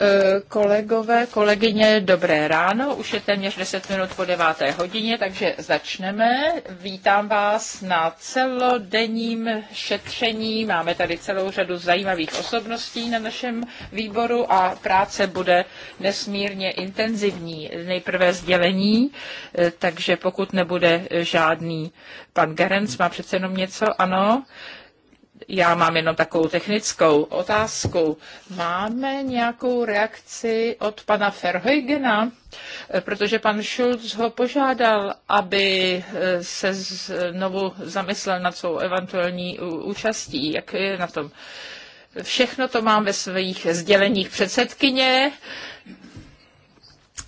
Eh, kolegové, kolegyně, dobré ráno. Už je téměř 10 minut po 9. hodině, takže začneme. Vítám vás na celodenním šetření. Máme tady celou řadu zajímavých osobností na našem výboru a práce bude nesmírně intenzivní. Nejprve sdělení, eh, takže pokud nebude žádný pan Gerenc, má přece jenom něco, ano. Já mám jenom takovou technickou otázku. Máme nějakou reakci od pana Ferhojgena, protože pan Schulz ho požádal, aby eh, se znovu zamyslel nad svou eventuální účastí. Jak je na tom? Všechno to mám ve svých sděleních předsedkyně,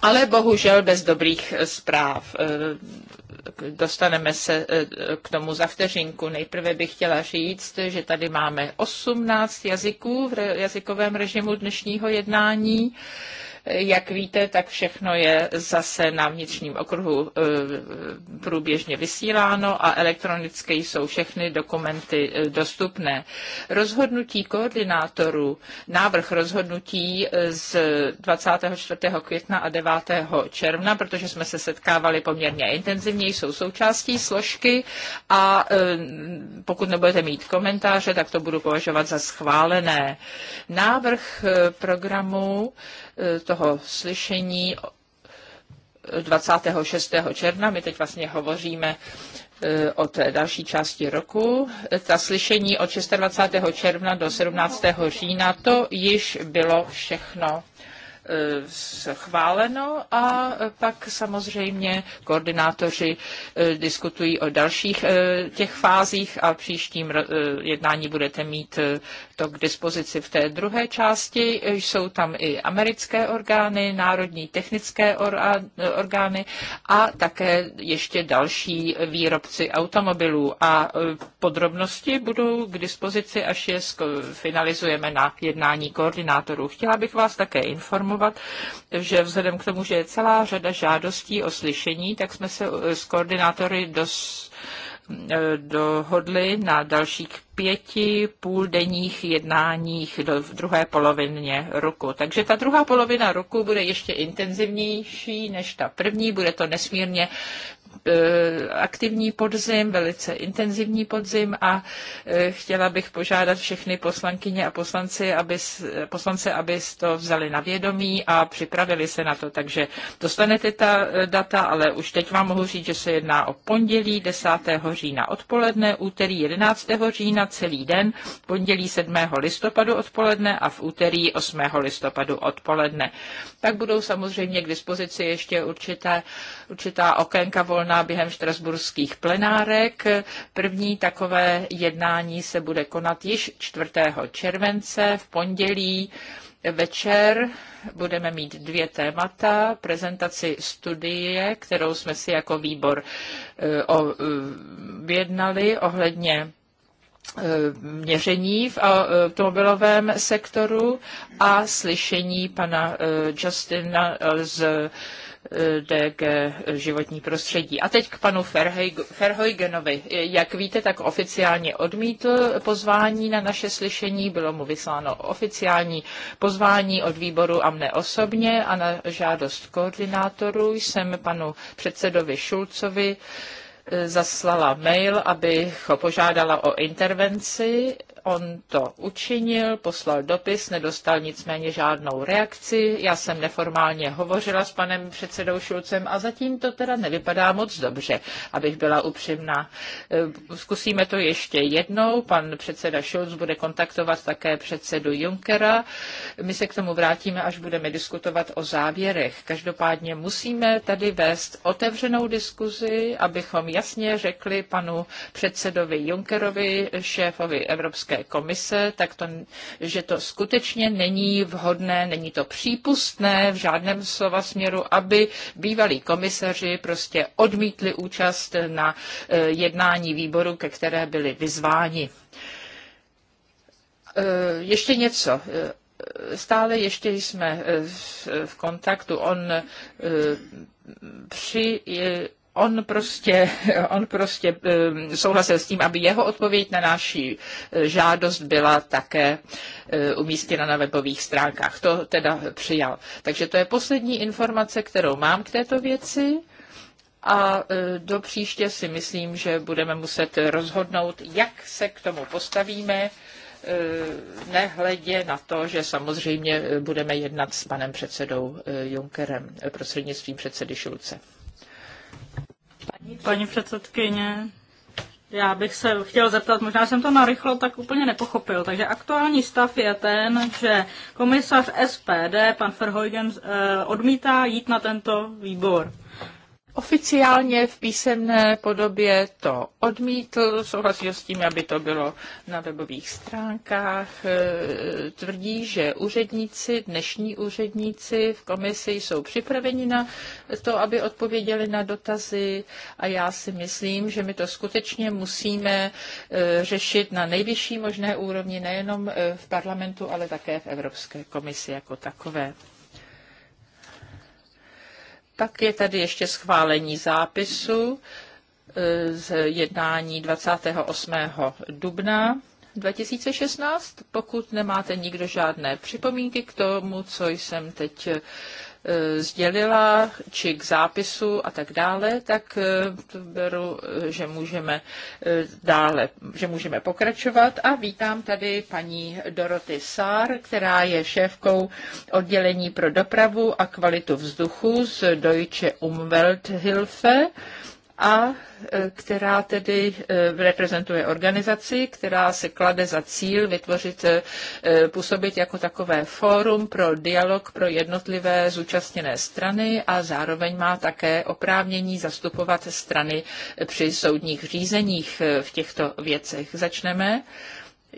ale bohužel bez dobrých eh, zpráv. Eh, dostaneme se e, k tomu za vteřinku. Nejprve bych chtěla říct, že tady máme 18 jazyků v jazykovém režimu dnešního jednání. Jak víte, tak všechno je zase na vnitřním okruhu eh, průběžně vysíláno a elektronicky jsou všechny dokumenty eh, dostupné. Rozhodnutí koordinátorů, návrh rozhodnutí eh, z 24. května a 9. června, protože jsme se setkávali poměrně intenzivně, jsou součástí složky a pokud nebudete mít komentáře, tak to budu považovat za schválené. Návrh programu E, toho slyšení 26. června. My teď vlastně hovoříme e, o té další části roku. E, ta slyšení od 26. června do 17. října, to již bylo všechno E, schváleno a pak samozřejmě koordinátoři e, diskutují o dalších e, těch fázích a příštím jednání budete mít to k dispozici v té druhé části. Jsou tam i americké orgány, národní technické orgány a také ještě další výrobci automobilů a podrobnosti budou k dispozici, až je finalizujeme na jednání koordinátorů. Chtěla bych vás také informovat, informovat, že vzhledem k tomu, že je celá řada žádostí o slyšení, tak jsme se eh, s koordinátory dos, eh, dohodli na dalších pěti půldenních jednáních do, v druhé polovině roku. Takže ta druhá polovina roku bude ještě intenzivnější než ta první, bude to nesmírně E, aktivní podzim, velice intenzivní podzim a e, chtěla bych požádat všechny poslankyně a poslanci, aby, poslance, aby to vzali na vědomí a připravili se na to. Takže dostanete ta e, data, ale už teď vám mohu říct, že se jedná o pondělí 10. října odpoledne, úterý 11. října celý den, pondělí 7. listopadu odpoledne a v úterý 8. listopadu odpoledne. Tak budou samozřejmě k dispozici ještě určité uh, určitá okénka volná během štrasburských plenárek. První takové jednání se bude konat již 4. července v pondělí. Večer budeme mít dvě témata. Prezentaci studie, kterou jsme si jako výbor e, e, vyjednali ohledně e, měření v automobilovém sektoru a slyšení pana Justina z Eh, DG životní prostředí. A teď k panu Verheugenovi. Jak víte, tak oficiálně odmítl pozvání na naše slyšení. Bylo mu vysláno oficiální pozvání od výboru a mne osobně a na žádost koordinátorů jsem panu předsedovi Šulcovi eh, zaslala mail, abych ho požádala o intervenci On to učinil, poslal dopis, nedostal nicméně žádnou reakci. Já jsem neformálně hovořila s panem předsedou Šulcem a zatím to teda nevypadá moc dobře, abych byla upřímná. Eh, zkusíme to ještě jednou. Pan předseda Šulc bude kontaktovat také předsedu Junkera. My se k tomu vrátíme, až budeme diskutovat o závěrech. Každopádně musíme tady vést otevřenou diskuzi, abychom jasně řekli panu předsedovi Junkerovi, šéfovi Evropské Evropské komise, tak to, že to skutečně není vhodné, není to přípustné v žádném slova směru, aby bývalí komisaři prostě odmítli účast na eh, jednání výboru, ke které byli vyzváni. Eh, ještě něco eh, stále ještě jsme v kontaktu. On při on prostě, on prostě eh, souhlasil s tím, aby jeho odpověď na naši eh, žádost byla také eh, umístěna na webových stránkách. To teda přijal. Takže to je poslední informace, kterou mám k této věci. A do příště si myslím, že budeme muset rozhodnout, jak se k tomu postavíme, nehledě na to, že samozřejmě budeme jednat s panem předsedou Junkerem prostřednictvím předsedy Šulce. Paní předsedkyně, já bych se chtěl zeptat, možná jsem to narychlo tak úplně nepochopil. Takže aktuální stav je ten, že komisař SPD, pan Verhoeven, eh, odmítá jít na tento výbor. Oficiálně v písemné podobě to odmítl, souhlasil s tím, aby to bylo na webových stránkách. E, tvrdí, že úředníci, dnešní úředníci v komisi jsou připraveni na to, aby odpověděli na dotazy a já si myslím, že my to skutečně musíme e, řešit na nejvyšší možné úrovni, nejenom e, v parlamentu, ale také v Evropské komisi jako takové. Pak je tady ještě schválení zápisu eh, z jednání 28. dubna. 2016. Pokud nemáte nikdo žádné připomínky k tomu, co jsem teď e, sdělila, či k zápisu a tak dále, tak e, beru, že můžeme e, dále, že můžeme pokračovat. A vítám tady paní Doroty Sár, která je šéfkou oddělení pro dopravu a kvalitu vzduchu z Deutsche Umwelthilfe a e, která tedy e, reprezentuje organizaci, která se klade za cíl vytvořit, e, působit jako takové fórum pro dialog pro jednotlivé zúčastněné strany a zároveň má také oprávnění zastupovat strany při soudních řízeních v těchto věcech. Začneme.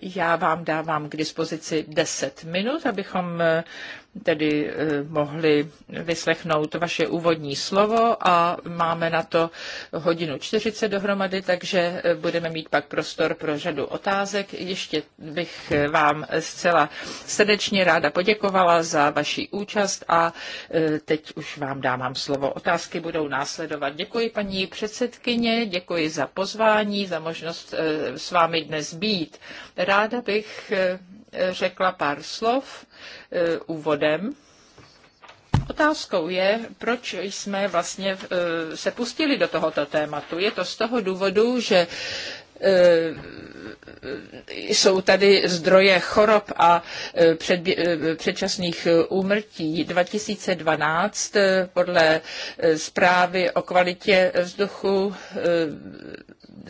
Já vám dávám k dispozici 10 minut, abychom tedy eh, mohli vyslechnout vaše úvodní slovo a máme na to hodinu 40 dohromady, takže eh, budeme mít pak prostor pro řadu otázek. Ještě bych eh, vám zcela srdečně ráda poděkovala za vaši účast a teď už vám dávám slovo. Otázky budou následovat. Děkuji paní předsedkyně, děkuji za pozvání, za možnost s vámi dnes být. Ráda bych řekla pár slov eh, úvodem. Otázkou je, proč jsme vlastně eh, se pustili do tohoto tématu. Je to z toho důvodu, že eh, jsou tady zdroje chorob a předčasných úmrtí. 2012 podle zprávy o kvalitě vzduchu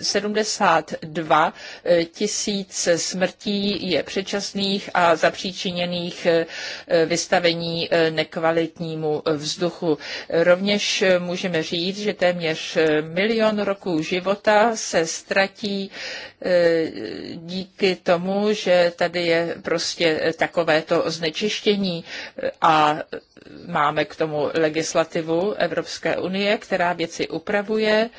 72 eh, tisíc smrtí je předčasných a zapříčiněných eh, eh, vystavení nekvalitnímu vzduchu. Rovněž můžeme říct, že téměř milion roků života se ztratí díky tomu, že tady je prostě takovéto znečištění a máme k tomu legislativu Evropské unie, která věci upravuje.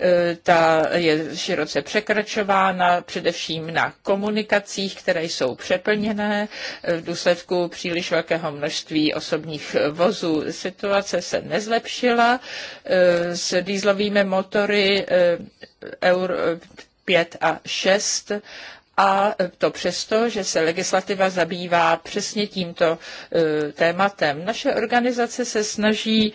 E, ta je široce překračována především na komunikacích, které jsou přeplněné e, v důsledku příliš velkého množství osobních vozů. Situace se nezlepšila e, s dýzlovými motory Euro 5 a 6 a to přesto, že se legislativa zabývá přesně tímto e, tématem. Naše organizace se snaží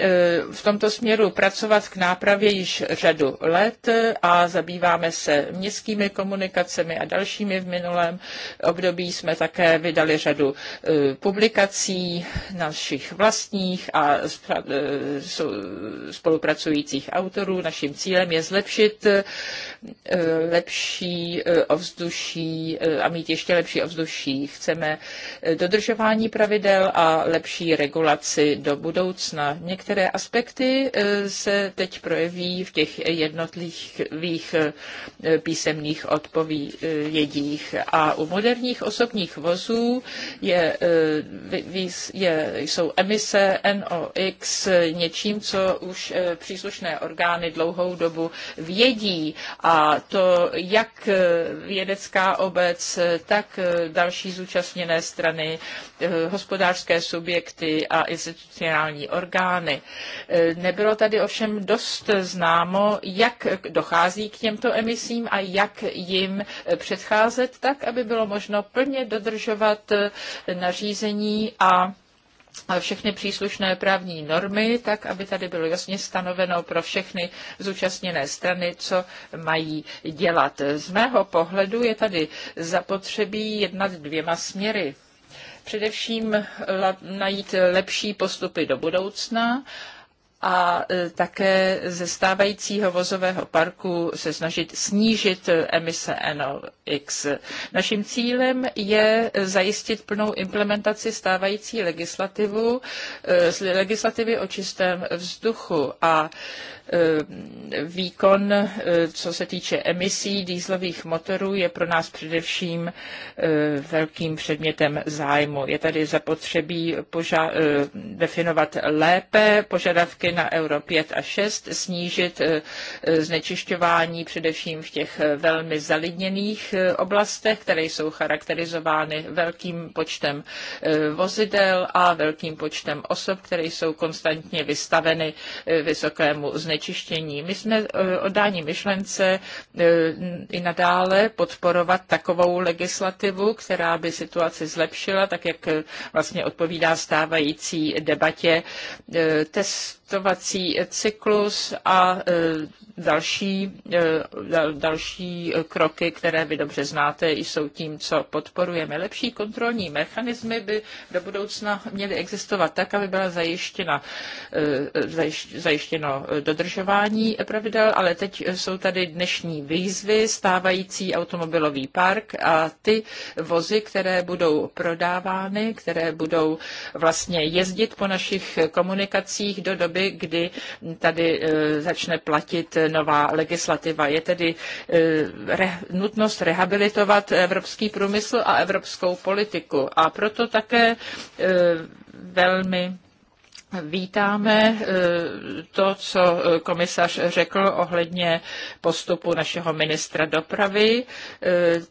E, v tomto směru pracovat k nápravě již řadu let a zabýváme se městskými komunikacemi a dalšími. V minulém období jsme také vydali řadu e, publikací našich vlastních a e, spolupracujících autorů. Naším cílem je zlepšit lepší ovzduší a mít ještě lepší ovzduší. Chceme dodržování pravidel a lepší regulaci do budoucna. Některé některé aspekty eh, se teď projeví v těch jednotlivých eh, písemných odpovědích. A u moderních osobních vozů je, eh, je, jsou emise NOx něčím, co už příslušné orgány dlouhou dobu vědí. A to jak vědecká obec, tak další zúčastněné strany, hospodářské subjekty a institucionální orgány. E, nebylo tady ovšem dost známo, jak dochází k těmto emisím a jak jim předcházet tak, aby bylo možno plně dodržovat e, nařízení a všechny příslušné právní normy, tak aby tady bylo jasně stanoveno pro všechny zúčastněné strany, co mají dělat. Z mého pohledu je tady zapotřebí jednat dvěma směry. Především najít lepší postupy do budoucna a e, také ze stávajícího vozového parku se snažit snížit emise NOx. Naším cílem je zajistit plnou implementaci stávající legislativu, e, legislativy o čistém vzduchu a Eh, výkon, eh, co se týče emisí dýzlových motorů, je pro nás především eh, velkým předmětem zájmu. Je tady zapotřebí poža- definovat lépe požadavky na Euro 5 a 6, snížit znečišťování především v těch velmi zalidněných oblastech, které jsou charakterizovány velkým počtem vozidel a velkým počtem osob, které jsou konstantně vystaveny vysokému znečišťování znečištění. My jsme eh, odání, myšlence eh, i nadále podporovat takovou legislativu, která by situaci zlepšila, tak jak eh, vlastně odpovídá stávající debatě testovací cyklus a Další, eh, další kroky, které vy dobře znáte, jsou tím, co podporujeme. Lepší kontrolní mechanismy by do budoucna měly existovat tak, aby byla zajištěna, eh, zajištěno dodržování pravidel, ale teď jsou tady dnešní výzvy, stávající automobilový park a ty vozy, které budou prodávány, které budou vlastně jezdit po našich komunikacích do doby, kdy tady eh, začne platit nová legislativa. Je tedy eh, re, nutnost rehabilitovat evropský průmysl a evropskou politiku. A proto také eh, velmi Vítáme eh, to, co eh, komisař řekl ohledně postupu našeho ministra dopravy. Eh,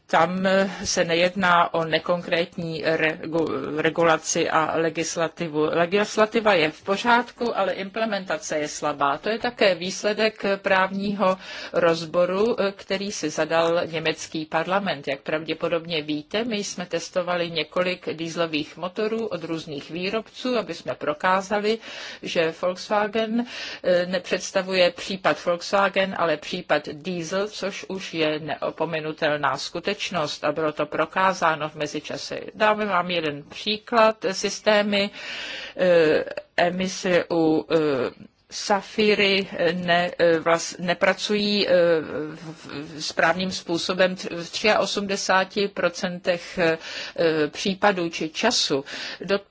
tam se nejedná o nekonkrétní regulaci a legislativu. Legislativa je v pořádku, ale implementace je slabá. To je také výsledek právního rozboru, který si zadal německý parlament. Jak pravděpodobně víte, my jsme testovali několik dýzlových motorů od různých výrobců, aby jsme prokázali, zprávy, že Volkswagen eh, nepředstavuje případ Volkswagen, ale případ Diesel, což už je neopomenutelná skutečnost a bylo to prokázáno v mezičase. Dáme vám jeden příklad. Systémy eh, emise u eh, safíry ne, eh, vlast, nepracují eh, správným způsobem v 83% eh, případů či času.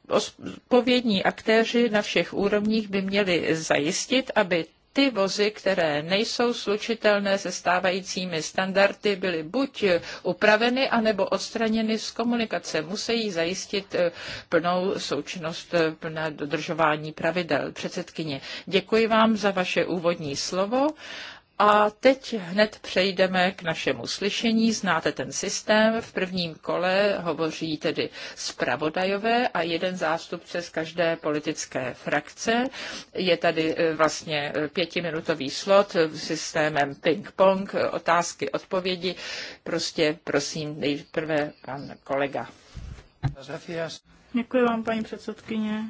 Odpovědní aktéři na všech úrovních by měli zajistit, aby ty vozy, které nejsou slučitelné se stávajícími standardy, byly buď upraveny, anebo odstraněny z komunikace. Musí zajistit eh, plnou součinnost, eh, plné dodržování pravidel. Předsedkyně, děkuji vám za vaše úvodní slovo a teď hned přejdeme k našemu slyšení. Znáte ten systém. V prvním kole hovoří tedy zpravodajové a jeden zástupce z každé politické frakce. Je tady eh, vlastně eh, pětiminutový slot systémem ping-pong, eh, otázky, odpovědi. Prostě prosím nejprve pan kolega. Děkuji vám, paní předsedkyně.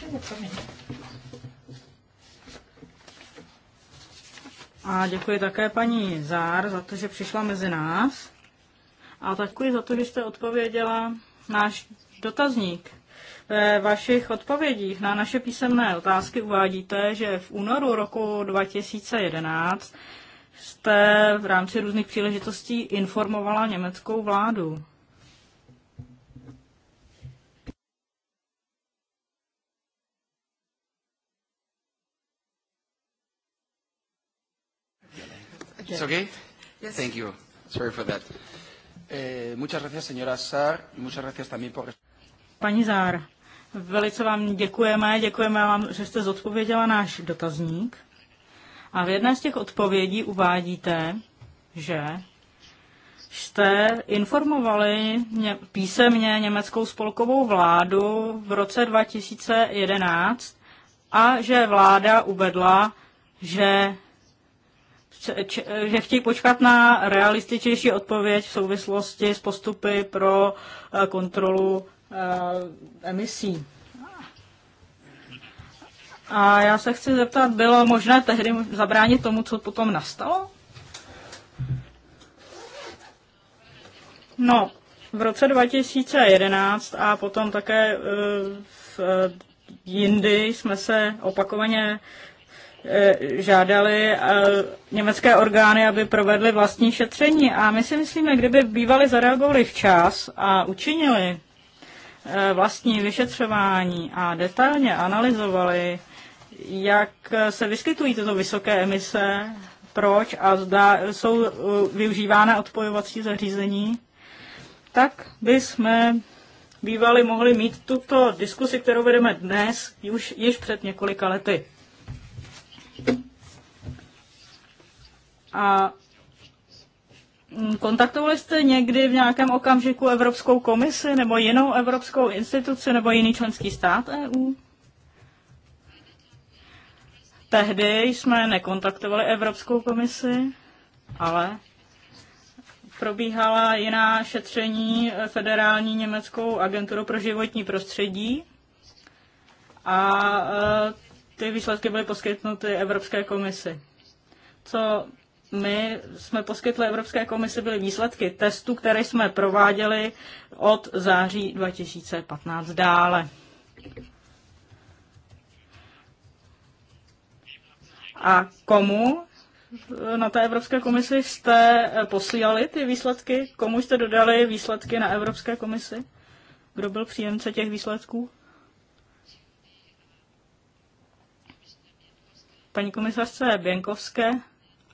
Thank you. A děkuji také paní Zár za to, že přišla mezi nás. A taky za to, že jste odpověděla náš dotazník. Ve vašich odpovědích na naše písemné otázky uvádíte, že v únoru roku 2011 jste v rámci různých příležitostí informovala německou vládu. It's okay? Yes. Thank you. Sorry for that. Eh, muchas gracias, señora Sar, muchas gracias también por... Paní Zár, velice vám děkujeme, děkujeme vám, že jste zodpověděla náš dotazník. A v jedné z těch odpovědí uvádíte, že jste informovali písemně německou spolkovou vládu v roce 2011 a že vláda uvedla, že že chtějí počkat na realističnější odpověď v souvislosti s postupy pro eh, kontrolu eh, emisí. A já se chci zeptat, bylo možné tehdy zabránit tomu, co potom nastalo? No, v roce 2011 a potom také eh, v jindy jsme se opakovaně E, žádali e, německé orgány, aby provedly vlastní šetření. A my si myslíme, kdyby bývali zareagovali včas a učinili e, vlastní vyšetřování a detailně analyzovali, jak se vyskytují tyto vysoké emise, proč a zda jsou využívána odpojovací zařízení, tak by jsme bývali mohli mít tuto diskusi, kterou vedeme dnes, už již před několika lety. A mm, kontaktovali jste někdy v nějakém okamžiku Evropskou komisi nebo jinou evropskou instituci nebo jiný členský stát EU? Tehdy jsme nekontaktovali Evropskou komisi, ale probíhala jiná šetření federální německou agenturu pro životní prostředí a e, ty výsledky byly poskytnuty Evropské komisi. Co my jsme poskytli Evropské komisi byly výsledky testů, které jsme prováděli od září 2015 dále. A komu na té Evropské komisi jste posílali ty výsledky? Komu jste dodali výsledky na Evropské komisi? Kdo byl příjemce těch výsledků? paní komisařce Běnkovské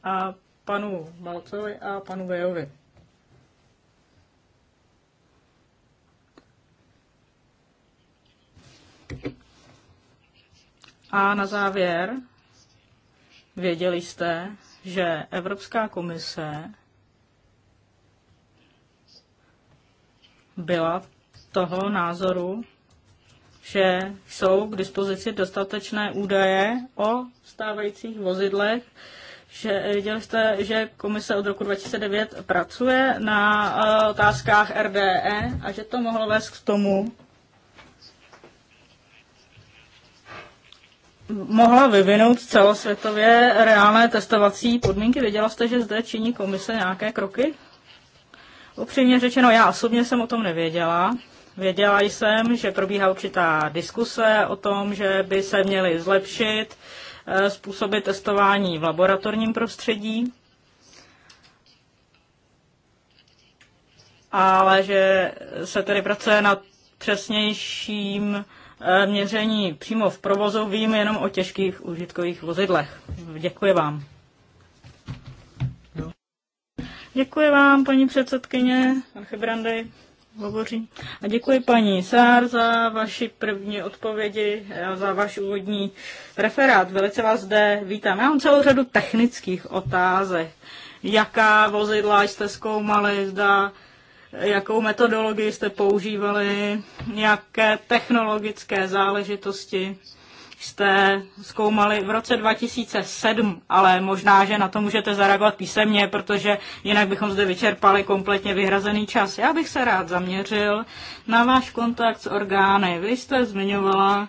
a panu Balcovi a panu Vejovi. A na závěr věděli jste, že Evropská komise byla toho názoru, že jsou k dispozici dostatečné údaje o stávajících vozidlech, že viděli jste, že komise od roku 2009 pracuje na uh, otázkách RDE a že to mohlo vést k tomu, mohla vyvinout celosvětově reálné testovací podmínky. Věděla jste, že zde činí komise nějaké kroky? Upřímně řečeno, já osobně jsem o tom nevěděla. Věděla jsem, že probíhá určitá diskuse o tom, že by se měly zlepšit eh, způsoby testování v laboratorním prostředí, ale že se tedy pracuje na přesnějším eh, měření přímo v provozu. Vím jenom o těžkých užitkových vozidlech. Děkuji vám. No. Děkuji vám, paní předsedkyně, pan Hebrandy hovoří. A děkuji paní Sár za vaši první odpovědi a za váš úvodní referát. Velice vás zde vítám. Já mám celou řadu technických otázek. Jaká vozidla jste zkoumali, zda jakou metodologii jste používali, jaké technologické záležitosti jste zkoumali v roce 2007, ale možná, že na to můžete zareagovat písemně, protože jinak bychom zde vyčerpali kompletně vyhrazený čas. Já bych se rád zaměřil na váš kontakt s orgány. Vy jste zmiňovala,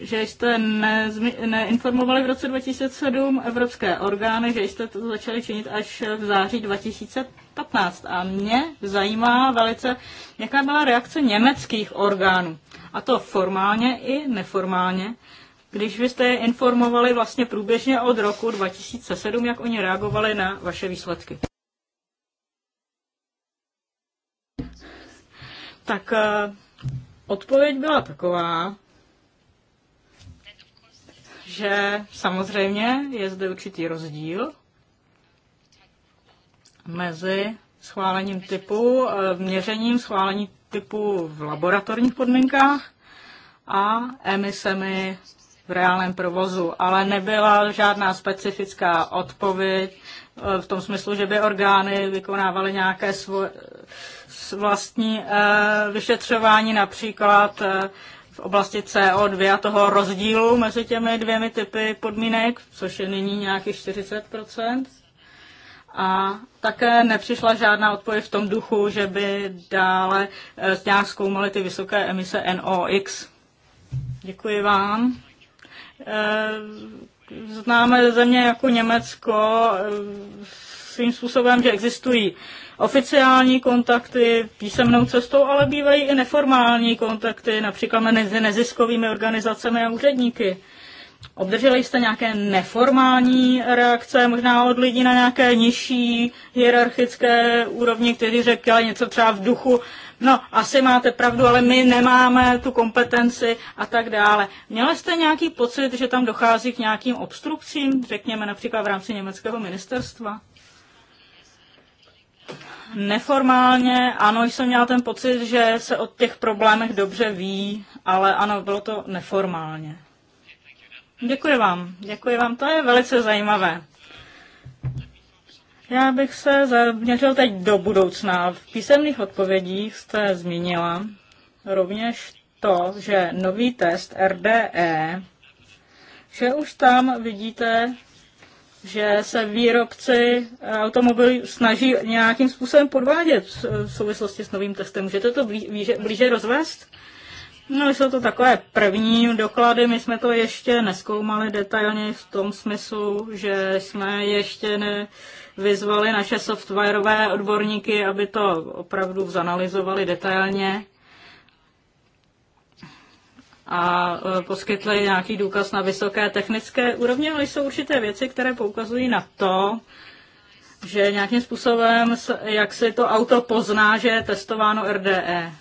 že jste nezmi- neinformovali v roce 2007 evropské orgány, že jste to začali činit až v září 2015. A mě zajímá velice, jaká byla reakce německých orgánů. A to formálně i neformálně, když vy jste je informovali vlastně průběžně od roku 2007, jak oni reagovali na vaše výsledky? Tak eh, odpověď byla taková, že samozřejmě je zde určitý rozdíl mezi schválením typu, eh, měřením schválení typu v laboratorních podmínkách a emisemi v reálném provozu, ale nebyla žádná specifická odpověď eh, v tom smyslu, že by orgány vykonávaly nějaké svoje vlastní eh, vyšetřování, například eh, v oblasti CO2 a toho rozdílu mezi těmi dvěmi typy podmínek, což je nyní nějakých 40 a také nepřišla žádná odpověď v tom duchu, že by dále nějak zkoumaly ty vysoké emise NOx. Děkuji vám. Eh, známe země jako Německo eh, svým způsobem, že existují oficiální kontakty písemnou cestou, ale bývají i neformální kontakty, například mezi neziskovými organizacemi a úředníky. Obdrželi jste nějaké neformální reakce, možná od lidí na nějaké nižší hierarchické úrovni, kteří řekli něco třeba v duchu, no asi máte pravdu, ale my nemáme tu kompetenci a tak dále. Měli jste nějaký pocit, že tam dochází k nějakým obstrukcím, řekněme například v rámci německého ministerstva? Neformálně, ano, jsem měla ten pocit, že se o těch problémech dobře ví, ale ano, bylo to neformálně. Děkuji vám, děkuji vám, to je velice zajímavé. Já bych se zaměřil teď do budoucna. V písemných odpovědích jste zmínila rovněž to, že nový test RDE, že už tam vidíte, že se výrobci automobilů snaží nějakým způsobem podvádět v souvislosti s novým testem. Můžete to blíže, blíže rozvést? No, jsou to takové první doklady, my jsme to ještě neskoumali detailně v tom smyslu, že jsme ještě ne, vyzvali naše softwarové odborníky, aby to opravdu zanalizovali detailně a e, poskytli nějaký důkaz na vysoké technické úrovni, ale jsou určité věci, které poukazují na to, že nějakým způsobem, jak si to auto pozná, že je testováno RDE.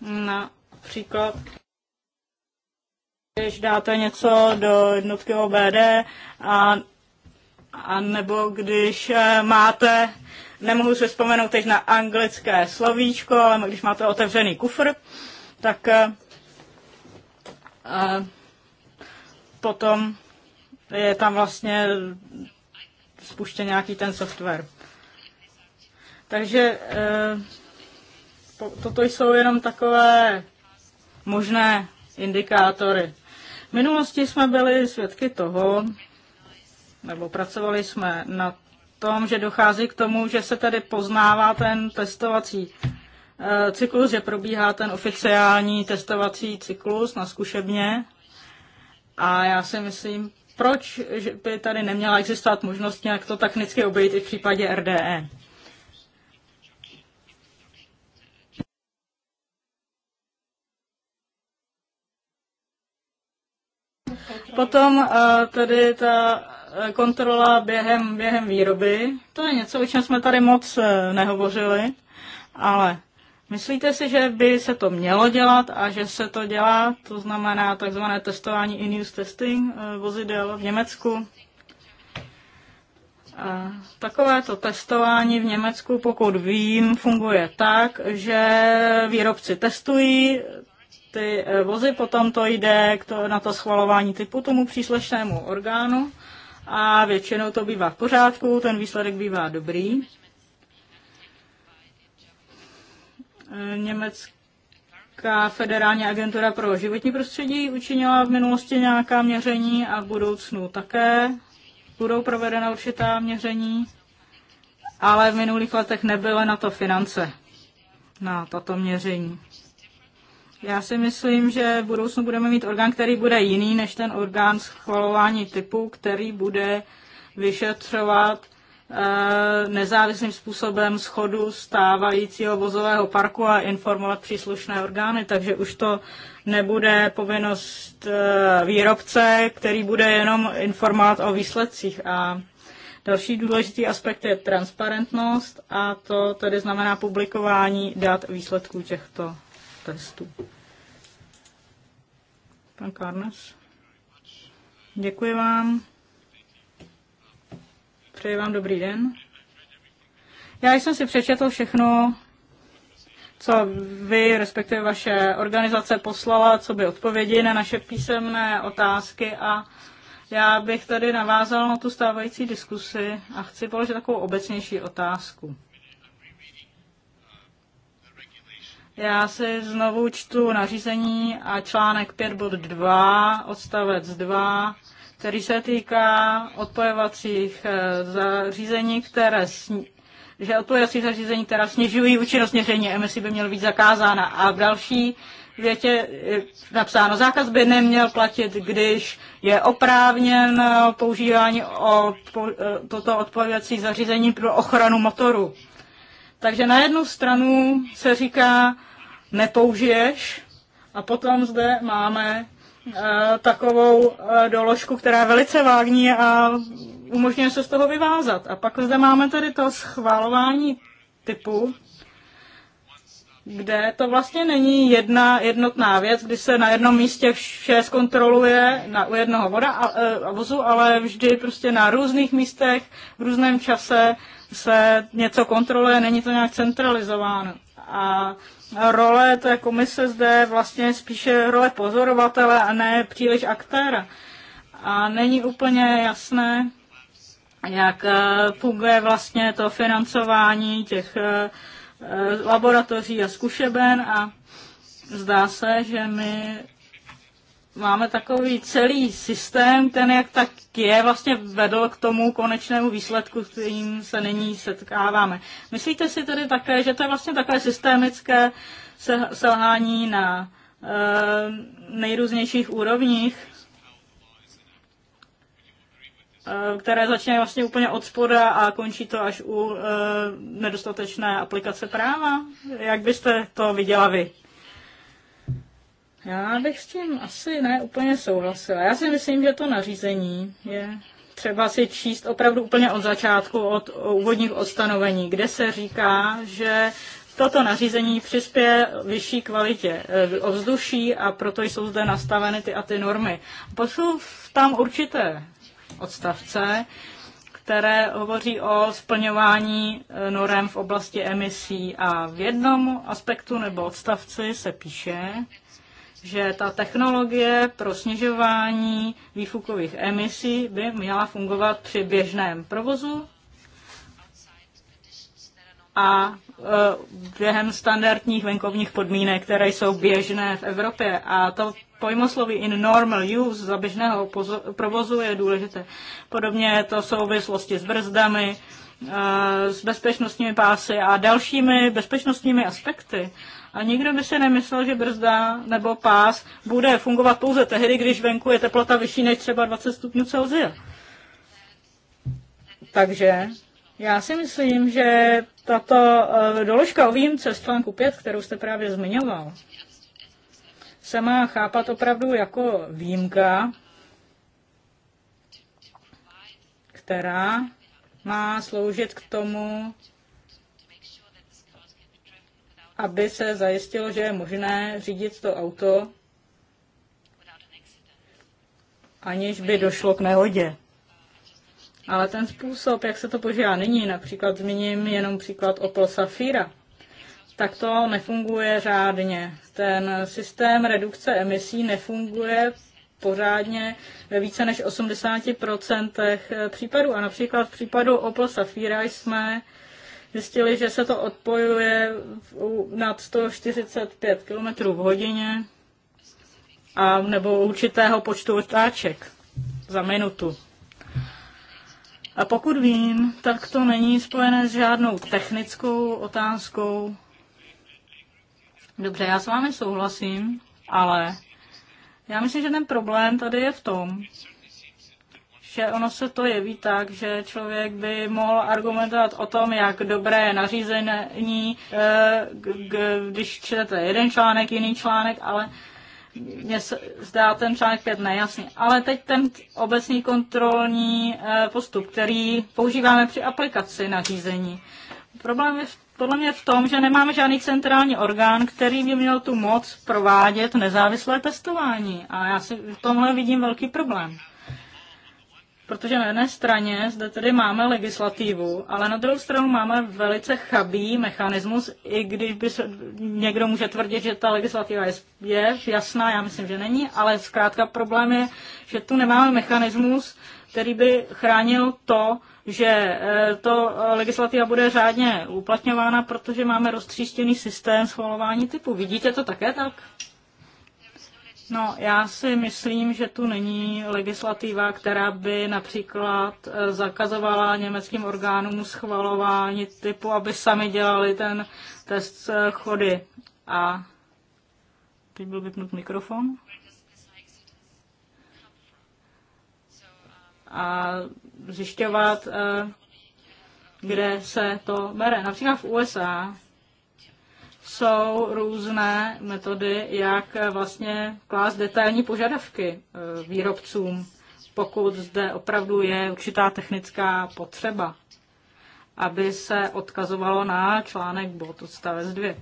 Například, když dáte něco do jednotky OBD a a nebo když eh, máte, nemohu se vzpomenout teď na anglické slovíčko, ale když máte otevřený kufr, tak eh, eh, potom je tam vlastně spuštěn nějaký ten software. Takže toto jsou jenom takové možné indikátory. V minulosti jsme byli svědky toho, nebo pracovali jsme na tom, že dochází k tomu, že se tady poznává ten testovací eh, cyklus, že probíhá ten oficiální testovací cyklus na zkušebně. A já si myslím, proč by tady neměla existovat možnost nějak to technicky obejít i v případě RDE. Potom eh, tedy ta Eh, kontrola během, během výroby, to je něco, o čem jsme tady moc eh, nehovořili, ale myslíte si, že by se to mělo dělat a že se to dělá, to znamená takzvané testování in-use testing eh, vozidel v Německu? Takovéto testování v Německu, pokud vím, funguje tak, že výrobci testují ty vozy, potom to jde na to schvalování typu tomu příslušnému orgánu a většinou to bývá v pořádku, ten výsledek bývá dobrý. Německá federální agentura pro životní prostředí učinila v minulosti nějaká měření a v budoucnu také budou provedena určitá měření, ale v minulých letech nebyly na to finance, na tato měření. Já si myslím, že v budoucnu budeme mít orgán, který bude jiný než ten orgán schvalování typu, který bude vyšetřovat eh, nezávislým způsobem schodu stávajícího vozového parku a informovat příslušné orgány, takže už to nebude povinnost eh, výrobce, který bude jenom informovat o výsledcích. A další důležitý aspekt je transparentnost a to tedy znamená publikování dat výsledků těchto testu. Pan Karnes. Děkuji vám. Přeji vám dobrý den. Já jsem si přečetl všechno, co vy, respektive vaše organizace, poslala, co by odpovědi na naše písemné otázky a já bych tady navázal na tu stávající diskusi a chci položit takovou obecnější otázku. Já si znovu čtu nařízení a článek 5 bod 2, odstavec 2, který se týká odpojovacích eh, zařízení, které sni- že odpojovací zařízení, která snižují účinnost měření emisí, by měl být zakázána. A v další větě je napsáno, zákaz by neměl platit, když je oprávněn eh, používání o po, eh, toto odpojovací zařízení pro ochranu motoru. Takže na jednu stranu se říká, nepoužiješ. A potom zde máme eh, takovou eh, doložku, která je velice vágní a umožňuje se z toho vyvázat. A pak zde máme tedy to schvalování typu, kde to vlastně není jedna jednotná věc, kdy se na jednom místě vše zkontroluje na, u jednoho voda a, eh, a vozu, ale vždy prostě na různých místech v různém čase se něco kontroluje, není to nějak centralizováno. A role té komise zde vlastně spíše role pozorovatele a ne příliš aktéra. A není úplně jasné, jak eh, funguje vlastně to financování těch eh, eh, laboratoří a zkušeben a zdá se, že my máme takový celý systém, ten jak tak je, vlastně vedl k tomu konečnému výsledku, s kterým se nyní setkáváme. Myslíte si tedy také, že to je vlastně takové systémické selhání na e, nejrůznějších úrovních, e, které začne vlastně úplně od spoda a končí to až u e, nedostatečné aplikace práva? Jak byste to viděla vy? Já bych s tím asi ne úplně souhlasila. Já si myslím, že to nařízení je třeba si číst opravdu úplně od začátku, od úvodních odstanovení, kde se říká, že toto nařízení přispěje vyšší kvalitě eh, ovzduší a proto jsou zde nastaveny ty a ty normy. Pošlu tam určité odstavce, které hovoří o splňování eh, norem v oblasti emisí a v jednom aspektu nebo odstavci se píše, že ta technologie pro snižování výfukových emisí by měla fungovat při běžném provozu a e, během standardních venkovních podmínek, které jsou běžné v Evropě. A to pojmosloví in normal use za běžného provozu je důležité. Podobně to v souvislosti s brzdami, e, s bezpečnostními pásy a dalšími bezpečnostními aspekty. A nikdo by si nemyslel, že brzda nebo pás bude fungovat pouze tehdy, když venku je teplota vyšší než třeba 20 stupňů Celsia. Takže já si myslím, že tato eh, doložka o výjimce z článku 5, kterou jste právě zmiňoval, se má chápat opravdu jako výjimka, která má sloužit k tomu, aby se zajistilo, že je možné řídit to auto, aniž by došlo k nehodě. Ale ten způsob, jak se to požívá nyní, například zmíním jenom příklad Opel Safira, tak to nefunguje řádně. Ten systém redukce emisí nefunguje pořádně ve více než 80% případů. A například v případu Opel Safira jsme zjistili, že se to odpojuje nad 145 km v hodině a nebo určitého počtu otáček za minutu. A pokud vím, tak to není spojené s žádnou technickou otázkou. Dobře, já s vámi souhlasím, ale já myslím, že ten problém tady je v tom, že ono se to jeví tak, že člověk by mohl argumentovat o tom, jak dobré je nařízení, eh, když čtete jeden článek, jiný článek, ale mně se zdá ten článek 5 nejasný. Ale teď ten obecný kontrolní eh, postup, který používáme při aplikaci nařízení. Problém je podle mě v tom, že nemáme žádný centrální orgán, který by měl tu moc provádět nezávislé testování. A já si v tomhle vidím velký problém protože na jedné straně zde tedy máme legislativu, ale na druhou stranu máme velice chabý mechanismus, i když by se, někdo může tvrdit, že ta legislativa je, je jasná, já myslím, že není, ale zkrátka problém je, že tu nemáme mechanismus, který by chránil to, že eh, to eh, legislativa bude řádně uplatňována, protože máme roztříštěný systém schvalování typu. Vidíte to také tak? No, já si myslím, že tu není legislativa, která by například eh, zakazovala německým orgánům schvalování typu, aby sami dělali ten test eh, chody. A teď byl vypnut mikrofon. A zjišťovat, eh, kde se to bere. Například v USA jsou různé metody, jak vlastně klást detailní požadavky eh, výrobcům, pokud zde opravdu je určitá technická potřeba, aby se odkazovalo na článek bod odstavec 2.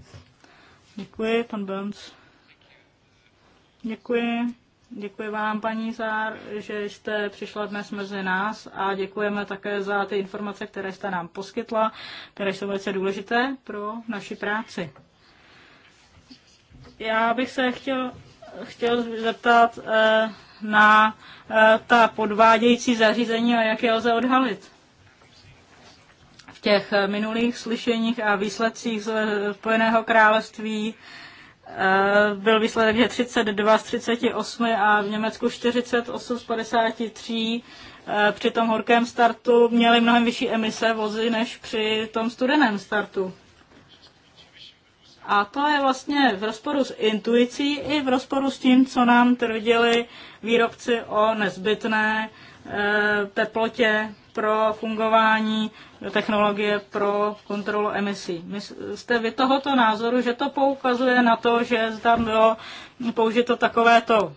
Děkuji, pan Burns. Děkuji. Děkuji vám, paní Zár, že jste přišla dnes mezi nás a děkujeme také za ty informace, které jste nám poskytla, které jsou velice důležité pro naši práci. Já bych se chtěl, chtěl zeptat uh, na uh, ta podvádějící zařízení a jak je lze odhalit. V těch eh, minulých slyšeních a výsledcích z Spojeného království byl výsledek, že 32 z 38 a v Německu 48 z 53 při tom horkém startu měli mnohem vyšší emise vozy než při tom studeném startu. A to je vlastně v rozporu s intuicí i v rozporu s tím, co nám tvrdili výrobci o nezbytné e, teplotě pro fungování technologie pro kontrolu emisí. My jste vy tohoto názoru, že to poukazuje na to, že tam bylo použito takovéto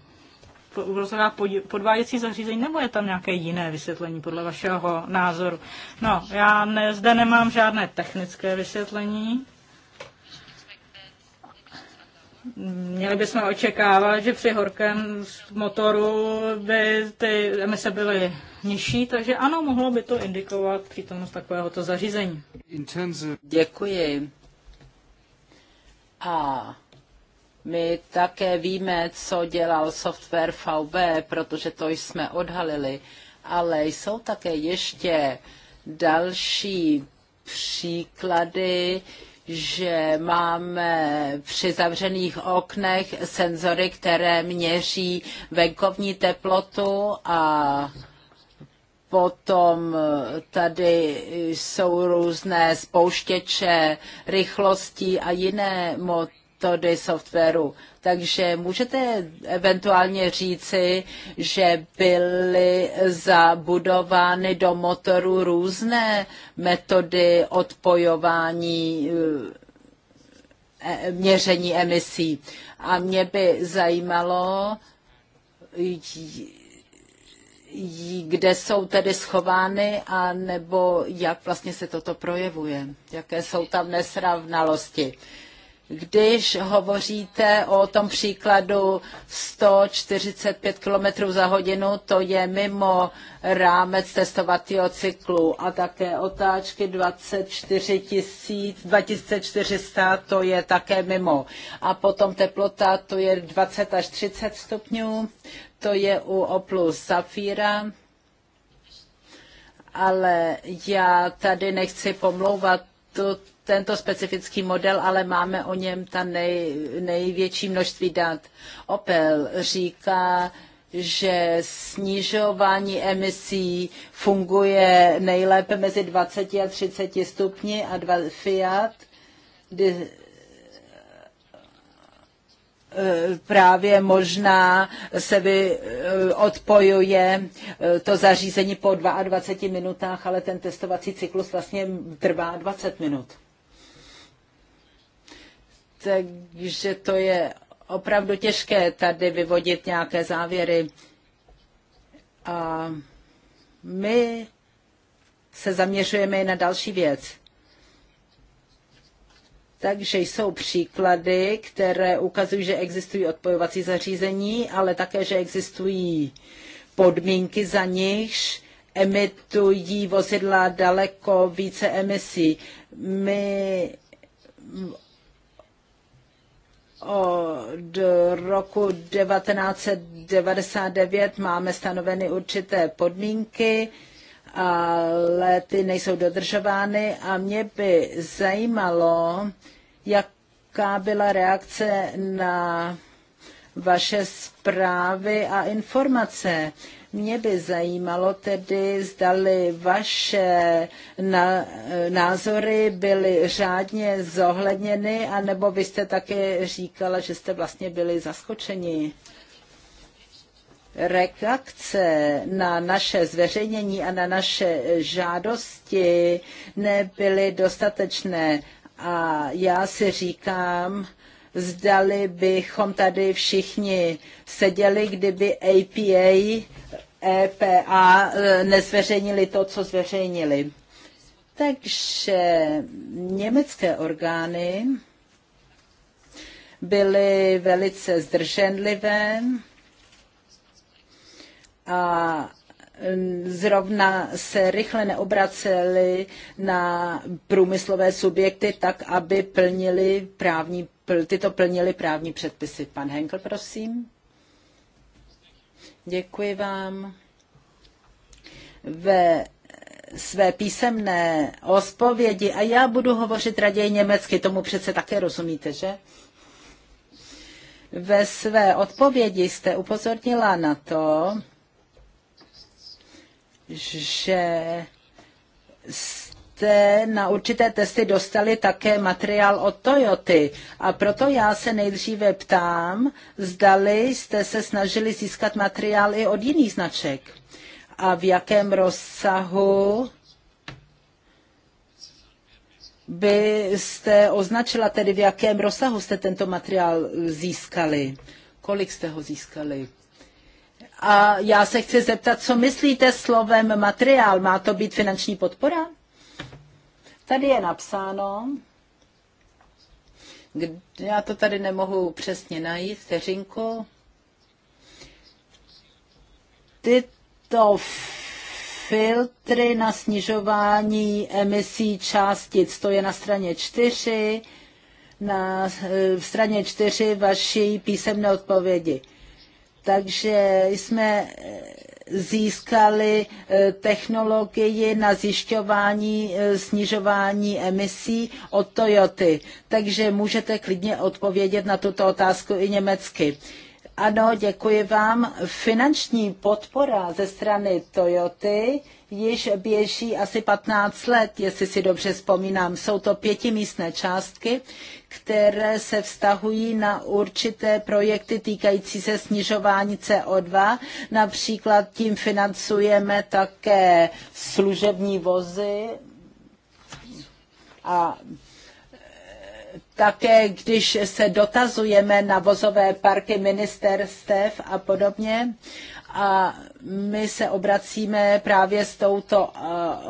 podváděcí zařízení, nebo je tam nějaké jiné vysvětlení podle vašeho názoru? No, já ne, zde nemám žádné technické vysvětlení, Měli bychom očekávat, že při horkém motoru by ty emise byly nižší, takže ano, mohlo by to indikovat přítomnost takovéhoto zařízení. Děkuji. A my také víme, co dělal software VB, protože to jsme odhalili, ale jsou také ještě další příklady, že máme při zavřených oknech senzory, které měří venkovní teplotu a potom tady jsou různé spouštěče rychlostí a jiné motory metody softwaru. Takže můžete eventuálně říci, že byly zabudovány do motoru různé metody odpojování eh, e, měření emisí. A mě by zajímalo, kde jsou tedy schovány a nebo jak vlastně se toto projevuje, jaké jsou tam nesrovnalosti. Když hovoříte o tom příkladu 145 km za hodinu, to je mimo rámec testovacího cyklu a také otáčky 24 000, 2400, to je také mimo. A potom teplota, to je 20 až 30 stupňů, to je u Oplus Safira ale já tady nechci pomlouvat tento specifický model, ale máme o něm ta nej, největší množství dat. Opel říká, že snižování emisí funguje nejlépe mezi 20 a 30 stupni a dva, Fiat eh, právě možná se vy, eh, odpojuje eh, to zařízení po 22 minutách, ale ten testovací cyklus vlastně trvá 20 minut takže to je opravdu těžké tady vyvodit nějaké závěry. A my se zaměřujeme i na další věc. Takže jsou příklady, které ukazují, že existují odpojovací zařízení, ale také, že existují podmínky za nichž emitují vozidla daleko více emisí. My od roku 1999 máme stanoveny určité podmínky, ale ty nejsou dodržovány a mě by zajímalo, jaká byla reakce na vaše zprávy a informace. Mě by zajímalo tedy, zdali vaše na, názory byly řádně zohledněny, anebo vy jste také říkala, že jste vlastně byli zaskočeni reakce na naše zveřejnění a na naše žádosti nebyly dostatečné. A já si říkám, zdali bychom tady všichni seděli, kdyby APA, EPA e, nezveřejnili to, co zveřejnili. Takže německé orgány byly velice zdrženlivé a zrovna se rychle neobraceli na průmyslové subjekty tak, aby plnili právní tyto plnily právní předpisy. Pan Henkel, prosím. Děkuji vám. Ve své písemné odpovědi a já budu hovořit raději německy, tomu přece také rozumíte, že? Ve své odpovědi jste upozornila na to, že jste na určité testy dostali také materiál od Toyoty. A proto já se nejdříve ptám, zdali jste se snažili získat materiál i od jiných značek. A v jakém rozsahu byste označila, tedy v jakém rozsahu jste tento materiál získali? Kolik jste ho získali? A já se chci zeptat, co myslíte slovem materiál? Má to být finanční podpora? Tady je napsáno, já to tady nemohu přesně najít, vteřinku. Tyto filtry na snižování emisí částic, to je na straně 4, na e, v straně 4 vaší písemné odpovědi. Takže jsme získali eh, technologii na zjišťování eh, snižování emisí od Toyoty. Takže můžete klidně odpovědět na tuto otázku i německy. Ano, děkuji vám. Finanční podpora ze strany Toyoty již běží asi 15 let, jestli si dobře vzpomínám. Jsou to pětimístné částky, které se vztahují na určité projekty týkající se snižování CO2. Například tím financujeme také služební vozy a také když se dotazujeme na vozové parky ministerstev a podobně, a my se obracíme právě s touto eh,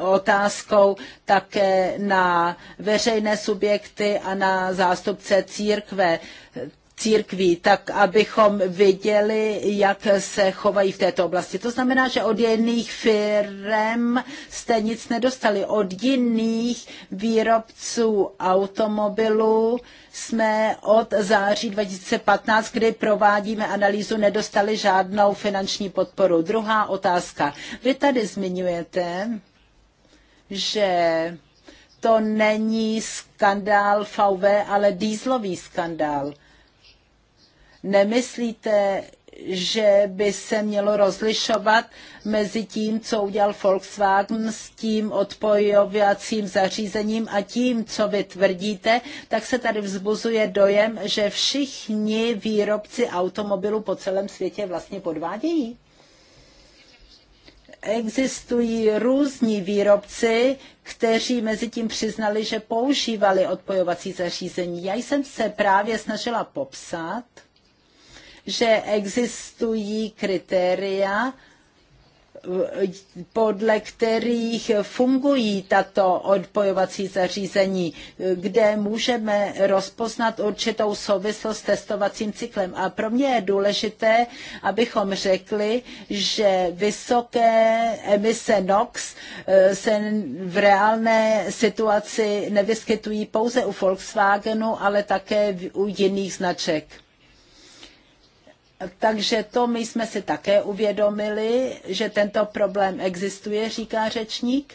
otázkou také na veřejné subjekty a na zástupce církve církví, tak abychom viděli, jak se chovají v této oblasti. To znamená, že od jiných firm jste nic nedostali. Od jiných výrobců automobilů jsme od září 2015, kdy provádíme analýzu, nedostali žádnou finanční podporu. Druhá otázka. Vy tady zmiňujete, že to není skandál VW, ale dýzlový skandál. Nemyslíte, že by se mělo rozlišovat mezi tím, co udělal Volkswagen s tím odpojovacím zařízením a tím, co vy tvrdíte, tak se tady vzbuzuje dojem, že všichni výrobci automobilů po celém světě vlastně podvádějí. Existují různí výrobci, kteří mezi tím přiznali, že používali odpojovací zařízení. Já jsem se právě snažila popsat, že existují kritéria, podle kterých fungují tato odpojovací zařízení, kde můžeme rozpoznat určitou souvislost s testovacím cyklem. A pro mě je důležité, abychom řekli, že vysoké emise NOx se v reálné situaci nevyskytují pouze u Volkswagenu, ale také u jiných značek. Takže to my jsme si také uvědomili, že tento problém existuje, říká řečník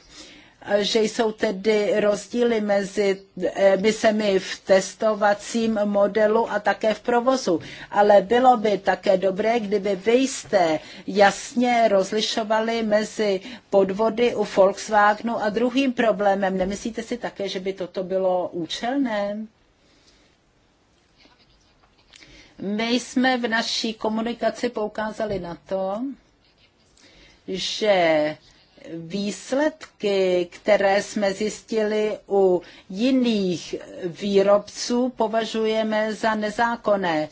že jsou tedy rozdíly mezi emisemi v testovacím modelu a také v provozu. Ale bylo by také dobré, kdyby vy jste jasně rozlišovali mezi podvody u Volkswagenu a druhým problémem. Nemyslíte si také, že by toto bylo účelné? My jsme v naší komunikaci poukázali na to, že výsledky, které jsme zjistili u jiných výrobců, považujeme za nezákonné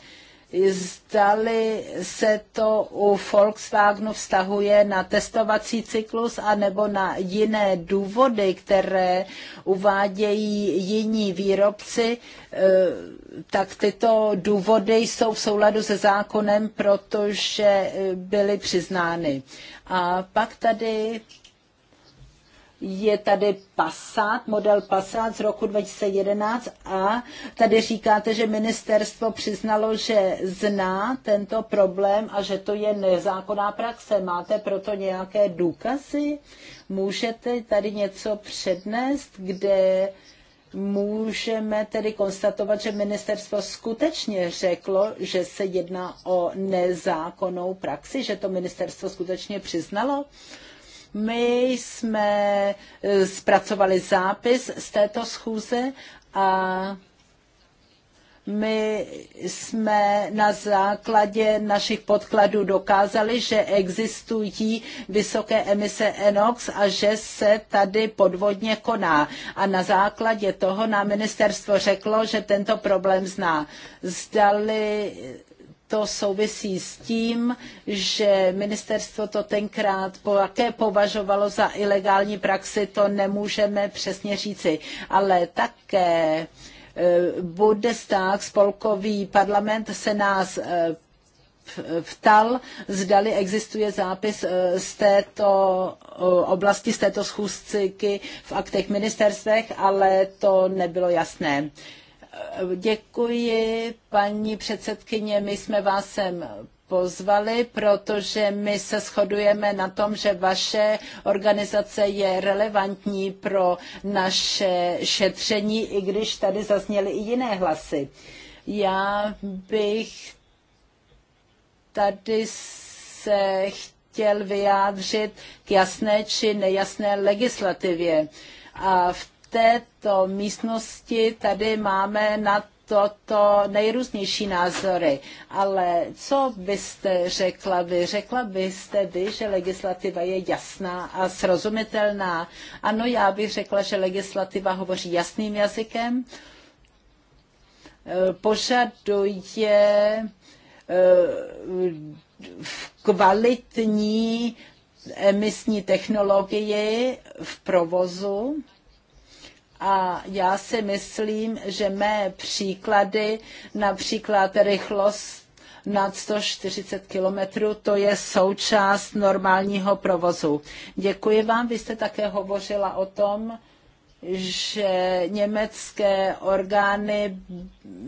zdali se to u Volkswagenu vztahuje na testovací cyklus a nebo na jiné důvody, které uvádějí jiní výrobci, eh, tak tyto důvody jsou v souladu se zákonem, protože eh, byly přiznány. A pak tady je tady Passat, model Passat z roku 2011 a tady říkáte, že ministerstvo přiznalo, že zná tento problém a že to je nezákonná praxe. Máte proto nějaké důkazy? Můžete tady něco přednést, kde můžeme tedy konstatovat, že ministerstvo skutečně řeklo, že se jedná o nezákonnou praxi, že to ministerstvo skutečně přiznalo? My jsme e, zpracovali zápis z této schůze a my jsme na základě našich podkladů dokázali, že existují vysoké emise NOx a že se tady podvodně koná. A na základě toho nám ministerstvo řeklo, že tento problém zná. Zdali to souvisí s tím, že ministerstvo to tenkrát také považovalo za ilegální praxi, to nemůžeme přesně říci. Ale také e, Bundestag, spolkový parlament, se nás e, ptal, zdali existuje zápis e, z této oblasti, z této schůzky v aktech ministerstvech, ale to nebylo jasné. Děkuji, paní předsedkyně, my jsme vás sem pozvali, protože my se shodujeme na tom, že vaše organizace je relevantní pro naše šetření, i když tady zazněly i jiné hlasy. Já bych tady se chtěl vyjádřit k jasné či nejasné legislativě. A v této místnosti tady máme na toto nejrůznější názory. Ale co byste řekla vy? Řekla byste vy, že legislativa je jasná a srozumitelná? Ano, já bych řekla, že legislativa hovoří jasným jazykem, požaduje eh, kvalitní emisní technologii v provozu a já si myslím, že mé příklady, například rychlost nad 140 km, to je součást normálního provozu. Děkuji vám, vy jste také hovořila o tom, že německé orgány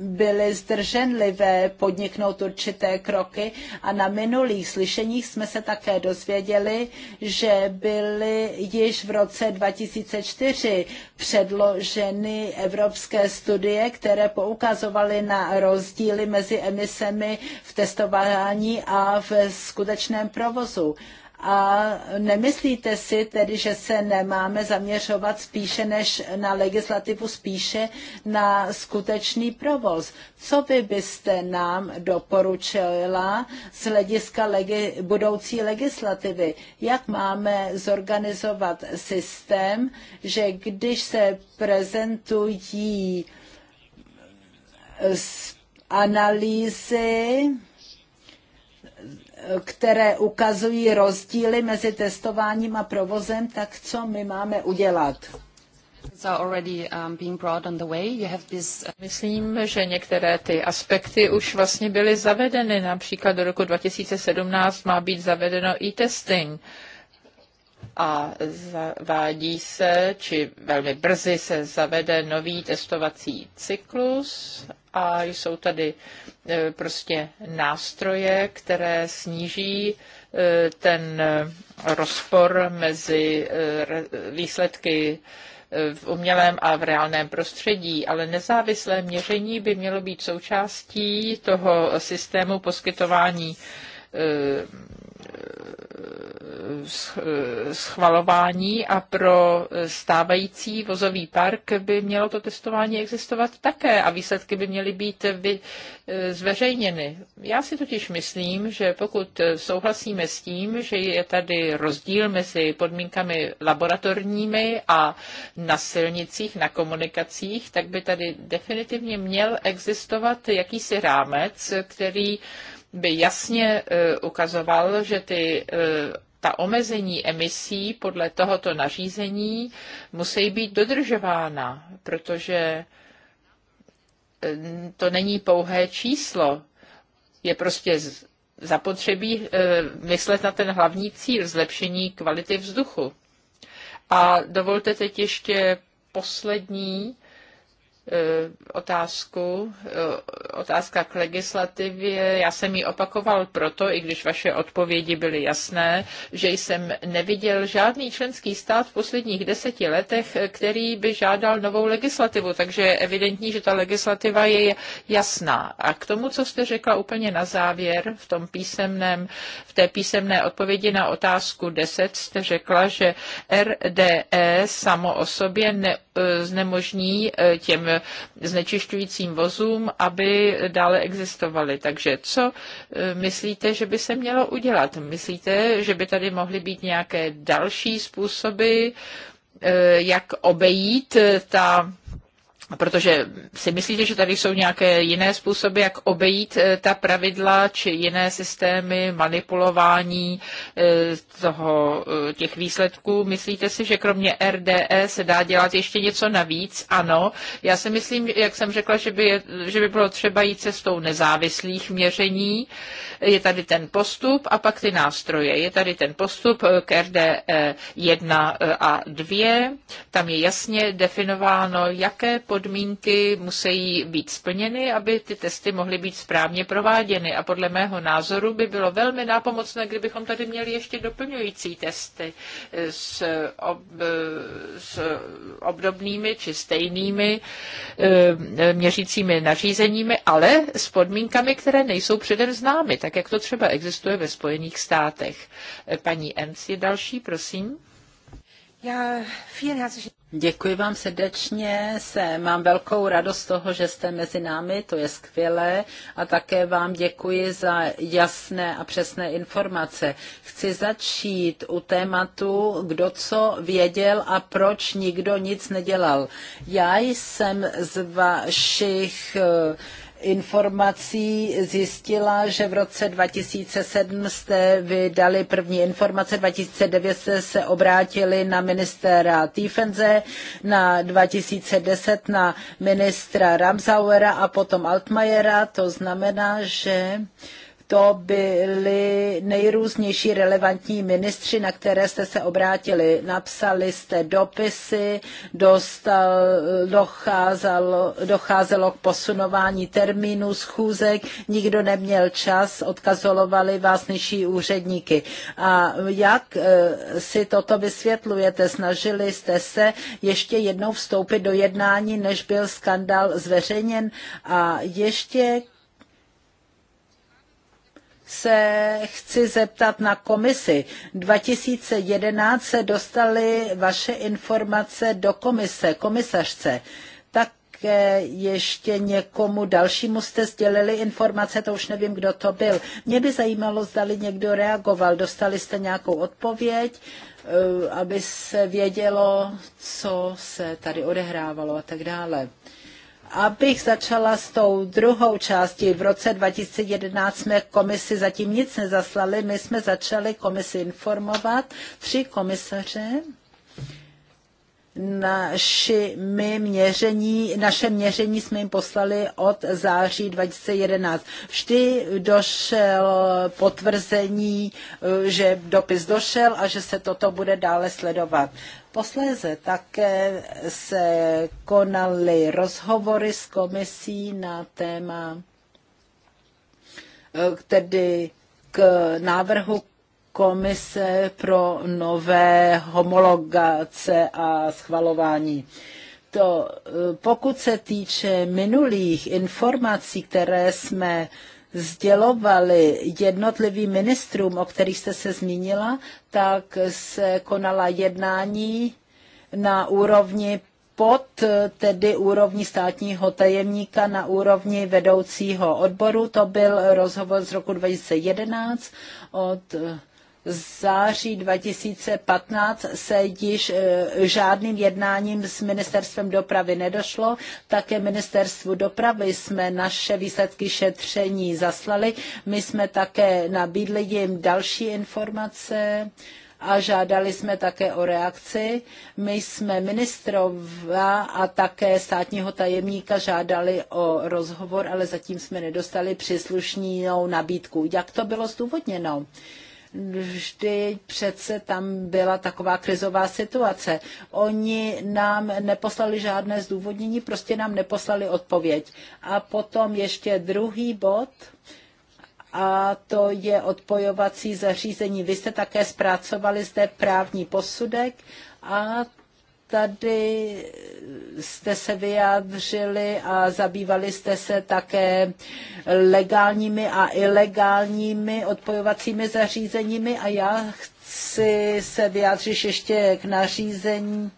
byly zdrženlivé podniknout určité kroky a na minulých slyšeních jsme se také dozvěděli, že byly již v roce 2004 předloženy evropské studie, které poukazovaly na rozdíly mezi emisemi v testování a v skutečném provozu. A nemyslíte si tedy, že se nemáme zaměřovat spíše než na legislativu, spíše na skutečný provoz? Co vy byste nám doporučila z hlediska legi- budoucí legislativy? Jak máme zorganizovat systém, že když se prezentují analýzy, které ukazují rozdíly mezi testováním a provozem, tak co my máme udělat? Um, uh, Myslím, že některé ty aspekty už vlastně byly zavedeny. Například do roku 2017 má být zavedeno e-testing a zavádí se, či velmi brzy se zavede nový testovací cyklus a jsou tady e, prostě nástroje, které sníží e, ten rozpor mezi e, výsledky v umělém a v reálném prostředí, ale nezávislé měření by mělo být součástí toho systému poskytování schvalování a pro stávající vozový park by mělo to testování existovat také a výsledky by měly být vy, e, zveřejněny. Já si totiž myslím, že pokud souhlasíme s tím, že je tady rozdíl mezi podmínkami laboratorními a na silnicích, na komunikacích, tak by tady definitivně měl existovat jakýsi rámec, který by jasně e, ukazoval, že ty e, ta omezení emisí podle tohoto nařízení musí být dodržována, protože eh, to není pouhé číslo. Je prostě zapotřebí eh, myslet na ten hlavní cíl zlepšení kvality vzduchu. A dovolte teď ještě poslední E, otázku, e, otázka k legislativě. Já jsem ji opakoval proto, i když vaše odpovědi byly jasné, že jsem neviděl žádný členský stát v posledních deseti letech, který by žádal novou legislativu, takže je evidentní, že ta legislativa je jasná. A k tomu, co jste řekla úplně na závěr, v, tom písemném, v té písemné odpovědi na otázku 10 jste řekla, že RDE samo o sobě ne, e, znemožní těm znečišťujícím vozům, aby dále existovaly. Takže co e, myslíte, že by se mělo udělat? Myslíte, že by tady mohly být nějaké další způsoby, e, jak obejít e, ta protože si myslíte, že tady jsou nějaké jiné způsoby, jak obejít eh, ta pravidla či jiné systémy manipulování eh, toho, eh, těch výsledků? Myslíte si, že kromě RDE se dá dělat ještě něco navíc? Ano, já si myslím, jak jsem řekla, že by, je, že by bylo třeba jít cestou nezávislých měření. Je tady ten postup a pak ty nástroje. Je tady ten postup k RDE 1 a 2. Tam je jasně definováno, jaké podmínky musí být splněny, aby ty testy mohly být správně prováděny. A podle mého názoru by bylo velmi nápomocné, kdybychom tady měli ještě doplňující testy eh, s, ob, eh, s obdobnými či stejnými eh, měřícími nařízeními, ale s podmínkami, které nejsou předem známy, tak jak to třeba existuje ve Spojených státech. Paní Enc je další, prosím. Já vielen herzlichen Děkuji vám srdečně, se, mám velkou radost z toho, že jste mezi námi, to je skvělé a také vám děkuji za jasné a přesné informace. Chci začít u tématu, kdo co věděl a proč nikdo nic nedělal. Já jsem z vašich uh, informací zjistila, že v roce 2007 jste vydali první informace, 2009 jste se obrátili na ministra Tiefenze, na 2010 na ministra Ramsauera a potom Altmajera. To znamená, že to byli nejrůznější relevantní ministři, na které jste se obrátili. Napsali jste dopisy, dostal, docházalo, docházelo k posunování termínu, schůzek, nikdo neměl čas, odkazovali vás nižší úředníky. A jak e, si toto vysvětlujete? Snažili jste se ještě jednou vstoupit do jednání, než byl skandal zveřejněn? A ještě se chci zeptat na komisi. 2011 se dostaly vaše informace do komise, komisařce. Také ještě někomu dalšímu jste sdělili informace, to už nevím, kdo to byl. Mě by zajímalo, zdali někdo reagoval. Dostali jste nějakou odpověď, eh, aby se vědělo, co se tady odehrávalo a tak dále. Abych začala s tou druhou částí. V roce 2011 jsme komisi zatím nic nezaslali. My jsme začali komisi informovat. Tři komisaře my měření, naše měření jsme jim poslali od září 2011. Vždy došel potvrzení, že dopis došel a že se toto bude dále sledovat. Posléze také se konaly rozhovory s komisí na téma eh, tedy k návrhu komise pro nové homologace a schvalování. To, eh, pokud se týče minulých informací, které jsme uh, sdělovali jednotlivým ministrům, o kterých jste se zmínila, tak se konala jednání na úrovni pod tedy úrovni státního tajemníka na úrovni vedoucího odboru. To byl rozhovor z roku 2011 od září 2015 se již e, žádným jednáním s ministerstvem dopravy nedošlo. Také ministerstvu dopravy jsme naše výsledky šetření zaslali. My jsme také nabídli jim další informace a žádali jsme také o reakci. My jsme ministrova a také státního tajemníka žádali o rozhovor, ale zatím jsme nedostali příslušnou nabídku. Jak to bylo zdůvodněno? Uh, vždy přece tam byla taková krizová situace. Oni nám neposlali žádné zdůvodnění, prostě nám neposlali odpověď. A potom ještě druhý bod, a to je odpojovací zařízení. Vy jste také zpracovali zde právní posudek a Tady jste se vyjádřili a zabývali jste se také legálními a ilegálními odpojovacími zařízeními a já chci se vyjádřit ještě k nařízení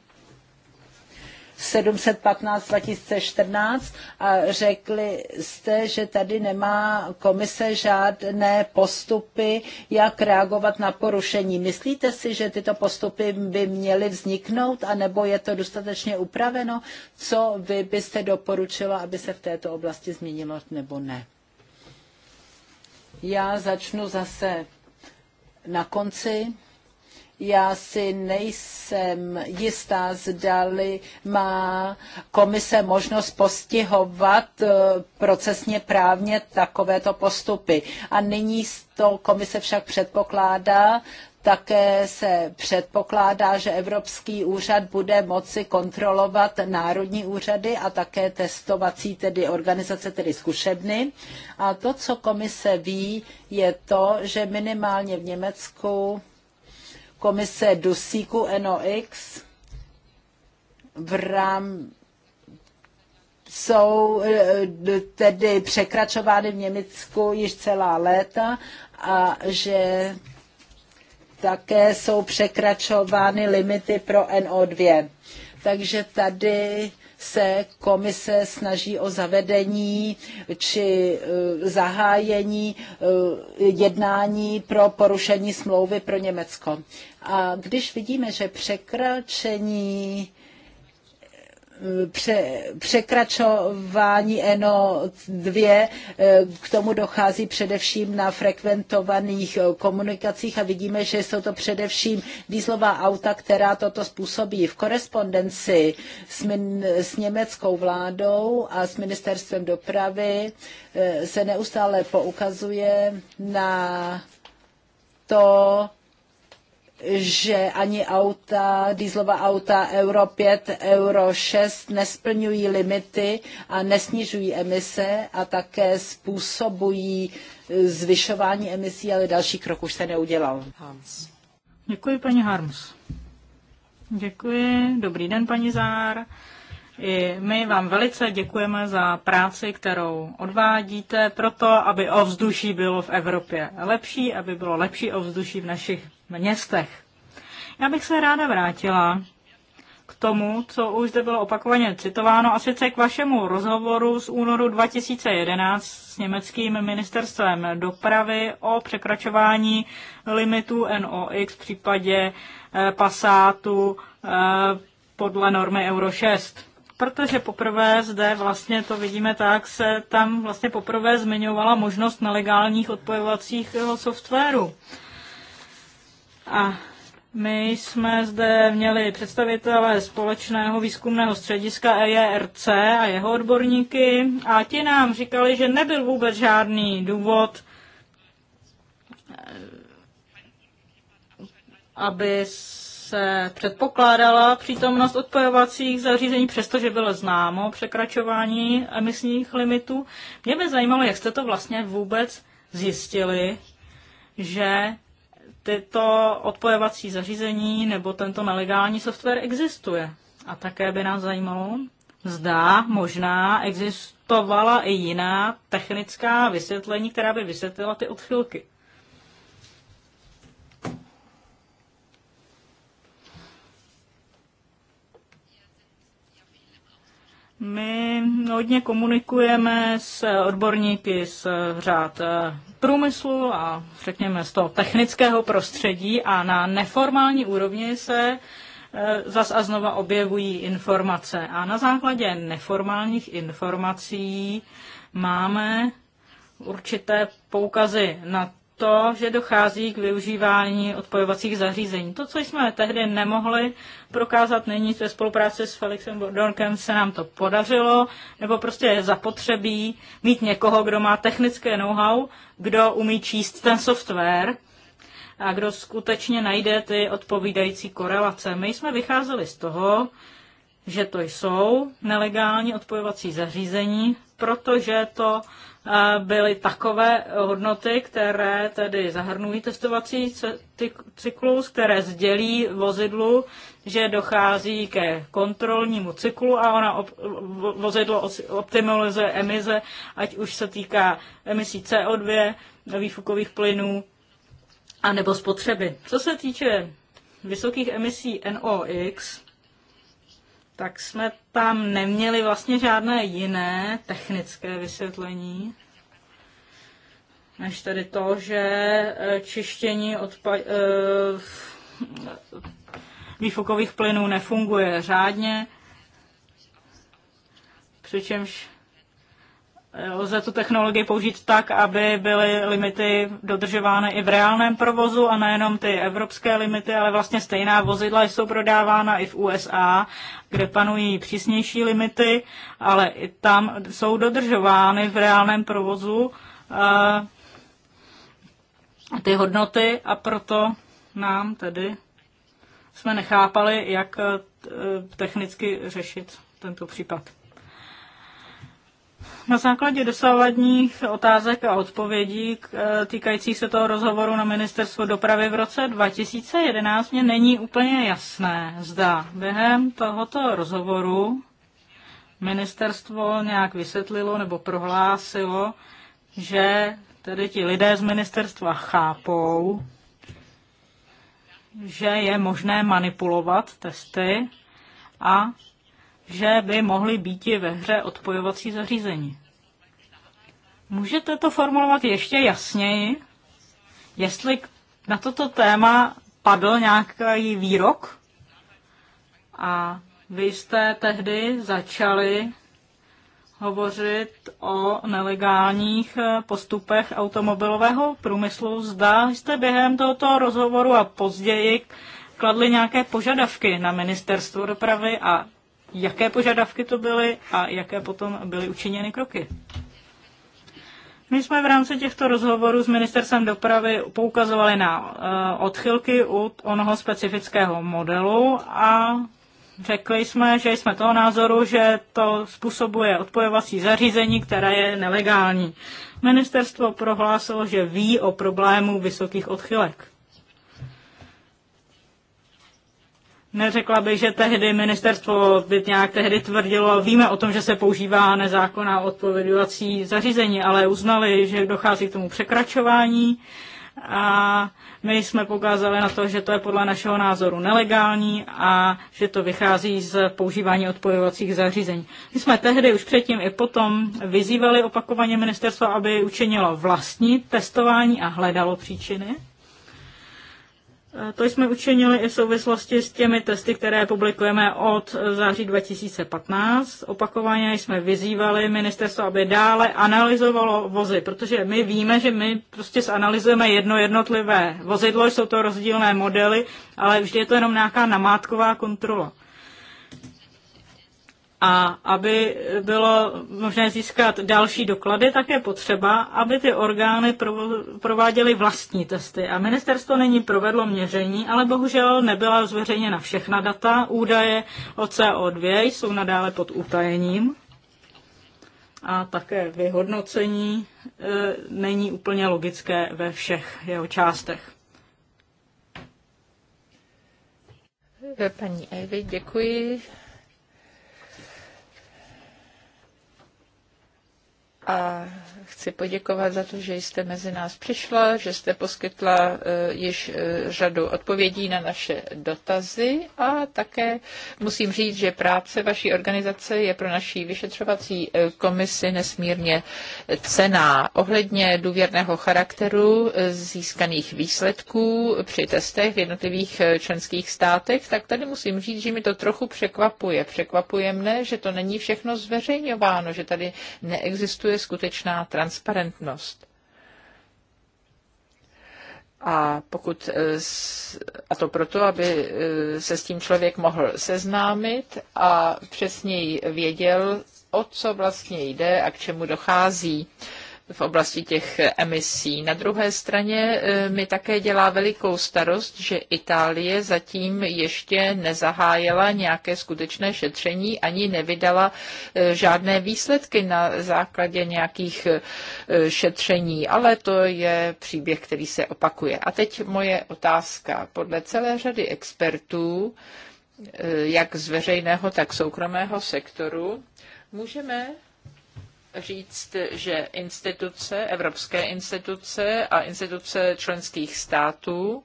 715-2014 a řekli jste, že tady nemá komise žádné postupy, jak reagovat na porušení. Myslíte si, že tyto postupy by měly vzniknout, anebo je to dostatečně upraveno? Co vy byste doporučila, aby se v této oblasti změnilo nebo ne? Já začnu zase na konci já si nejsem jistá, zdali má komise možnost postihovat eh, procesně právně takovéto postupy. A nyní to komise však předpokládá, také se předpokládá, že Evropský úřad bude moci kontrolovat národní úřady a také testovací, tedy organizace, tedy zkušebny. A to, co komise ví, je to, že minimálně v Německu komise Dusíku NOx v rám jsou e, tedy překračovány v Německu již celá léta a že také jsou překračovány limity pro NO2. Takže tady se komise snaží o zavedení či e, zahájení e, jednání pro porušení smlouvy pro Německo. A když vidíme, že překračení pře, překračování NO2 eh, k tomu dochází především na frekventovaných eh, komunikacích a vidíme, že jsou to především dýzlová auta, která toto způsobí. V korespondenci s, min, s německou vládou a s ministerstvem dopravy eh, se neustále poukazuje na to, že ani auta, dýzlová auta Euro 5, Euro 6 nesplňují limity a nesnižují emise a také způsobují eh, zvyšování emisí, ale další krok už se neudělal. Hans. Děkuji, paní Harms. Děkuji. Dobrý den, paní Zár. I my vám velice děkujeme za práci, kterou odvádíte proto, aby ovzduší bylo v Evropě lepší, aby bylo lepší ovzduší v našich městech. Já bych se ráda vrátila k tomu, co už zde bylo opakovaně citováno, a sice k vašemu rozhovoru z únoru 2011 s německým ministerstvem dopravy o překračování limitů NOx v případě eh, pasátu eh, podle normy Euro 6. Protože poprvé zde vlastně to vidíme tak, se tam vlastně poprvé zmiňovala možnost nelegálních odpojovacích eh, softwarů. A my jsme zde měli představitele společného výzkumného střediska EJRC a jeho odborníky a ti nám říkali, že nebyl vůbec žádný důvod, aby se předpokládala přítomnost odpojovacích zařízení, přestože bylo známo překračování emisních limitů. Mě by zajímalo, jak jste to vlastně vůbec zjistili, že tyto odpojovací zařízení nebo tento nelegální software existuje. A také by nás zajímalo, zda možná existovala i jiná technická vysvětlení, která by vysvětlila ty odchylky. My hodně komunikujeme s odborníky z řád eh, průmyslu a řekněme z toho technického prostředí a na neformální úrovni se eh, zas a znova objevují informace. A na základě neformálních informací máme určité poukazy na to, že dochází k využívání odpojovacích zařízení. To, co jsme tehdy nemohli prokázat nyní ve spolupráci s Felixem Bordonkem, se nám to podařilo, nebo prostě je zapotřebí mít někoho, kdo má technické know-how, kdo umí číst ten software a kdo skutečně najde ty odpovídající korelace. My jsme vycházeli z toho, že to jsou nelegální odpojovací zařízení, protože to byly takové hodnoty, které tedy zahrnují testovací cyklus, které sdělí vozidlu, že dochází ke kontrolnímu cyklu a ona op, vozidlo optimalizuje emize, ať už se týká emisí CO2, výfukových plynů a nebo spotřeby. Co se týče vysokých emisí NOx, tak jsme tam neměli vlastně žádné jiné technické vysvětlení, než tedy to, že eh, čištění odpa- eh, výfukových plynů nefunguje řádně, přičemž lze tu technologii použít tak, aby byly limity dodržovány i v reálném provozu a nejenom ty evropské limity, ale vlastně stejná vozidla jsou prodávána i v USA, kde panují přísnější limity, ale i tam jsou dodržovány v reálném provozu eh, ty hodnoty a proto nám tedy jsme nechápali, jak eh, technicky řešit tento případ. Na základě dosávadních otázek a odpovědí e, týkajících se toho rozhovoru na ministerstvu dopravy v roce 2011 mě není úplně jasné, zda během tohoto rozhovoru ministerstvo nějak vysvětlilo nebo prohlásilo, že tedy ti lidé z ministerstva chápou, že je možné manipulovat testy a že by mohly být i ve hře odpojovací zařízení. Můžete to formulovat ještě jasněji? Jestli na toto téma padl nějaký výrok a vy jste tehdy začali hovořit o nelegálních eh, postupech automobilového průmyslu. Zda jste během tohoto rozhovoru a později kladli nějaké požadavky na ministerstvo dopravy a jaké požadavky to byly a jaké potom byly učiněny kroky. My jsme v rámci těchto rozhovorů s ministerstvem dopravy poukazovali na eh, odchylky od onoho specifického modelu a řekli jsme, že jsme toho názoru, že to způsobuje odpojovací zařízení, které je nelegální. Ministerstvo prohlásilo, že ví o problému vysokých odchylek. Neřekla bych, že tehdy ministerstvo by nějak tehdy tvrdilo, víme o tom, že se používá nezákonná odpovědovací zařízení, ale uznali, že dochází k tomu překračování a my jsme pokázali na to, že to je podle našeho názoru nelegální a že to vychází z používání odpojovacích zařízení. My jsme tehdy už předtím i potom vyzývali opakovaně ministerstvo, aby učinilo vlastní testování a hledalo příčiny Eh, to jsme učinili i v souvislosti s těmi testy, které publikujeme od září 2015. Opakovaně jsme vyzývali ministerstvo, aby dále analyzovalo vozy, protože my víme, že my prostě zanalizujeme jedno jednotlivé vozidlo, jsou to rozdílné modely, ale vždy je to jenom nějaká namátková kontrola. A aby bylo možné získat další doklady, tak je potřeba, aby ty orgány prováděly vlastní testy. A ministerstvo není provedlo měření, ale bohužel nebyla zveřejněna všechna data. Údaje o CO2 jsou nadále pod utajením a také vyhodnocení e, není úplně logické ve všech jeho částech. Paní Evi, děkuji a chci poděkovat za to, že jste mezi nás přišla, že jste poskytla eh, již eh, řadu odpovědí na naše dotazy a také musím říct, že práce vaší organizace je pro naší vyšetřovací eh, komisi nesmírně cená. Ohledně důvěrného charakteru získaných výsledků při testech v jednotlivých členských státech, tak tady musím říct, že mi to trochu překvapuje. Překvapuje mne, že to není všechno zveřejňováno, že tady neexistuje skutečná transparentnost transparentnost. A, pokud, eh, a to proto, aby eh, se s tím člověk mohl seznámit a přesněji věděl, o co vlastně jde a k čemu dochází v oblasti těch emisí. Na druhé straně eh, mi také dělá velikou starost, že Itálie zatím ještě nezahájila nějaké skutečné šetření ani nevydala eh, žádné výsledky na základě nějakých eh, šetření, ale to je příběh, který se opakuje. A teď moje otázka. Podle celé řady expertů, jak z veřejného, tak soukromého sektoru, můžeme říct, že instituce, evropské instituce a instituce členských států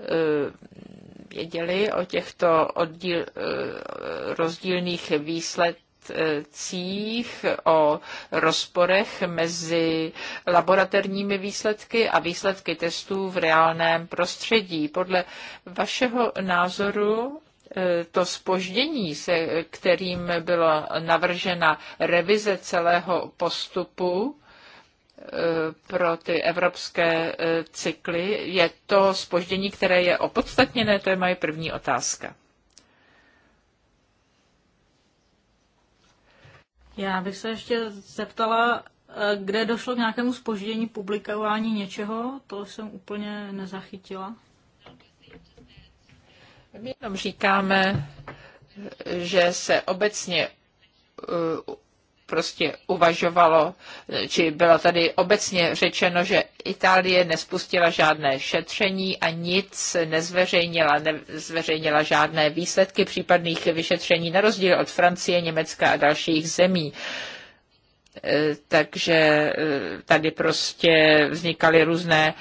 eh, věděli o těchto oddíl, eh, rozdílných výsledcích, o rozporech mezi laboratorními výsledky a výsledky testů v reálném prostředí. Podle vašeho názoru E, to spoždění, se kterým byla navržena revize celého postupu e, pro ty evropské e, cykly, je to spoždění, které je opodstatněné? To je moje první otázka. Já bych se ještě zeptala, kde došlo k nějakému spoždění publikování něčeho, to jsem úplně nezachytila. My jenom říkáme, že se obecně uh, prostě uvažovalo, či bylo tady obecně řečeno, že Itálie nespustila žádné šetření a nic nezveřejnila, nezveřejnila žádné výsledky případných vyšetření, na rozdíl od Francie, Německa a dalších zemí. Eh, takže eh, tady prostě vznikaly různé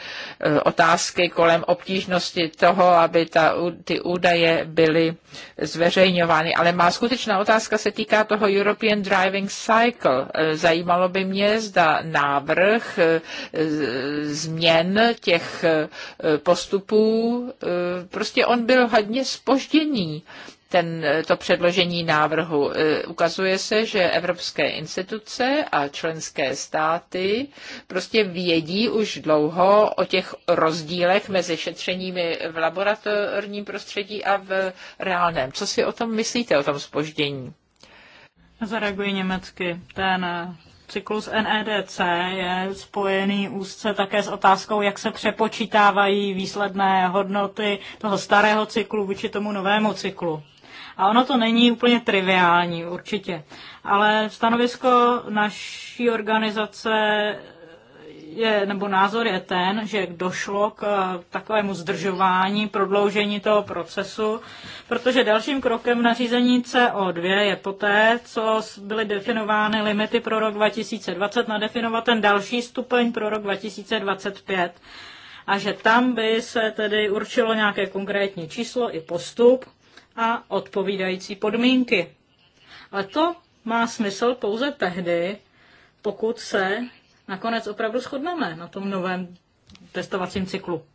eh, otázky kolem obtížnosti toho, aby ta, ty údaje byly zveřejňovány. Ale má skutečná otázka se týká toho European Driving Cycle. Zajímalo by mě, zda návrh změn těch postupů, prostě on byl hodně spožděný ten, to předložení návrhu. E, ukazuje se, že evropské instituce a členské státy prostě vědí už dlouho o těch rozdílech mezi šetřeními v laboratorním prostředí a v reálném. Co si o tom myslíte, o tom spoždění? Zareaguji německy. Ten e, cyklus NEDC je spojený úzce také s otázkou, jak se přepočítávají výsledné hodnoty toho starého cyklu vůči tomu novému cyklu. A ono to není úplně triviální, určitě. Ale stanovisko naší organizace je, nebo názor je ten, že došlo k eh, takovému zdržování, prodloužení toho procesu, protože dalším krokem nařízení CO2 je poté, co byly definovány limity pro rok 2020, nadefinovat ten další stupeň pro rok 2025 a že tam by se tedy určilo nějaké konkrétní číslo i postup, a odpovídající podmínky. Ale to má smysl pouze tehdy, pokud se nakonec opravdu shodneme na tom novém testovacím cyklu.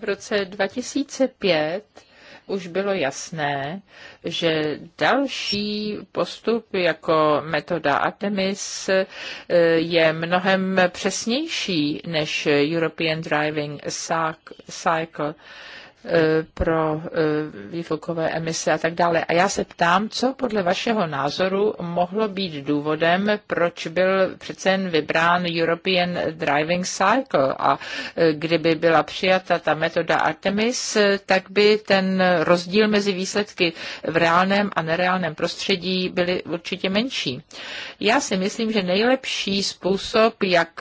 V roce 2005 už bylo jasné, že další postup jako metoda Artemis eh, je mnohem přesnější než European Driving Cycle E, pro e, výfukové emise a tak dále. A já se ptám, co podle vašeho názoru mohlo být důvodem, proč byl přece jen vybrán European Driving Cycle a e, kdyby byla přijata ta metoda Artemis, tak by ten rozdíl mezi výsledky v reálném a nereálném prostředí byly určitě menší. Já si myslím, že nejlepší způsob, jak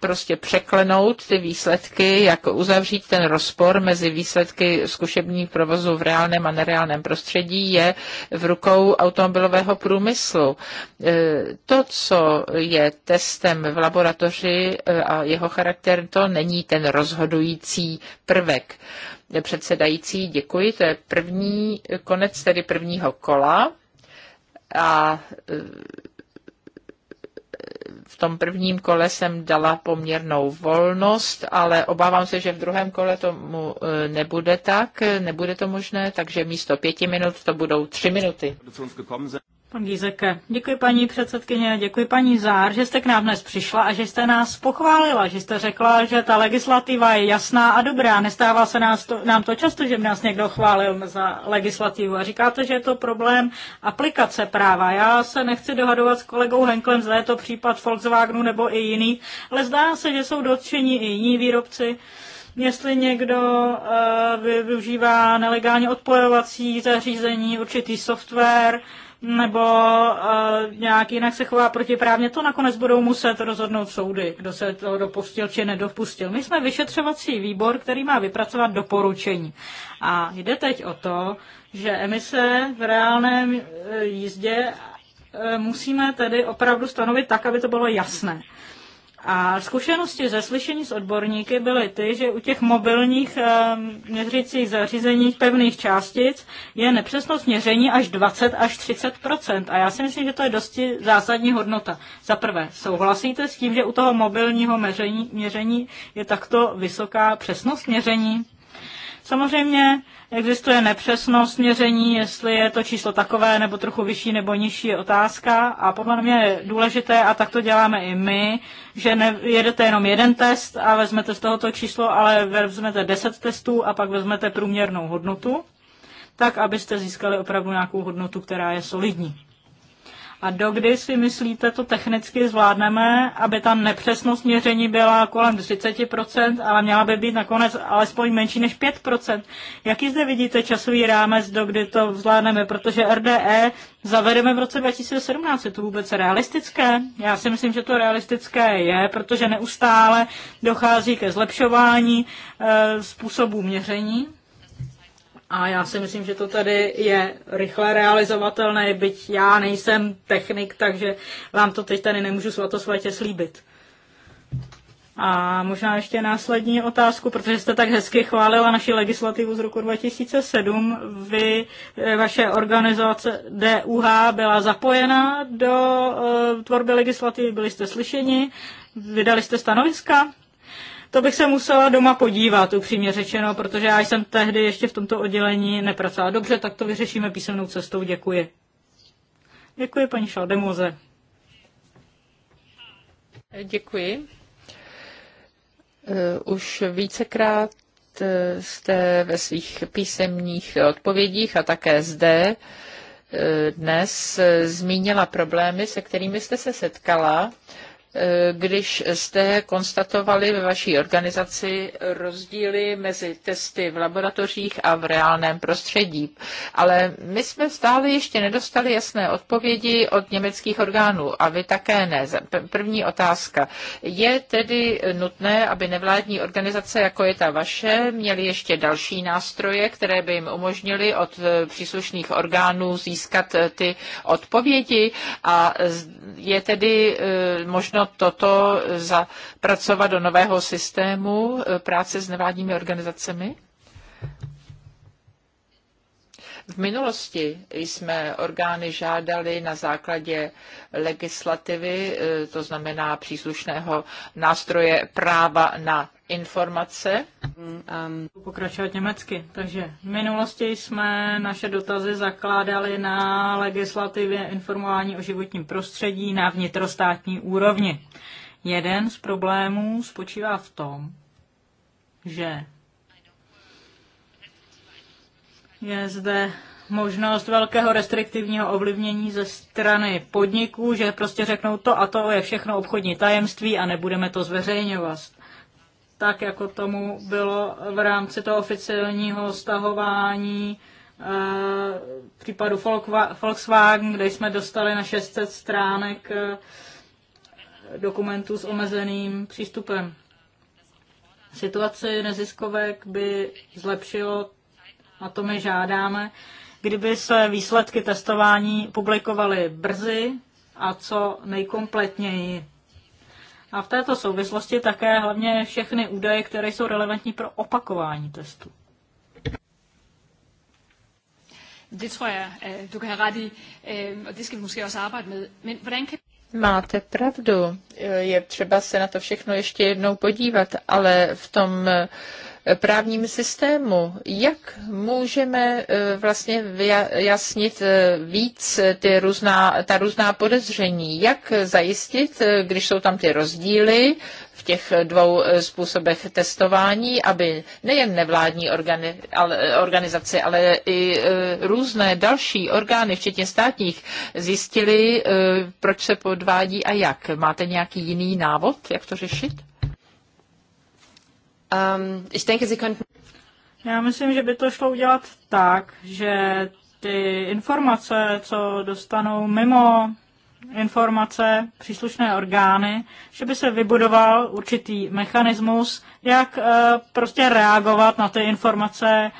prostě překlenout ty výsledky, jak uzavřít ten rozpor mezi výsledky výsledky zkušebních provozu v reálném a nereálném prostředí je v rukou automobilového průmyslu. E, to, co je testem v laboratoři e, a jeho charakter, to není ten rozhodující prvek. Předsedající, děkuji, to je první konec tedy prvního kola a e, v tom prvním kole jsem dala poměrnou volnost, ale obávám se, že v druhém kole tomu e, nebude tak, nebude to možné, takže místo pěti minut to budou tři minuty. Pan Gízeke, děkuji paní předsedkyně, děkuji paní Zár, že jste k nám dnes přišla a že jste nás pochválila, že jste řekla, že ta legislativa je jasná a dobrá. Nestává se nás to, nám to často, že by nás někdo chválil za legislativu a říkáte, že je to problém aplikace práva. Já se nechci dohadovat s kolegou Henklem, zda je to případ Volkswagenu nebo i jiný, ale zdá se, že jsou dotčeni i jiní výrobci jestli někdo uh, využívá nelegálně odpojovací zařízení, určitý software, nebo uh, nějak jinak se chová protiprávně, to nakonec budou muset rozhodnout soudy, kdo se toho dopustil či nedopustil. My jsme vyšetřovací výbor, který má vypracovat doporučení. A jde teď o to, že emise v reálném eh, jízdě eh, musíme tedy opravdu stanovit tak, aby to bylo jasné. A zkušenosti ze slyšení s odborníky byly ty, že u těch mobilních ehm, měřících zařízení pevných částic je nepřesnost měření až 20 až 30 A já si myslím, že to je dosti zásadní hodnota. Za prvé, souhlasíte s tím, že u toho mobilního měření, měření je takto vysoká přesnost měření? Samozřejmě existuje nepřesnost měření, jestli je to číslo takové nebo trochu vyšší nebo nižší je otázka a podle mě je důležité, a tak to děláme i my, že jedete jenom jeden test a vezmete z tohoto číslo, ale vezmete 10 testů a pak vezmete průměrnou hodnotu, tak abyste získali opravdu nějakou hodnotu, která je solidní. A dokdy si myslíte, to technicky zvládneme, aby ta nepřesnost měření byla kolem 30%, ale měla by být nakonec alespoň menší než 5%. Jaký zde vidíte časový rámec, dokdy to zvládneme? Protože RDE zavedeme v roce 2017. Je to vůbec realistické? Já si myslím, že to realistické je, protože neustále dochází ke zlepšování e, eh, způsobů měření. A já si myslím, že to tady je rychle realizovatelné, byť já nejsem technik, takže vám to teď tady nemůžu svatosvatě slíbit. A možná ještě následní otázku, protože jste tak hezky chválila naši legislativu z roku 2007. Vy, eh, vaše organizace DUH byla zapojena do uh, tvorby legislativy, byli jste slyšeni, vydali jste stanoviska? To bych se musela doma podívat, upřímně řečeno, protože já jsem tehdy ještě v tomto oddělení nepracovala. Dobře, tak to vyřešíme písemnou cestou, děkuji. Děkuji, paní Šaldemoze. Děkuji. Eh, už vícekrát eh, jste ve svých písemních odpovědích a také zde eh, dnes zmínila problémy, se kterými jste se setkala když jste konstatovali ve vaší organizaci rozdíly mezi testy v laboratořích a v reálném prostředí. Ale my jsme stále ještě nedostali jasné odpovědi od německých orgánů a vy také ne. První otázka. Je tedy nutné, aby nevládní organizace, jako je ta vaše, měly ještě další nástroje, které by jim umožnily od e, příslušných orgánů získat e, ty odpovědi a je tedy e, možno všechno toto zapracovat do nového systému eh, práce s nevládními organizacemi? V minulosti jsme orgány žádali na základě legislativy, eh, to znamená příslušného nástroje práva na informace. Um, pokračovat německy. Takže v minulosti jsme naše dotazy zakládali na legislativě informování o životním prostředí na vnitrostátní úrovni. Jeden z problémů spočívá v tom, že je zde možnost velkého restriktivního ovlivnění ze strany podniků, že prostě řeknou to a to je všechno obchodní tajemství a nebudeme to zveřejňovat tak jako tomu bylo v rámci toho oficiálního stahování eh, případu Volkswagen, kde jsme dostali na 600 stránek eh, dokumentů s omezeným přístupem. Situaci neziskovek by zlepšilo, a to my žádáme, kdyby se výsledky testování publikovaly brzy a co nejkompletněji. A v této souvislosti také hlavně všechny údaje, které jsou relevantní pro opakování testu. Det tror jeg, øh, du kan have ret i, øh, og det skal vi måske også arbejde med. Men hvordan kan Máte pravdu, je třeba se na to všechno ještě jednou podívat, ale v tom právním systému. Jak můžeme e, vlastně vyjasnit e, víc ty různá, ta různá podezření? Jak zajistit, e, když jsou tam ty rozdíly v těch dvou způsobech testování, aby nejen nevládní organi, ale, organizace, ale i různé další orgány, včetně státních, zjistili, proč se podvádí a jak? Máte nějaký jiný návod, jak to řešit? Um, ich denke, Sie könnten... Já myslím, že by to šlo udělat tak, že ty informace, co dostanou mimo informace příslušné orgány, že by se vybudoval určitý mechanismus, jak eh, prostě reagovat na ty informace,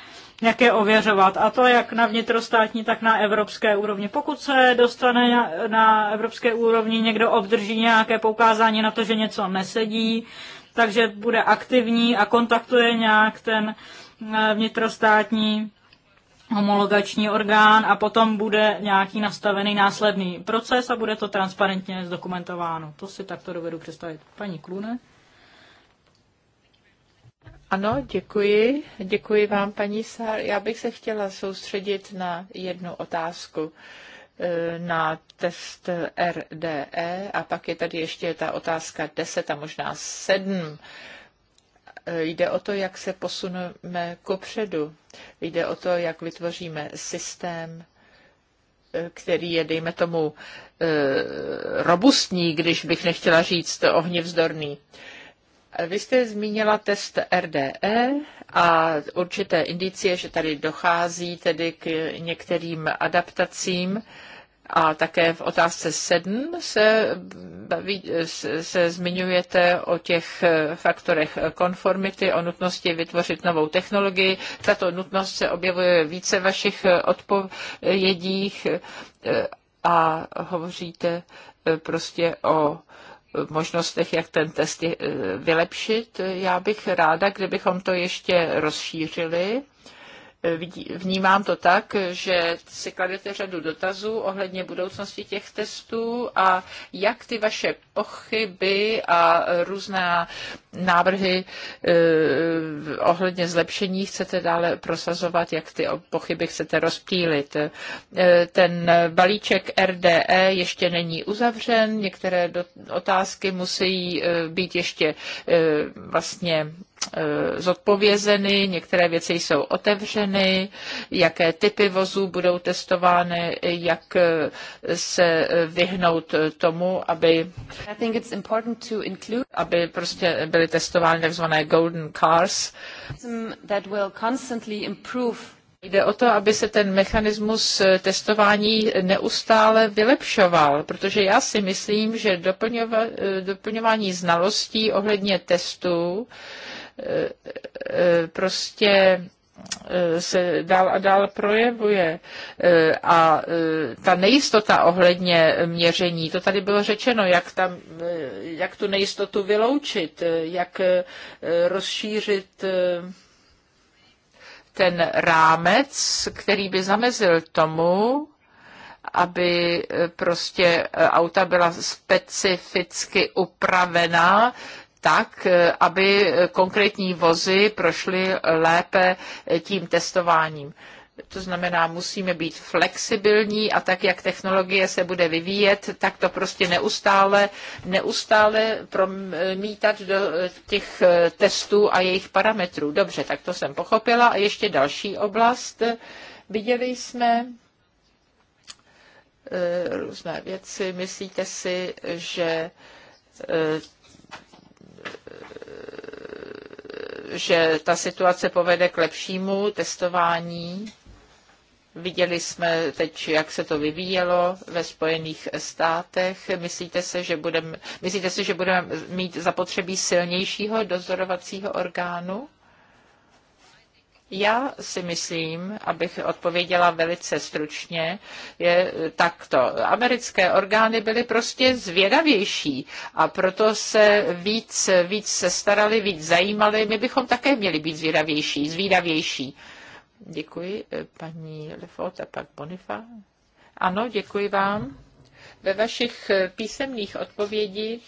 jak je ověřovat. A to jak na vnitrostátní, tak na evropské úrovni. Pokud se dostane na, na evropské úrovni, někdo obdrží nějaké poukázání na to, že něco nesedí, takže bude aktivní a kontaktuje nějak ten eh, vnitrostátní homologační orgán a potom bude nějaký nastavený následný proces a bude to transparentně zdokumentováno. To si takto dovedu představit. Paní Klune. Ano, děkuji. Děkuji vám, paní Sár. Já bych se chtěla soustředit na jednu otázku. E, na test RDE a pak je tady ještě ta otázka 10 a možná 7. E, jde o to, jak se posuneme kopředu. Jde o to, jak vytvoříme systém, e, který je, dejme tomu, robustní, když bych nechtěla říct ohnivzdorný. vzdorný vy jste zmínila test RDE a určité indicie, že tady dochází tedy k některým adaptacím. A také v otázce 7 se, baví, se, zmiňujete o těch faktorech konformity, o nutnosti vytvořit novou technologii. Tato nutnost se objevuje více vašich odpovědích e, a hovoříte e, prostě o možnostech, jak ten test eh, vylepšit. Já bych ráda, kdybychom to ještě rozšířili vnímám to tak, že si kladete řadu dotazů ohledně budoucnosti těch testů a jak ty vaše pochyby a různé návrhy e, ohledně zlepšení chcete dále prosazovat, jak ty pochyby chcete rozptýlit. E, ten balíček RDE ještě není uzavřen, některé otázky musí e, být ještě vlastně E, zodpovězeny, některé věci jsou otevřeny, jaké typy vozů budou testovány, jak e, se vyhnout tomu, aby, include... aby prostě byly testovány tzv. golden cars. That will constantly improve Jde o to, aby se ten mechanismus testování neustále vylepšoval, protože já si myslím, že doplňova, doplňování znalostí ohledně testů prostě eh, se dál a dál projevuje eh, a eh, ta nejistota ohledně měření, to tady bylo řečeno, jak, tam, jak tu nejistotu vyloučit, jak rozšířit ten rámec, který by zamezil tomu, aby prostě auta byla specificky upravená tak, eh, aby konkrétní vozy prošly lépe eh, tím testováním. To znamená, musíme být flexibilní a tak, jak technologie se bude vyvíjet, tak to prostě neustále, neustále promítat do eh, těch testů a jejich parametrů. Dobře, tak to jsem pochopila. A ještě další oblast. Viděli jsme různé věci. Myslíte si, že že ta situace povede k lepšímu testování. Viděli jsme teď, jak se to vyvíjelo ve Spojených státech. Myslíte se, že budeme, myslíte se, že budeme mít zapotřebí silnějšího dozorovacího orgánu? Já si myslím, abych odpověděla velice stručně, je eh, takto. Americké orgány byly prostě zvědavější a proto se víc, víc se starali, víc zajímali. My bychom také měli být zvědavější, zvídavější. Děkuji, eh, paní Lefot a pak Bonifa. Ano, děkuji vám. Ve vašich eh, písemných odpovědích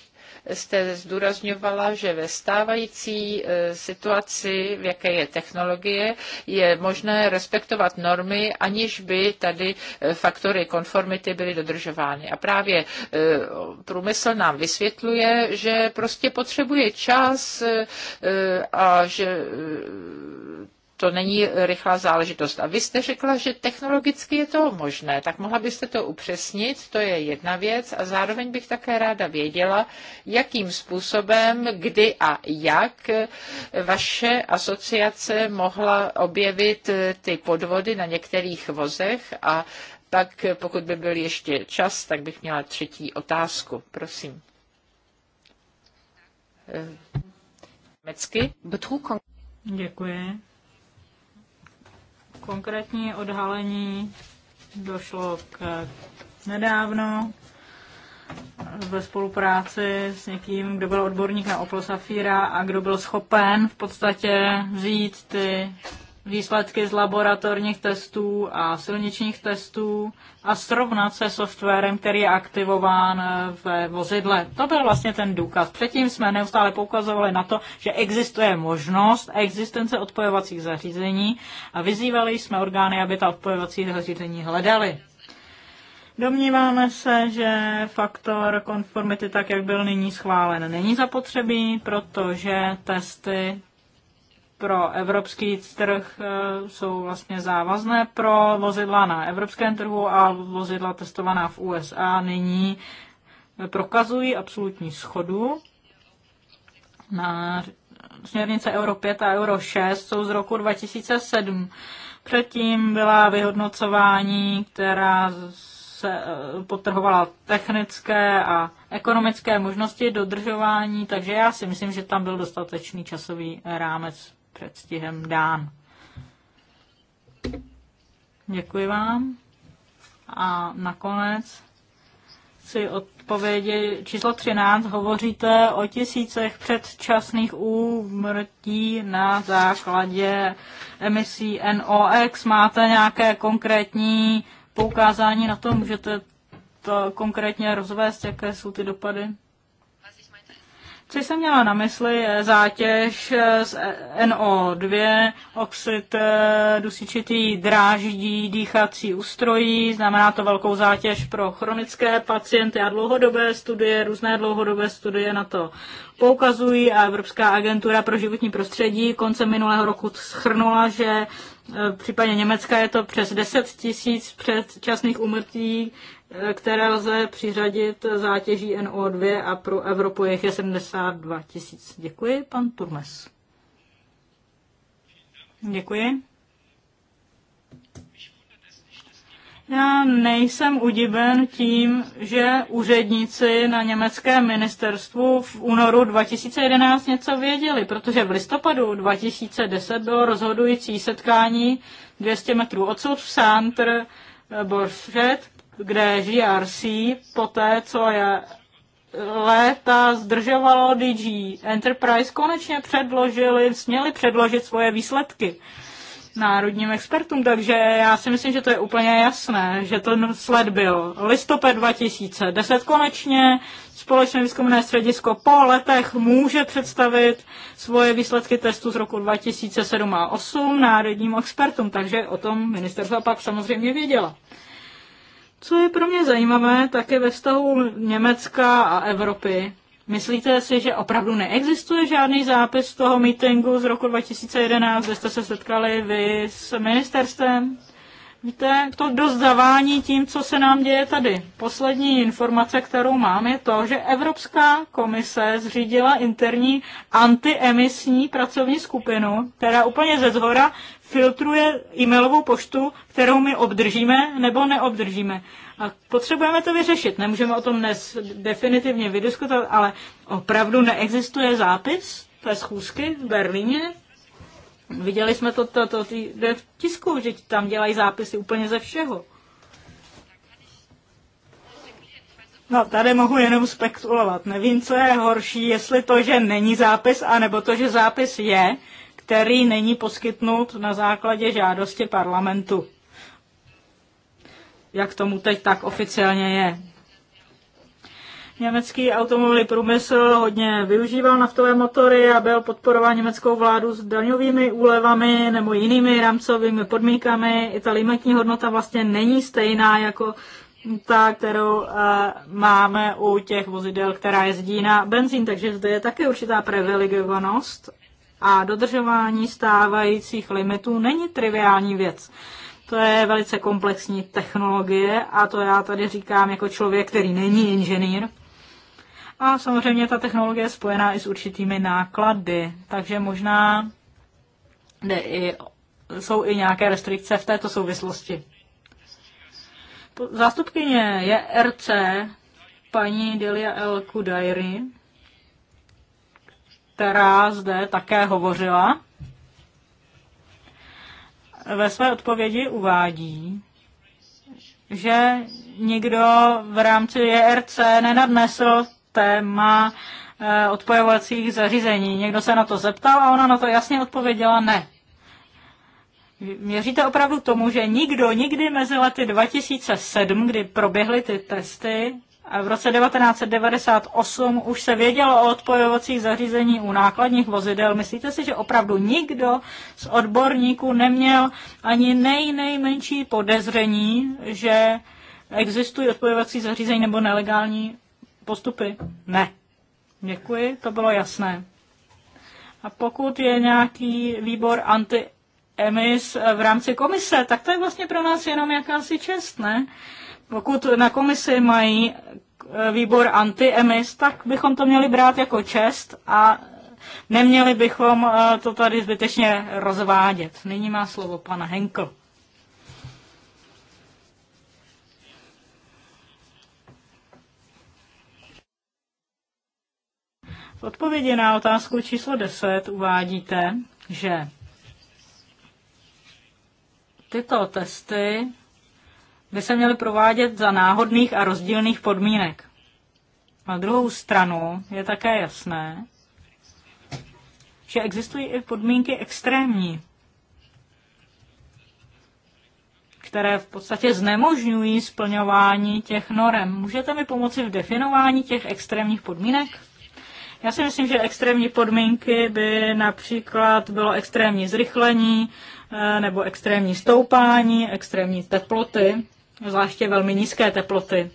jste zdůrazňovala, že ve stávající e, situaci, v jaké je technologie, je možné respektovat normy, aniž by tady e, faktory konformity byly dodržovány. A právě e, průmysl nám vysvětluje, že prostě potřebuje čas a že to není rychlá záležitost. A vy jste řekla, že technologicky je to možné, tak mohla byste to upřesnit, to je jedna věc. A zároveň bych také ráda věděla, jakým způsobem, kdy a jak vaše asociace mohla objevit eh, ty podvody na některých vozech a tak pokud by byl ještě čas, tak bych měla třetí otázku. Prosím. Eh, Mecky. Děkuji konkrétní odhalení došlo k nedávno ve spolupráci s někým, kdo byl odborník na Opel Safira a kdo byl schopen v podstatě vzít ty výsledky z laboratorních testů a silničních testů a srovnat se softwarem, který je aktivován eh, ve vozidle. To byl vlastně ten důkaz. Předtím jsme neustále poukazovali na to, že existuje možnost existence odpojovacích zařízení a vyzývali jsme orgány, aby ta odpojovací zařízení hledali. Domníváme se, že faktor konformity, tak jak byl nyní schválen, není zapotřebí, protože testy pro evropský trh eh, jsou vlastně závazné pro vozidla na evropském trhu a vozidla testovaná v USA nyní prokazují absolutní schodu. Na směrnice Euro 5 a Euro 6 jsou z roku 2007. Předtím byla vyhodnocování, která se eh, potrhovala technické a ekonomické možnosti dodržování, takže já si myslím, že tam byl dostatečný časový rámec předstihem dán. Děkuji vám. A nakonec si odpovědi. Číslo 13. Hovoříte o tisícech předčasných úmrtí na základě emisí NOx. Máte nějaké konkrétní poukázání na to? Můžete to konkrétně rozvést, jaké jsou ty dopady? Co jsem měla na mysli je zátěž eh, z eh, NO2, oxid eh, dusičitý dráždí dýchací ústrojí, znamená to velkou zátěž pro chronické pacienty a dlouhodobé studie, různé dlouhodobé studie na to poukazují a Evropská agentura pro životní prostředí koncem minulého roku schrnula, že v případě Německa je to přes 10 tisíc předčasných umrtí které lze přiřadit zátěží NO2 a pro Evropu je 72 tisíc. Děkuji, pan Turmes. Děkuji. Já nejsem udiven tím, že úředníci na německém ministerstvu v únoru 2011 něco věděli, protože v listopadu 2010 bylo rozhodující setkání 200 metrů odsud v Santr Boršet, kde GRC poté, co je léta zdržovalo DG Enterprise, konečně předložili, směli předložit svoje výsledky národním expertům, takže já si myslím, že to je úplně jasné, že ten sled byl listopad 2010 konečně, společné výzkumné středisko po letech může představit svoje výsledky testu z roku 2007 a 2008 národním expertům, takže o tom ministerstva pak samozřejmě věděla. Co je pro mě zajímavé, tak je ve vztahu Německa a Evropy. Myslíte si, že opravdu neexistuje žádný zápis toho mítingu z roku 2011, kde jste se setkali vy s ministerstvem? Víte, to dost zavání tím, co se nám děje tady. Poslední informace, kterou mám, je to, že Evropská komise zřídila interní antiemisní pracovní skupinu, která úplně ze zhora filtruje e-mailovou poštu, kterou my obdržíme nebo neobdržíme. A potřebujeme to vyřešit. Nemůžeme o tom dnes definitivně vydiskutovat, ale opravdu neexistuje zápis té schůzky v Berlíně, Viděli jsme to, to, to, to v tisku, že tam dělají zápisy úplně ze všeho. No, tady mohu jenom spekulovat. Nevím, co je horší, jestli to, že není zápis, anebo to, že zápis je, který není poskytnut na základě žádosti parlamentu. Jak tomu teď tak oficiálně je. Německý automobilový průmysl hodně využíval naftové motory a byl podporován německou vládu s daňovými úlevami nebo jinými rámcovými podmínkami. I ta limitní hodnota vlastně není stejná jako ta, kterou uh, máme u těch vozidel, která jezdí na benzín, takže zde je také určitá privilegovanost a dodržování stávajících limitů není triviální věc. To je velice komplexní technologie a to já tady říkám jako člověk, který není inženýr. A samozřejmě ta technologie je spojená i s určitými náklady, takže možná jde i, jsou i nějaké restrikce v této souvislosti. Zástupkyně je RC paní Delia L. Kudairi, která zde také hovořila. Ve své odpovědi uvádí, že nikdo v rámci JRC nenadnesl téma eh, odpojovacích zařízení. Někdo se na to zeptal a ona na to jasně odpověděla ne. Měříte opravdu tomu, že nikdo nikdy mezi lety 2007, kdy proběhly ty testy, a v roce 1998 už se vědělo o odpojovacích zařízení u nákladních vozidel. Myslíte si, že opravdu nikdo z odborníků neměl ani nej, nejmenší podezření, že existují odpojovací zařízení nebo nelegální postupy? Ne. Děkuji, to bylo jasné. A pokud je nějaký výbor anti emis v rámci komise, tak to je vlastně pro nás jenom jakási čest, ne? Pokud na komisi mají výbor anti-emis, tak bychom to měli brát jako čest a neměli bychom eh, to tady zbytečně rozvádět. Nyní má slovo pana Henkel. odpovědi na otázku číslo 10 uvádíte, že tyto testy by se měly provádět za náhodných a rozdílných podmínek. Na druhou stranu je také jasné, že existují i podmínky extrémní, které v podstatě znemožňují splňování těch norem. Můžete mi pomoci v definování těch extrémních podmínek? Já si myslím, že extrémní podmínky by například bylo extrémní zrychlení eh, nebo extrémní stoupání, extrémní teploty, zvláště velmi nízké teploty.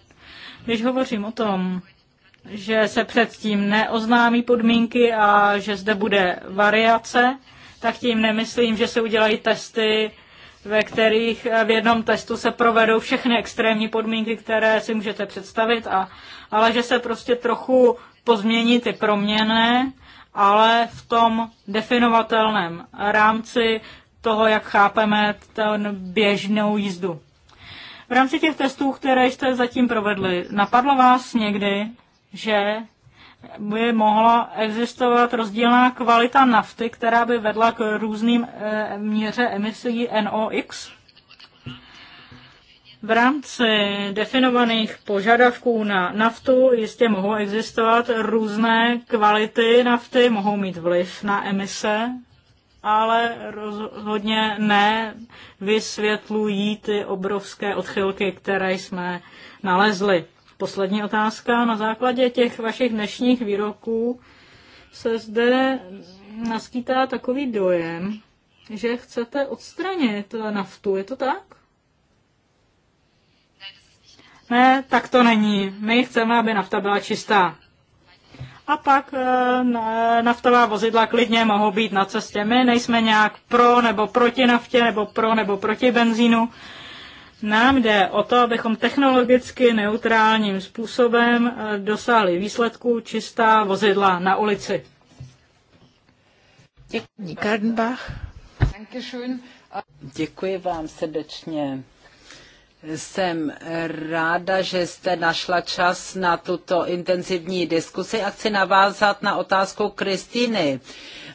Když hovořím o tom, že se předtím neoznámí podmínky a že zde bude variace, tak tím nemyslím, že se udělají testy, ve kterých eh, v jednom testu se provedou všechny extrémní podmínky, které si můžete představit, a, ale že se prostě trochu pozměnit ty proměny, ale v tom definovatelném rámci toho, jak chápeme ten běžnou jízdu. V rámci těch testů, které jste zatím provedli, napadlo vás někdy, že by mohla existovat rozdílná kvalita nafty, která by vedla k různým e, měře emisí NOx? V rámci definovaných požadavků na naftu jistě mohou existovat různé kvality nafty, mohou mít vliv na emise, ale rozhodně ne vysvětlují ty obrovské odchylky, které jsme nalezli. Poslední otázka. Na základě těch vašich dnešních výroků se zde naskýtá takový dojem, že chcete odstranit naftu. Je to tak? Ne, tak to není. My chceme, aby nafta byla čistá. A pak e, naftová vozidla klidně mohou být na cestě. My nejsme nějak pro nebo proti naftě, nebo pro nebo proti benzínu. Nám jde o to, abychom technologicky neutrálním způsobem eh, dosáhli výsledku čistá vozidla na ulici. Děkuji, Děkuji vám srdečně. Jsem ráda, že jste našla čas na tuto intenzivní diskusi a chci navázat na otázku Kristýny.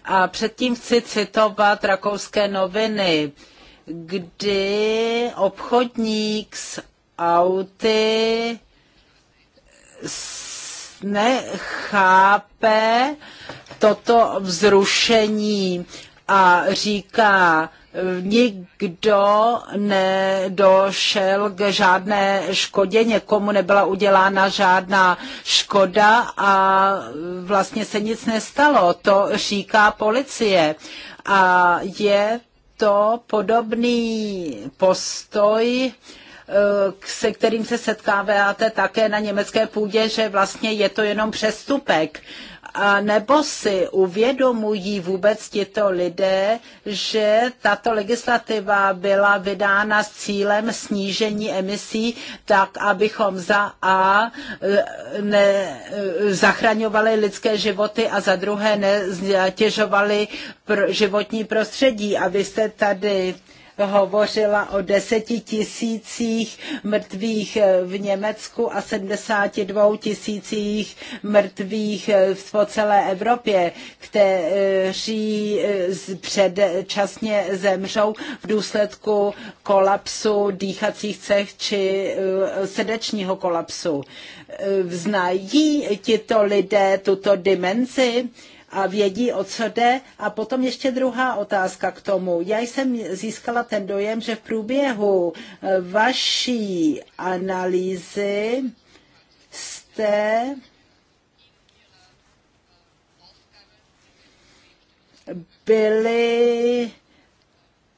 A předtím chci citovat rakouské noviny, kdy obchodník s auty nechápe toto vzrušení a říká, eh, nikdo nedošel k žádné škodě, někomu nebyla udělána žádná škoda a vlastně se nic nestalo. To říká policie. A je to podobný postoj, Eh, se kterým se setkáváte také na německé půdě, že vlastně je to jenom přestupek. A nebo si uvědomují vůbec tito lidé, že tato legislativa byla vydána s cílem snížení emisí, tak abychom za A eh, ne, eh, zachraňovali lidské životy a za druhé nezatěžovali životní prostředí. A vy jste tady hovořila o deseti tisících mrtvých v Německu a 72 tisících mrtvých po celé Evropě, kteří předčasně zemřou v důsledku kolapsu dýchacích cech či eh, srdečního kolapsu. Eh, znají tito lidé tuto dimenzi? a vědí, o co jde. A potom ještě druhá otázka k tomu. Já jsem získala ten dojem, že v průběhu eh, vaší analýzy jste byli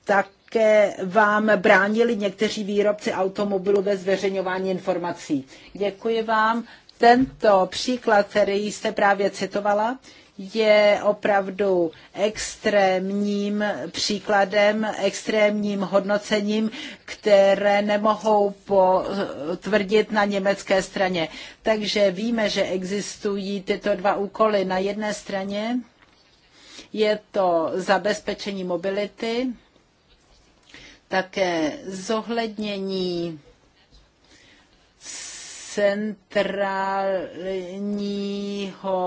také vám bránili někteří výrobci automobilů ve zveřejňování informací. Děkuji vám. Tento příklad, který jste právě citovala, je opravdu extrémním příkladem, extrémním hodnocením, které nemohou potvrdit na německé straně. Takže víme, že existují tyto dva úkoly. Na jedné straně je to zabezpečení mobility, také zohlednění centrálního,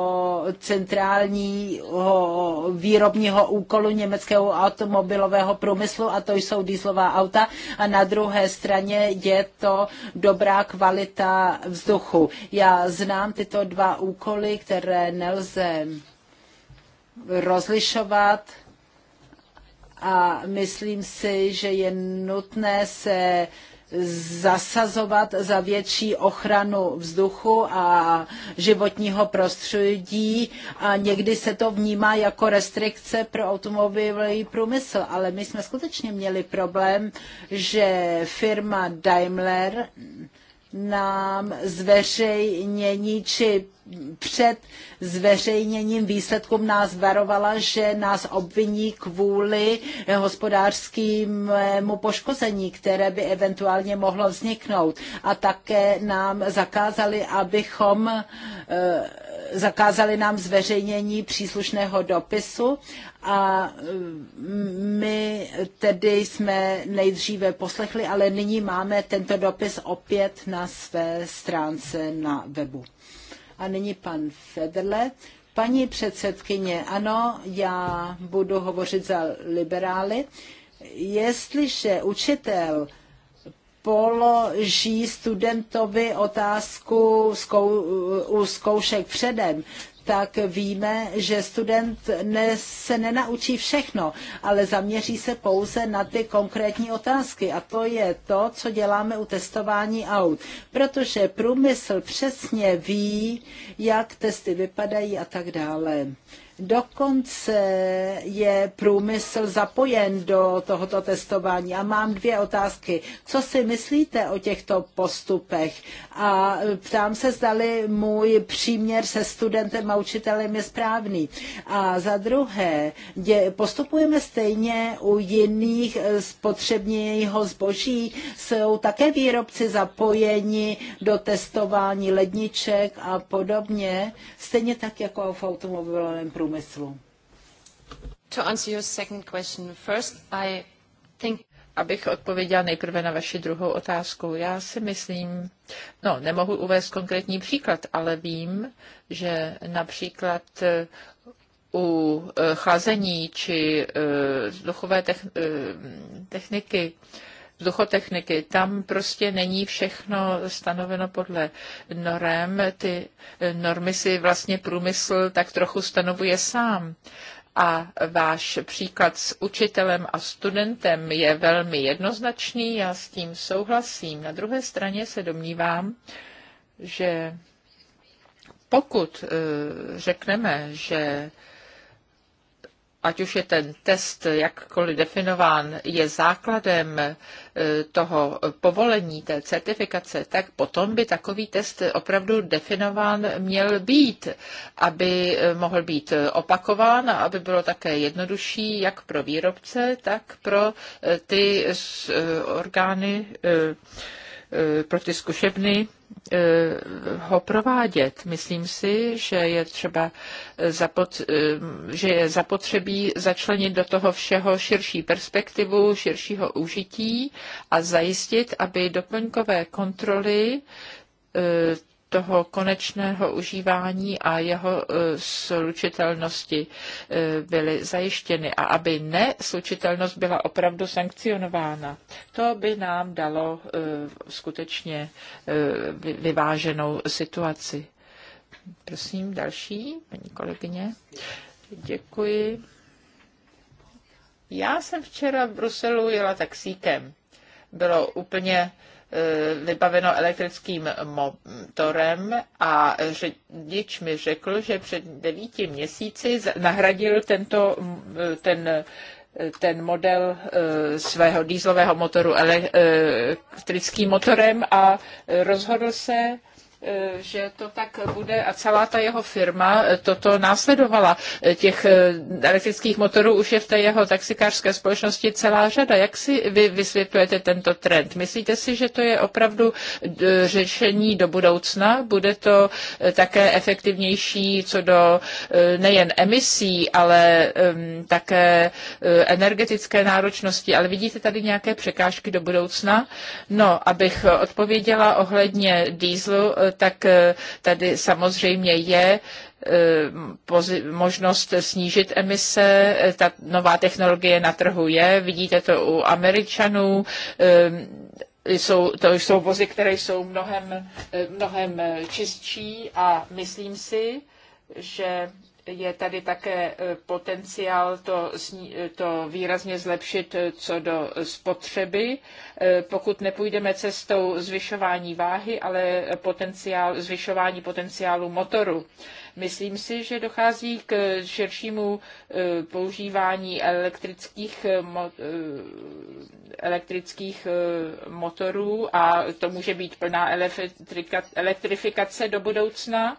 centrálního výrobního úkolu německého automobilového průmyslu a to jsou dýzlová auta a na druhé straně je to dobrá kvalita vzduchu. Já znám tyto dva úkoly, které nelze rozlišovat a myslím si, že je nutné se zasazovat za větší ochranu vzduchu a životního prostředí a někdy se to vnímá jako restrikce pro automobilový průmysl, ale my jsme skutečně měli problém, že firma Daimler nám zveřejnění či před zveřejněním výsledkům nás varovala, že nás obviní kvůli hospodářskému poškození, které by eventuálně mohlo vzniknout. A také nám zakázali, abychom eh, zakázali nám zveřejnění příslušného dopisu a mm, my tedy jsme nejdříve poslechli, ale nyní máme tento dopis opět na své stránce na webu. A nyní pan Federle. Paní předsedkyně, ano, já budu hovořit za liberály. Jestliže učitel položí studentovi otázku zkou, u zkoušek předem, tak víme, že student ne, se nenaučí všechno, ale zaměří se pouze na ty konkrétní otázky. A to je to, co děláme u testování aut. Protože průmysl přesně ví, jak testy vypadají a tak dále. Dokonce je průmysl zapojen do tohoto testování a mám dvě otázky. Co si myslíte o těchto postupech? A ptám se, zdali můj příměr se studentem a učitelem je správný. A za druhé, postupujeme stejně u jiných eh, spotřebního zboží? Jsou také výrobci zapojeni do testování ledniček a podobně? Stejně tak jako v automobilovém průmyslu průmyslu. To answer your second question first, I think abych odpověděla nejprve na vaši druhou otázku. Já si myslím, no nemohu uvést konkrétní příklad, ale vím, že například eh, u eh, chlazení či vzduchové eh, techniky vzduchotechniky. Tam prostě není všechno stanoveno podle norem. Ty eh, normy si vlastně průmysl tak trochu stanovuje sám. A váš příklad s učitelem a studentem je velmi jednoznačný, já s tím souhlasím. Na druhé straně se domnívám, že pokud eh, řekneme, že ať už je ten test jakkoliv definován, je základem e, toho povolení, té certifikace, tak potom by takový test opravdu definován měl být, aby e, mohl být opakován a aby bylo také jednodušší jak pro výrobce, tak pro e, ty orgány, pro ty zkušebny, Eh, ho provádět. Myslím si, že je třeba eh, zapot, eh, že je zapotřebí začlenit do toho všeho širší perspektivu, širšího užití a zajistit, aby doplňkové kontroly toho konečného užívání a jeho eh, slučitelnosti eh, byly zajištěny a aby neslučitelnost byla opravdu sankcionována. To by nám dalo eh, skutečně vyváženou situaci. Prosím, další, paní kolegyně. Děkuji. Já jsem včera v Bruselu jela taxíkem. Bylo úplně Eh, vybaveno elektrickým motorem a řidič mi řekl, že před devíti měsíci nahradil tento, eh, ten eh, ten model svého dýzlového motoru elektrickým motorem a rozhodl se Eh, že to tak bude a celá ta jeho firma eh, toto následovala. Eh, těch elektrických motorů už je v té jeho taxikářské společnosti celá řada. Jak si vy vysvětlujete tento trend? Myslíte si, že to je opravdu řešení do budoucna? Bude to také efektivnější co do nejen emisí, ale také energetické náročnosti. Ale vidíte tady nějaké překážky do budoucna? No, abych odpověděla ohledně dýzlu, tak eh, tady samozřejmě je eh, možnost snížit emise. Eh, ta nová technologie na trhu je, vidíte to u Američanů. Jsou, to jsou vozy, které jsou mnohem, mnohem čistší a myslím si, že je tady také e, potenciál to, e, to výrazně zlepšit e, co do spotřeby, pokud nepůjdeme cestou zvyšování váhy, ale potenciál, zvyšování potenciálu motoru. Myslím si, že dochází k širšímu používání elektrických, elektrických motorů a to může být plná elektrifikace do budoucna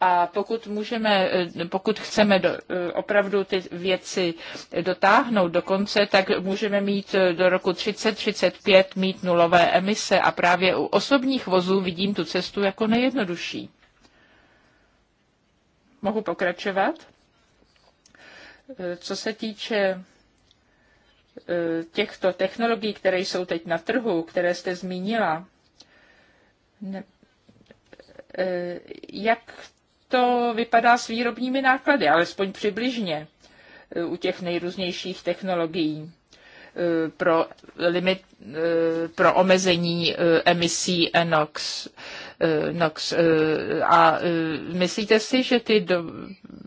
a pokud můžeme, eh, pokud chceme do, eh, opravdu ty věci dotáhnout do konce, tak můžeme mít eh, do roku 3035 mít nulové emise a právě u osobních vozů vidím tu cestu jako nejjednodušší. Mohu pokračovat? Co se týče těchto technologií, které jsou teď na trhu, které jste zmínila, ne, jak to vypadá s výrobními náklady, alespoň přibližně eh, u těch nejrůznějších technologií eh, pro, limit, eh, pro omezení emisí NOx. Eh, NOx. Eh, a eh, myslíte si, že ty, do,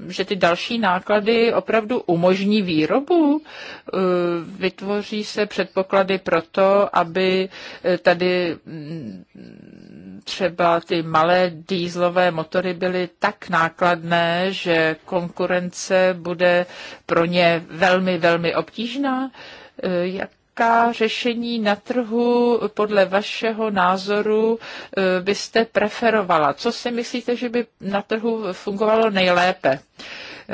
že ty další náklady opravdu umožní výrobu? Vytvoří se předpoklady pro to, aby tady mm, třeba ty malé dýzlové motory byly tak nákladné, že konkurence bude pro ně velmi, velmi obtížná? Jak jaká řešení na trhu podle vašeho názoru eh, byste preferovala? Co si myslíte, že by na trhu fungovalo nejlépe?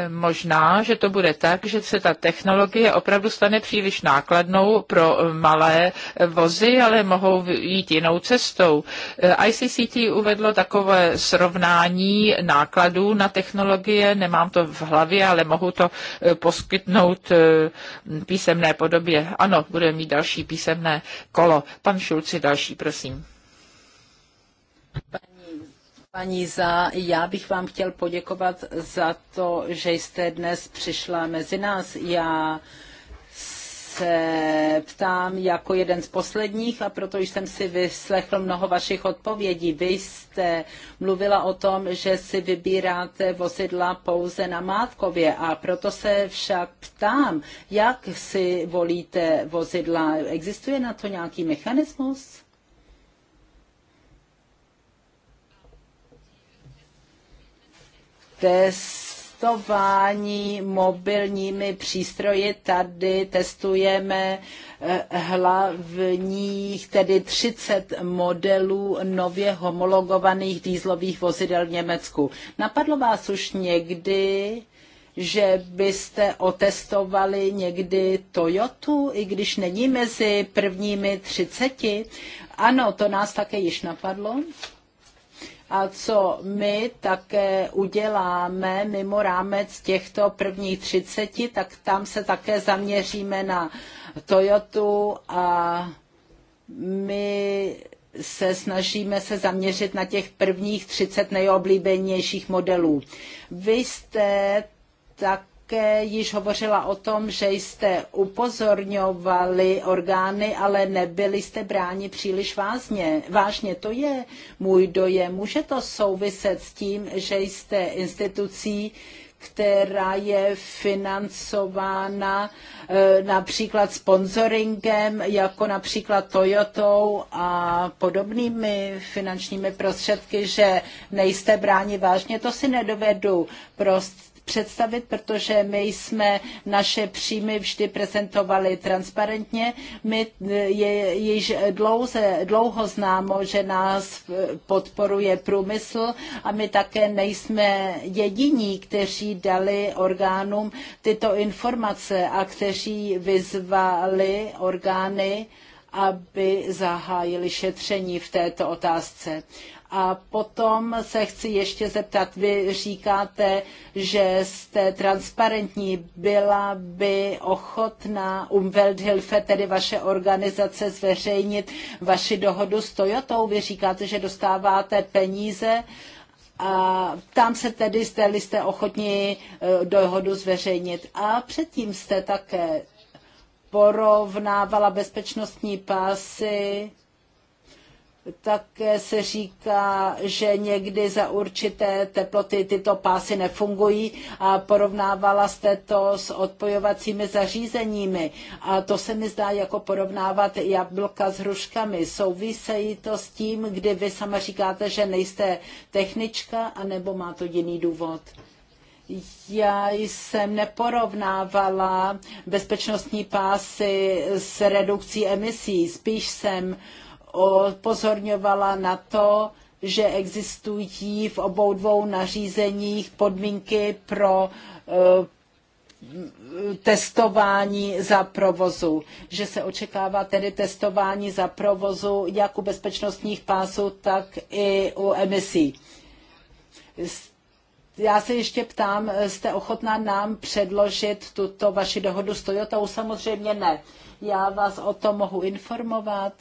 možná, že to bude tak, že se ta technologie opravdu stane příliš nákladnou pro malé vozy, ale mohou jít jinou cestou. ICCT uvedlo takové srovnání nákladů na technologie, nemám to v hlavě, ale mohu to eh, poskytnout eh, písemné podobě. Ano, budeme mít další písemné kolo. Pan Šulci další, prosím. Paní Paní Za, já bych vám chtěl poděkovat za to, že jste dnes přišla mezi nás. Já se ptám jako jeden z posledních a proto jsem si vyslechl mnoho vašich odpovědí. Vy jste mluvila o tom, že si vybíráte vozidla pouze na Mátkově a proto se však ptám, jak si volíte vozidla. Existuje na to nějaký mechanismus? testování mobilními přístroji. Tady testujeme eh, hlavních, tedy 30 modelů nově homologovaných dýzlových vozidel v Německu. Napadlo vás už někdy, že byste otestovali někdy Toyotu, i když není mezi prvními třiceti. Ano, to nás také již napadlo a co my také uděláme mimo rámec těchto prvních 30, tak tam se také zaměříme na Toyotu a my se snažíme se zaměřit na těch prvních 30 nejoblíbenějších modelů. Vy jste tak také již hovořila o tom, že jste upozorňovali orgány, ale nebyli jste bráni příliš vážně. Vážně to je můj dojem. Může to souviset s tím, že jste institucí, která je financována eh, například sponsoringem, jako například Toyotou a podobnými finančními prostředky, že nejste bráni vážně, to si nedovedu prost představit, protože my jsme naše příjmy vždy prezentovali transparentně. My eh, je již dlouze, dlouho známo, že nás eh, podporuje průmysl a my také nejsme jediní, kteří dali orgánům tyto informace a kteří vyzvali orgány, aby zahájili šetření v této otázce. A potom se chci ještě zeptat, vy říkáte, že jste transparentní, byla by ochotná Umwelthilfe, tedy vaše organizace, zveřejnit vaši dohodu s Toyotou? Vy říkáte, že dostáváte peníze, a tam se tedy, jste-li jste ochotní e, dohodu zveřejnit. A předtím jste také porovnávala bezpečnostní pásy také se říká, že někdy za určité teploty tyto pásy nefungují a porovnávala jste to s odpojovacími zařízeními. A to se mi zdá jako porovnávat jablka s hruškami. Souvisejí to s tím, kdy vy sama říkáte, že nejste technička, anebo má to jiný důvod? Já jsem neporovnávala bezpečnostní pásy s redukcí emisí, spíš jsem uh, pozorňovala na to, že existují v obou dvou nařízeních podmínky pro eh, testování za provozu, že se očekává tedy testování za provozu jak u bezpečnostních pásů, tak i u emisí. Já se ještě ptám, jste ochotná nám předložit tuto vaši dohodu s Toyotou? Samozřejmě ne. Já vás o tom mohu informovat.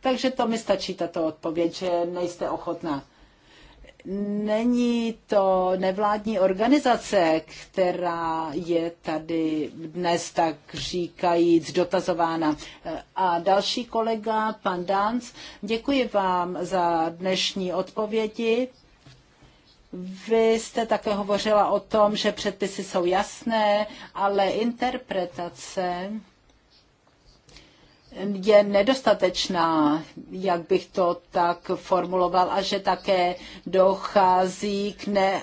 Takže to mi stačí tato odpověď, že nejste ochotná. Není to nevládní organizace, která je tady dnes tak říkajíc dotazována. A další kolega, pan Danc, děkuji vám za dnešní odpovědi. Vy jste také hovořila o tom, že předpisy jsou jasné, ale interpretace je nedostatečná, jak bych to tak formuloval, a že také dochází k ne,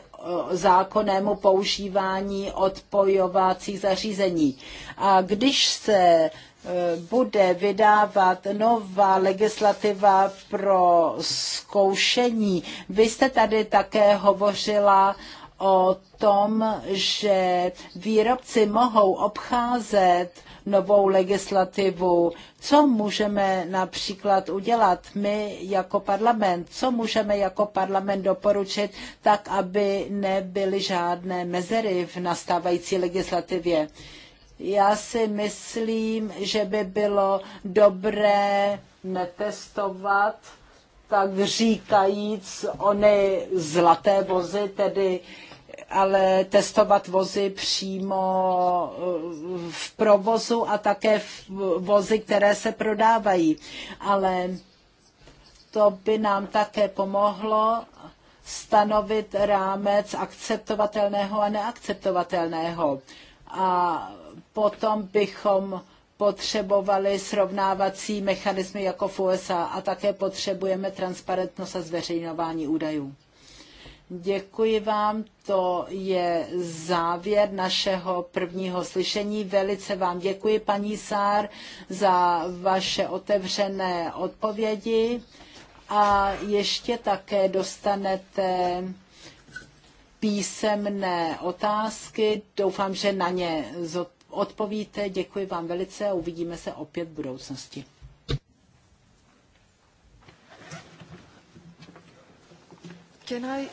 zákonnému používání odpojovacích zařízení. A když se e, bude vydávat nová legislativa pro zkoušení. Vy jste tady také hovořila o tom, že výrobci mohou obcházet novou legislativu. Co můžeme například udělat my jako parlament? Co můžeme jako parlament doporučit, tak aby nebyly žádné mezery v nastávající legislativě? Já si myslím, že by bylo dobré netestovat tak říkajíc ony zlaté vozy, tedy uh, ale testovat vozy přímo eh, v provozu a také vozy, které se prodávají. Ale to by nám také pomohlo stanovit rámec akceptovatelného a neakceptovatelného. A potom bychom potřebovali srovnávací mechanismy jako v USA a také potřebujeme transparentnost a zveřejňování údajů. Děkuji vám, to je závěr našeho prvního slyšení. Velice vám děkuji, paní Sár, za vaše otevřené odpovědi a ještě také dostanete písemné otázky. Doufám, že na ně odpovíte. Děkuji vám velice a uvidíme se opět v budoucnosti. Can I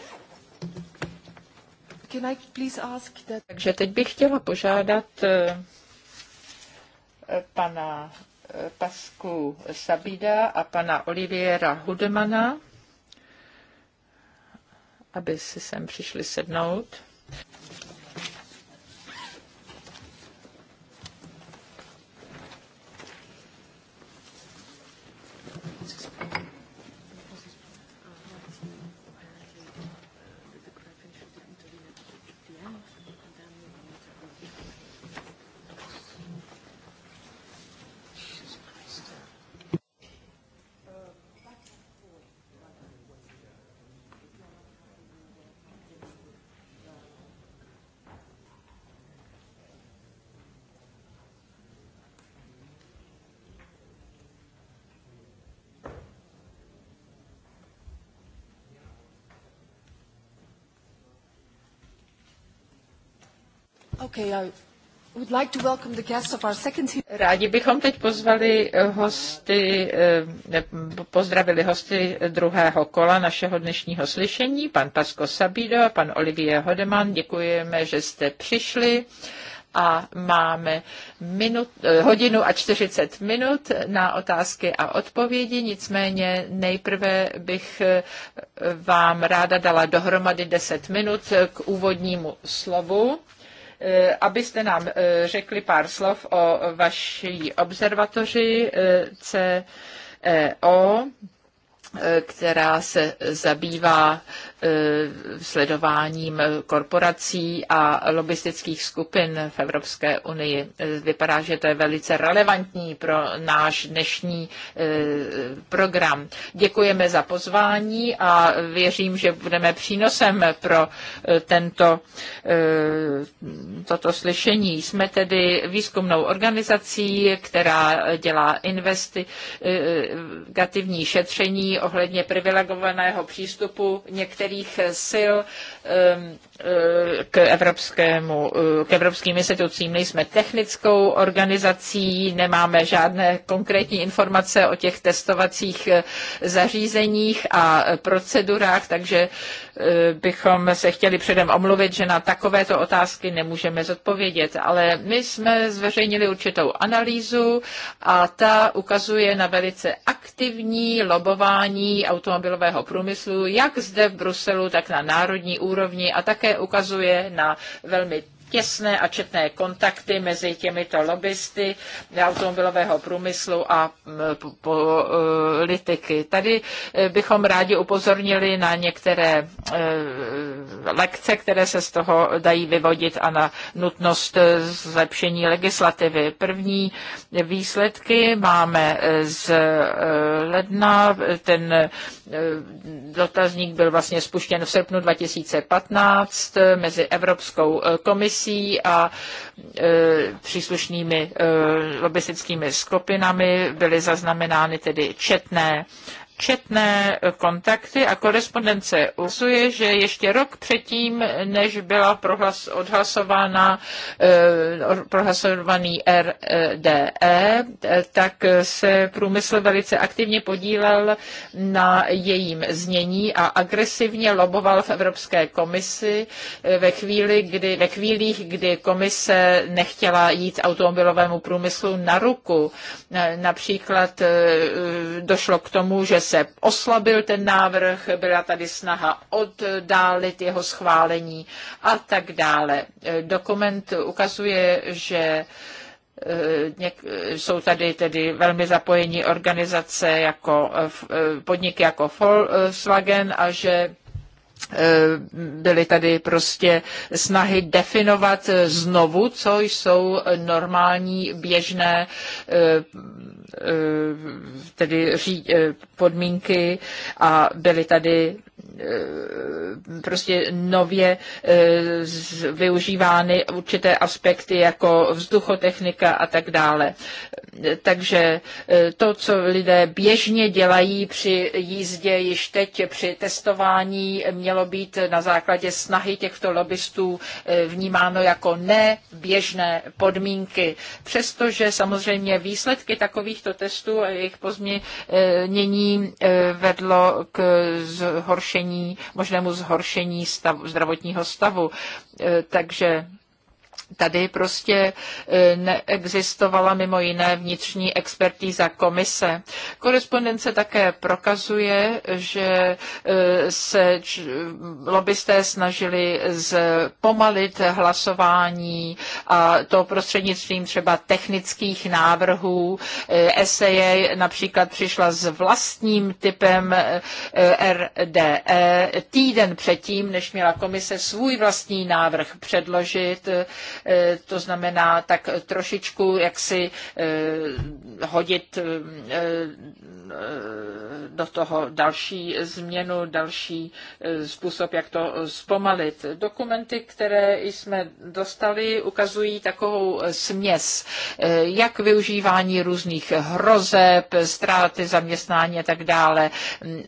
takže teď bych chtěla požádat eh, eh, pana eh, Pasku Sabida a pana Oliviera Hudemana, aby si sem přišli sednout. Rádi bychom teď pozvali eh, hosty, eh, pozdravili hosty druhého kola našeho dnešního slyšení, pan Pasko Sabido a pan Olivier Hodeman. Děkujeme, že jste přišli a máme minut, eh, hodinu a 40 minut na otázky a odpovědi. Nicméně nejprve bych vám ráda dala dohromady 10 minut k úvodnímu slovu Eh, abyste nám eh, řekli pár slov o vaší observatoři eh, CEO, která se zabývá Eh, sledováním korporací a lobistických skupin v Evropské unii. Eh, vypadá, že to je velice relevantní pro náš dnešní eh, program. Děkujeme za pozvání a věřím, že budeme přínosem pro tento, toto slyšení. Jsme tedy výzkumnou organizací, která dělá investigativní šetření ohledně privilegovaného přístupu některých veškerých sil um, uh, k, evropskému, uh, k evropským institucím. Nejsme technickou organizací, nemáme žádné konkrétní informace o těch testovacích uh, zařízeních a procedurách, takže Eh, bychom se chtěli předem omluvit, že na takovéto otázky nemůžeme zodpovědět, ale my jsme zveřejnili určitou analýzu a ta ukazuje na velice aktivní lobování automobilového průmyslu, jak zde v Bruselu, tak na národní úrovni a také ukazuje na velmi těsné a četné kontakty mezi těmito lobbysty automobilového průmyslu a e, politiky. Tady e, bychom rádi upozornili na některé e, lekce, které se z toho dají vyvodit a na nutnost zlepšení legislativy. První výsledky máme z ledna, ten Eh, dotazník byl vlastně spuštěn v srpnu 2015 eh, mezi Evropskou eh, komisí a příslušnými lobbystickými skupinami. Byly zaznamenány tedy četné četné kontakty a korespondence ukazuje, že ještě rok předtím, než byla prohlas, odhlasována, eh, prohlasovaný RDE, tak se průmysl velice aktivně podílel na jejím znění a agresivně loboval v Evropské komisi eh, ve, chvíli, kdy, ve chvílích, kdy komise nechtěla jít automobilovému průmyslu na ruku. Eh, například došlo k tomu, že se oslabil ten návrh, byla tady snaha oddálit jeho schválení a tak dále. Dokument ukazuje, že eh, jsou tady tedy velmi zapojení organizace jako eh, eh, podniky jako Volkswagen a že Eh, byly tady prostě snahy definovat eh, znovu, co jsou normální, běžné eh, tedy podmínky a byly tady Eh, prostě nově eh, využívány určité aspekty jako vzduchotechnika a tak dále. Takže eh, to, co lidé běžně dělají při jízdě již teď při testování, mělo být na základě snahy těchto lobbystů vnímáno jako neběžné podmínky. Přestože samozřejmě výsledky takovýchto testů a jejich pozměnění vedlo k zhoršení zhoršení, možnému zhoršení stavu, zdravotního stavu. E, takže Tady prostě e, neexistovala mimo jiné vnitřní expertíza komise. Korespondence také prokazuje, že e, se lobbysté snažili zpomalit hlasování a to prostřednictvím třeba technických návrhů. E, eseje například přišla s vlastním typem RDE týden předtím, než měla komise svůj vlastní návrh předložit Eh, to znamená tak trošičku jak si eh, hodit eh, do toho další změnu, další způsob, jak to zpomalit. Dokumenty, které jsme dostali, ukazují takovou směs, jak využívání různých hrozeb, ztráty zaměstnání a tak dále, mm,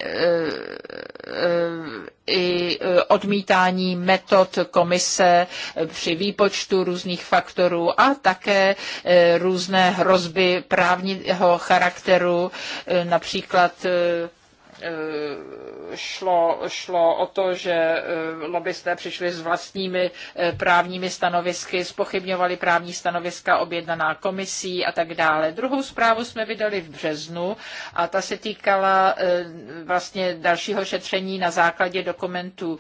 Eh, i eh, odmítání metod komise při výpočtu různých faktorů a také eh, různé hrozby právního charakteru, například šlo, šlo o to, že eh, lobbysté přišli s vlastními eh, právními stanovisky, spochybňovali právní stanoviska objednaná komisí a tak dále. Druhou zprávu jsme vydali v březnu a ta se týkala eh, vlastně dalšího šetření na základě dokumentů,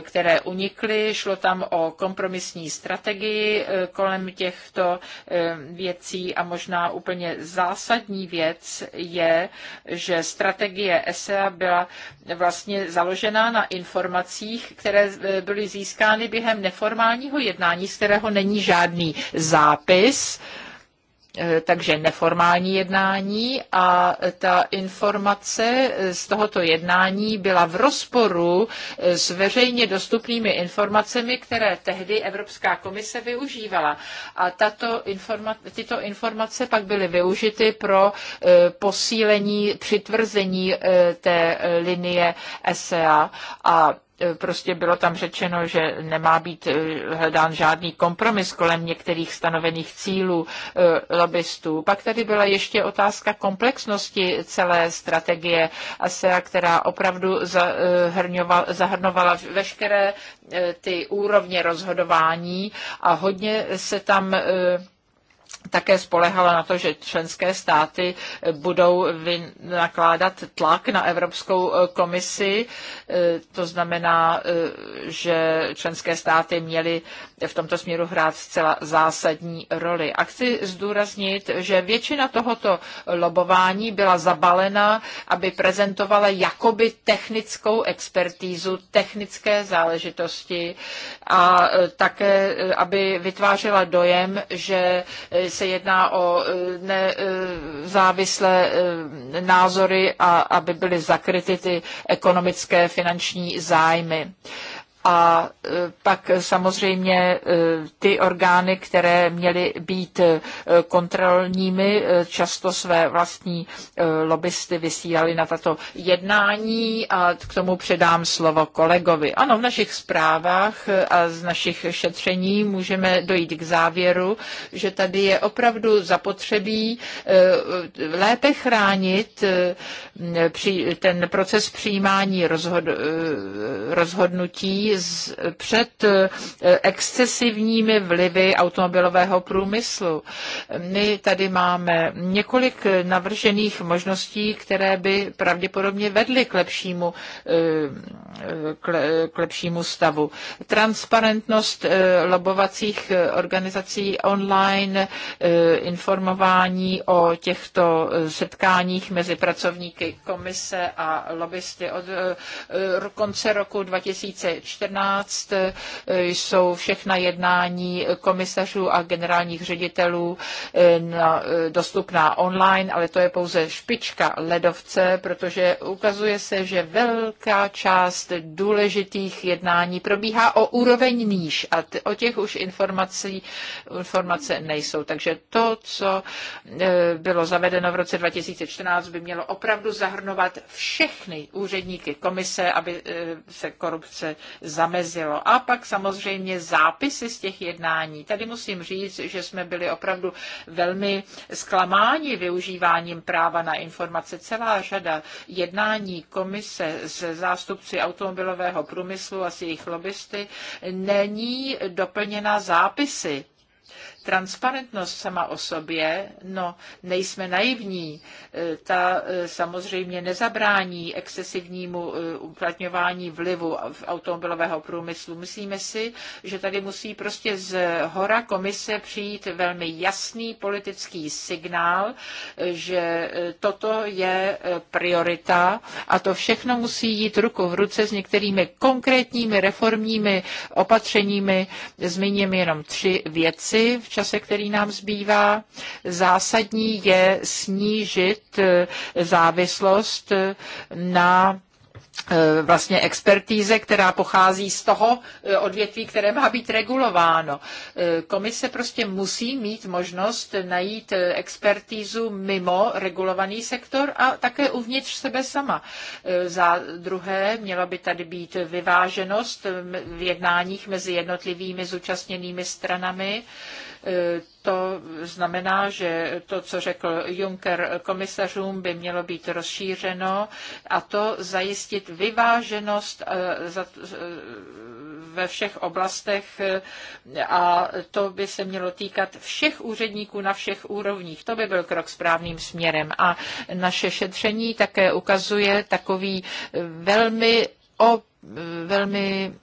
které unikly. Šlo tam o kompromisní strategii kolem těchto věcí a možná úplně zásadní věc je, že strategie ESEA byla vlastně založená na informacích, které e, byly získány během neformálního jednání, z kterého není žádný zápis, Eh, takže neformální jednání a ta informace z tohoto jednání byla v rozporu eh, s veřejně dostupnými informacemi, které tehdy Evropská komise využívala. A tato informa- tyto informace pak byly využity pro eh, posílení, přitvrzení té linie SEA a E, prostě bylo tam řečeno, že nemá být e, hledán žádný kompromis kolem některých stanovených cílů e, lobbystů. Pak tady byla ještě otázka komplexnosti celé strategie ASEA, která opravdu zahrnovala veškeré ty úrovně rozhodování a hodně se tam také spolehala na to, že členské státy budou nakládat tlak na Evropskou eh, komisi. Eh, to znamená, eh, že členské státy měly v tomto směru hrát zcela zásadní roli. A chci zdůraznit, že většina tohoto lobování byla zabalena, aby prezentovala jakoby technickou expertízu, technické záležitosti a také, aby vytvářela dojem, že se jedná o e, nezávislé e, e, názory a aby byly zakryty ty ekonomické finanční zájmy a e, pak samozřejmě e, ty orgány, které měly být e, kontrolními, často své vlastní lobbysty vysílali na tato jednání a k tomu předám slovo kolegovi. Ano, v našich zprávách a z našich šetření můžeme dojít k závěru, že tady je opravdu zapotřebí lépe chránit ten proces přijímání rozhodnutí z, před eh, excesivními vlivy automobilového průmyslu. My tady máme několik navržených možností, které by pravděpodobně vedly k lepšímu, eh, k lepšímu stavu. Transparentnost eh, lobovacích organizací online, informování o těchto setkáních mezi pracovníky komise a lobbysty od konce roku 2014 2014 eh, jsou všechna jednání komisařů a generálních ředitelů eh, eh, dostupná online, ale to je pouze špička ledovce, protože ukazuje se, že velká část důležitých jednání probíhá o úroveň níž a o těch už informací, informace nejsou. Takže to, co bylo zavedeno v roce 2014, by mělo opravdu zahrnovat všechny úředníky komise, aby se korupce zamezilo. A pak samozřejmě zápisy z těch jednání. Tady musím říct, že jsme byli opravdu velmi zklamáni využíváním práva na informace. Celá řada jednání komise s zástupci automobilového průmyslu a s jejich lobbysty není doplněna zápisy Transparentnost sama o sobě, no nejsme naivní, e, ta e, samozřejmě nezabrání excesivnímu e, uplatňování vlivu v automobilového průmyslu. Myslíme si, že tady musí prostě z hora komise přijít velmi jasný politický signál, že toto je priorita a to všechno musí jít ruku v ruce s některými konkrétními reformními opatřeními. Zmíním jenom tři věci práci v čase, který nám zbývá. Zásadní je snížit eh, závislost eh, na E, vlastně expertíze, která pochází z toho e, odvětví, které má být regulováno. E, komise prostě musí mít možnost najít expertízu mimo regulovaný sektor a také uvnitř sebe sama. Za druhé, měla by tady být vyváženost v jednáních mezi jednotlivými zúčastněnými stranami to znamená, že to, co řekl Juncker komisařům, by mělo být rozšířeno a to zajistit vyváženost eh, eh, ve všech oblastech eh, a to by se mělo týkat všech úředníků na všech úrovních. To by byl krok správným směrem. A naše šetření také ukazuje takový velmi, o, velmi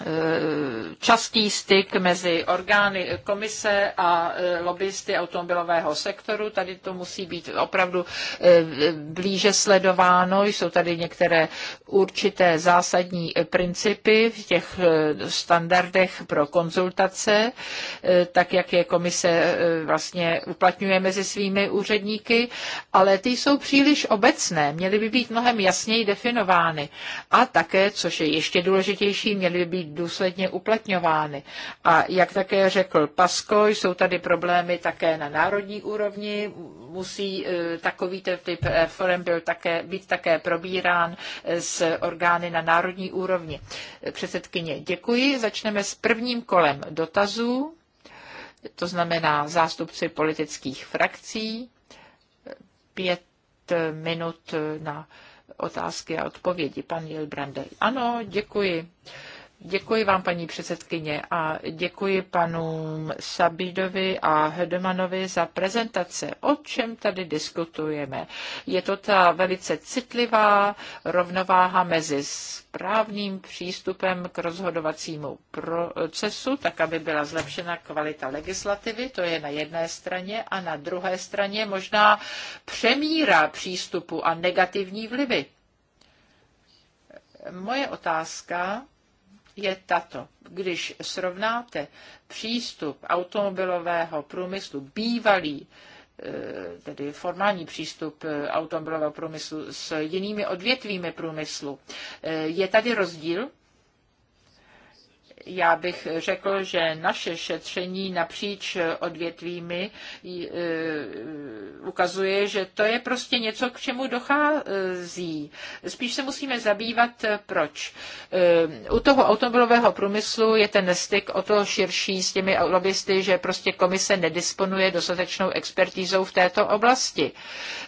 Eh, častý styk mezi orgány komise a eh, lobbysty automobilového sektoru. Tady to musí být opravdu eh, blíže sledováno. Jsou tady některé určité zásadní principy v těch standardech pro konzultace, tak jak je komise vlastně uplatňuje mezi svými úředníky, ale ty jsou příliš obecné, měly by být mnohem jasněji definovány. A také, což je ještě důležitější, měly by být být důsledně uplatňovány. A jak také řekl Pasko, jsou tady problémy také na národní úrovni, musí e, takový typ reform byl také, být také probírán e, s orgány na národní úrovni. E, předsedkyně, děkuji. Začneme s prvním kolem dotazů, to znamená zástupci politických frakcí. Pět minut na otázky a odpovědi. Pan Jilbrandej. Ano, děkuji. Děkuji vám, paní předsedkyně, a děkuji panům Sabidovi a Hedemanovi za prezentace. O čem tady diskutujeme? Je to ta velice citlivá rovnováha mezi správným přístupem k rozhodovacímu procesu, tak aby byla zlepšena kvalita legislativy, to je na jedné straně, a na druhé straně možná přemíra přístupu a negativní vlivy. Moje otázka je tato. Když srovnáte přístup automobilového průmyslu, bývalý, e, tedy formální přístup e, automobilového průmyslu s jinými odvětvími průmyslu. E, je tady rozdíl já bych řekl, že naše šetření napříč odvětvími e, ukazuje, že to je prostě něco, k čemu dochází. Spíš se musíme zabývat, proč. E, u toho automobilového průmyslu je ten styk o to širší s těmi lobbysty, že prostě komise nedisponuje dostatečnou expertízou v této oblasti.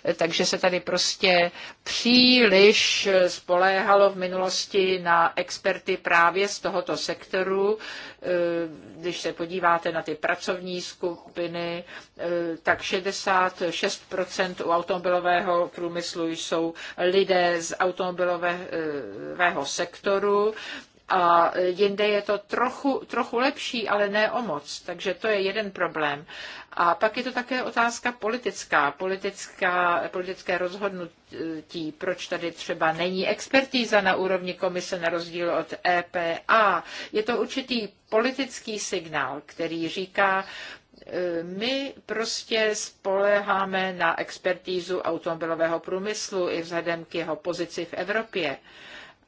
E, takže se tady prostě příliš spoléhalo v minulosti na experty právě z tohoto sektoru, výboru, eh, když se podíváte na ty pracovní skupiny, eh, tak 66% u automobilového průmyslu jsou lidé z automobilového sektoru, a jinde je to trochu, trochu lepší, ale ne o moc. Takže to je jeden problém. A pak je to také otázka politická, politická politické rozhodnutí, proč tady třeba není expertíza na úrovni komise na rozdíl od EPA. Je to určitý politický signál, který říká, e, my prostě spoléháme na expertízu automobilového průmyslu i vzhledem k jeho pozici v Evropě.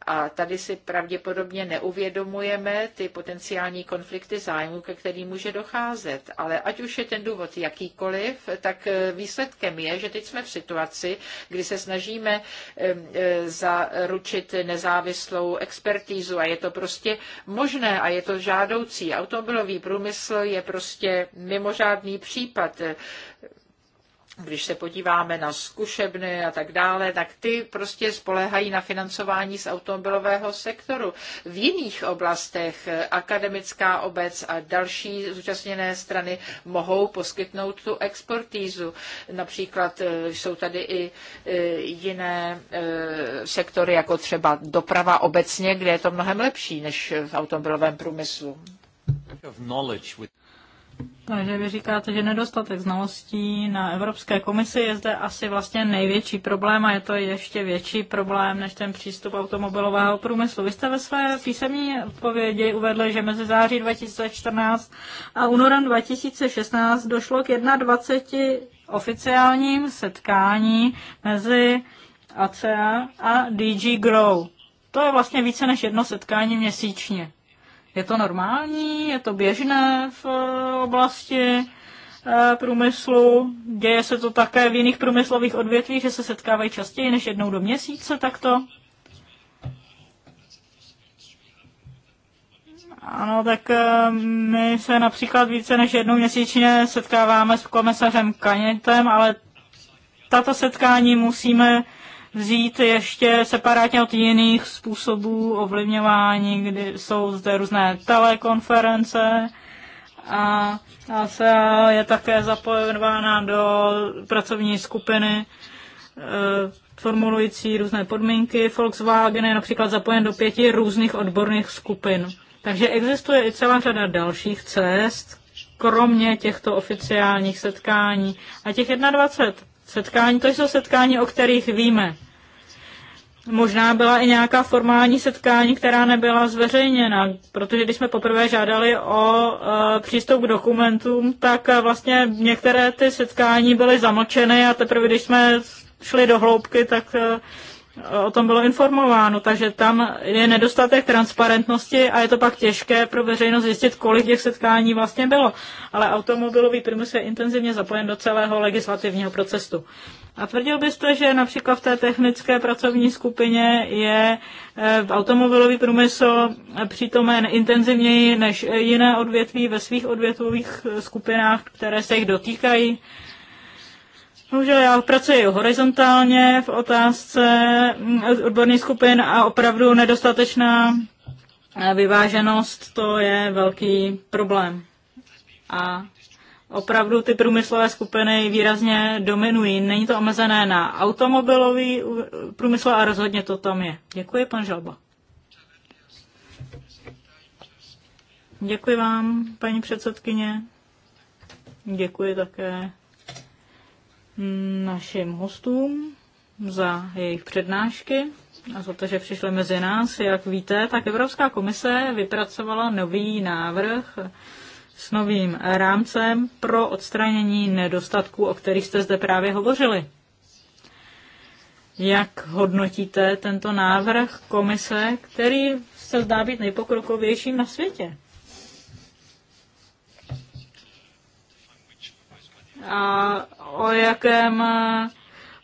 A tady si pravděpodobně neuvědomujeme ty potenciální konflikty zájmu, ke kterým může docházet. Ale ať už je ten důvod jakýkoliv, tak eh, výsledkem je, že teď jsme v situaci, kdy se snažíme eh, zaručit nezávislou expertízu a je to prostě možné a je to žádoucí. Automobilový průmysl je prostě mimořádný případ když se podíváme na zkušebny a tak dále, tak ty prostě spolehají na financování z automobilového sektoru. V jiných oblastech eh, akademická obec a další zúčastněné strany mohou poskytnout tu exportízu. Například eh, jsou tady i eh, jiné sektory, jako třeba doprava obecně, kde je to mnohem lepší než v automobilovém průmyslu. Takže vy říkáte, že nedostatek znalostí na Evropské komisi je zde asi vlastně největší problém a je to ještě větší problém než ten přístup automobilového průmyslu. Vy jste ve své písemní odpovědi uvedli, že mezi září 2014 a únorem 2016 došlo k 21 oficiálním setkání mezi ACA a DG Grow. To je vlastně více než jedno setkání měsíčně. Je to normální? Je to běžné v eh, oblasti eh, průmyslu? Děje se to také v jiných průmyslových odvětvích, že se setkávají častěji než jednou do měsíce takto? Ano, tak eh, my se například více než jednou měsíčně setkáváme s komisařem Kanětem, ale tato setkání musíme vzít ještě separátně od jiných způsobů ovlivňování, kdy jsou zde různé telekonference a ASEA je také zapojována do pracovní skupiny eh, formulující různé podmínky. Volkswagen je například zapojen do pěti různých odborných skupin. Takže existuje i celá řada dalších cest, kromě těchto oficiálních setkání. A těch 21 setkání. To jsou setkání, o kterých víme. Možná byla i nějaká formální setkání, která nebyla zveřejněna, protože když jsme poprvé žádali o e, přístup k dokumentům, tak e, vlastně některé ty setkání byly zamlčeny a teprve když jsme šli do hloubky, tak e, o tom bylo informováno, takže tam je nedostatek transparentnosti a je to pak těžké pro veřejnost zjistit, kolik těch setkání vlastně bylo. Ale automobilový průmysl je intenzivně zapojen do celého legislativního procesu. A tvrdil byste, že například v té technické pracovní skupině je eh, automobilový průmysl přítomen intenzivněji než jiné odvětví ve svých odvětvových eh, skupinách, které se jich dotýkají? Bohužel já pracuji horizontálně v otázce mm, odborných skupin a opravdu nedostatečná eh, vyváženost, to je velký problém. A opravdu ty průmyslové skupiny výrazně dominují. Není to omezené na automobilový eh, průmysl a rozhodně to tam je. Děkuji, pan Žalba. Děkuji vám, paní předsedkyně. Děkuji také našim hostům za jejich přednášky a za to, že přišli mezi nás. Jak víte, tak Evropská komise vypracovala nový návrh s novým rámcem pro odstranění nedostatků, o kterých jste zde právě hovořili. Jak hodnotíte tento návrh komise, který se zdá být nejpokrokovějším na světě? A o jakém eh,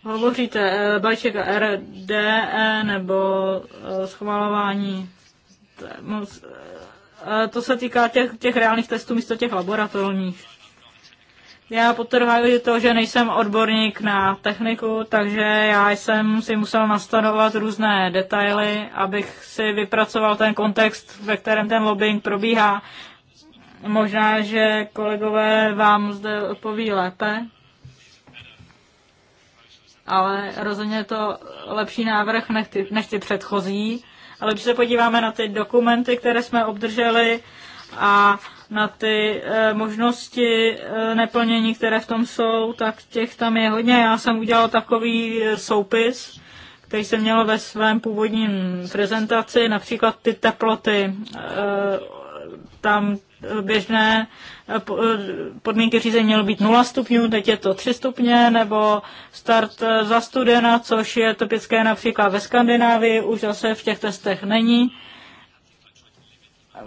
hovoříte, eh, balíček RDE nebo eh, schvalování. To se týká těch, těch reálných testů místo těch laboratorních. Já potrhuji to, že nejsem odborník na techniku, takže já jsem si musel nastanovat různé detaily, abych si vypracoval ten kontext, ve kterém ten lobbying probíhá. Možná, že kolegové vám zde odpoví lépe, ale rozhodně je to lepší návrh než ty, než ty předchozí. Ale když se podíváme na ty dokumenty, které jsme obdrželi a na ty e, možnosti e, neplnění, které v tom jsou, tak těch tam je hodně. Já jsem udělal takový eh, soupis, který jsem měl ve svém původním prezentaci, například ty teploty. E, tam běžné eh, eh, podmínky řízení mělo být 0 stupňů, teď je to 3 stupně, nebo start eh, za studena, což je typické například ve Skandinávii, už zase v těch testech není.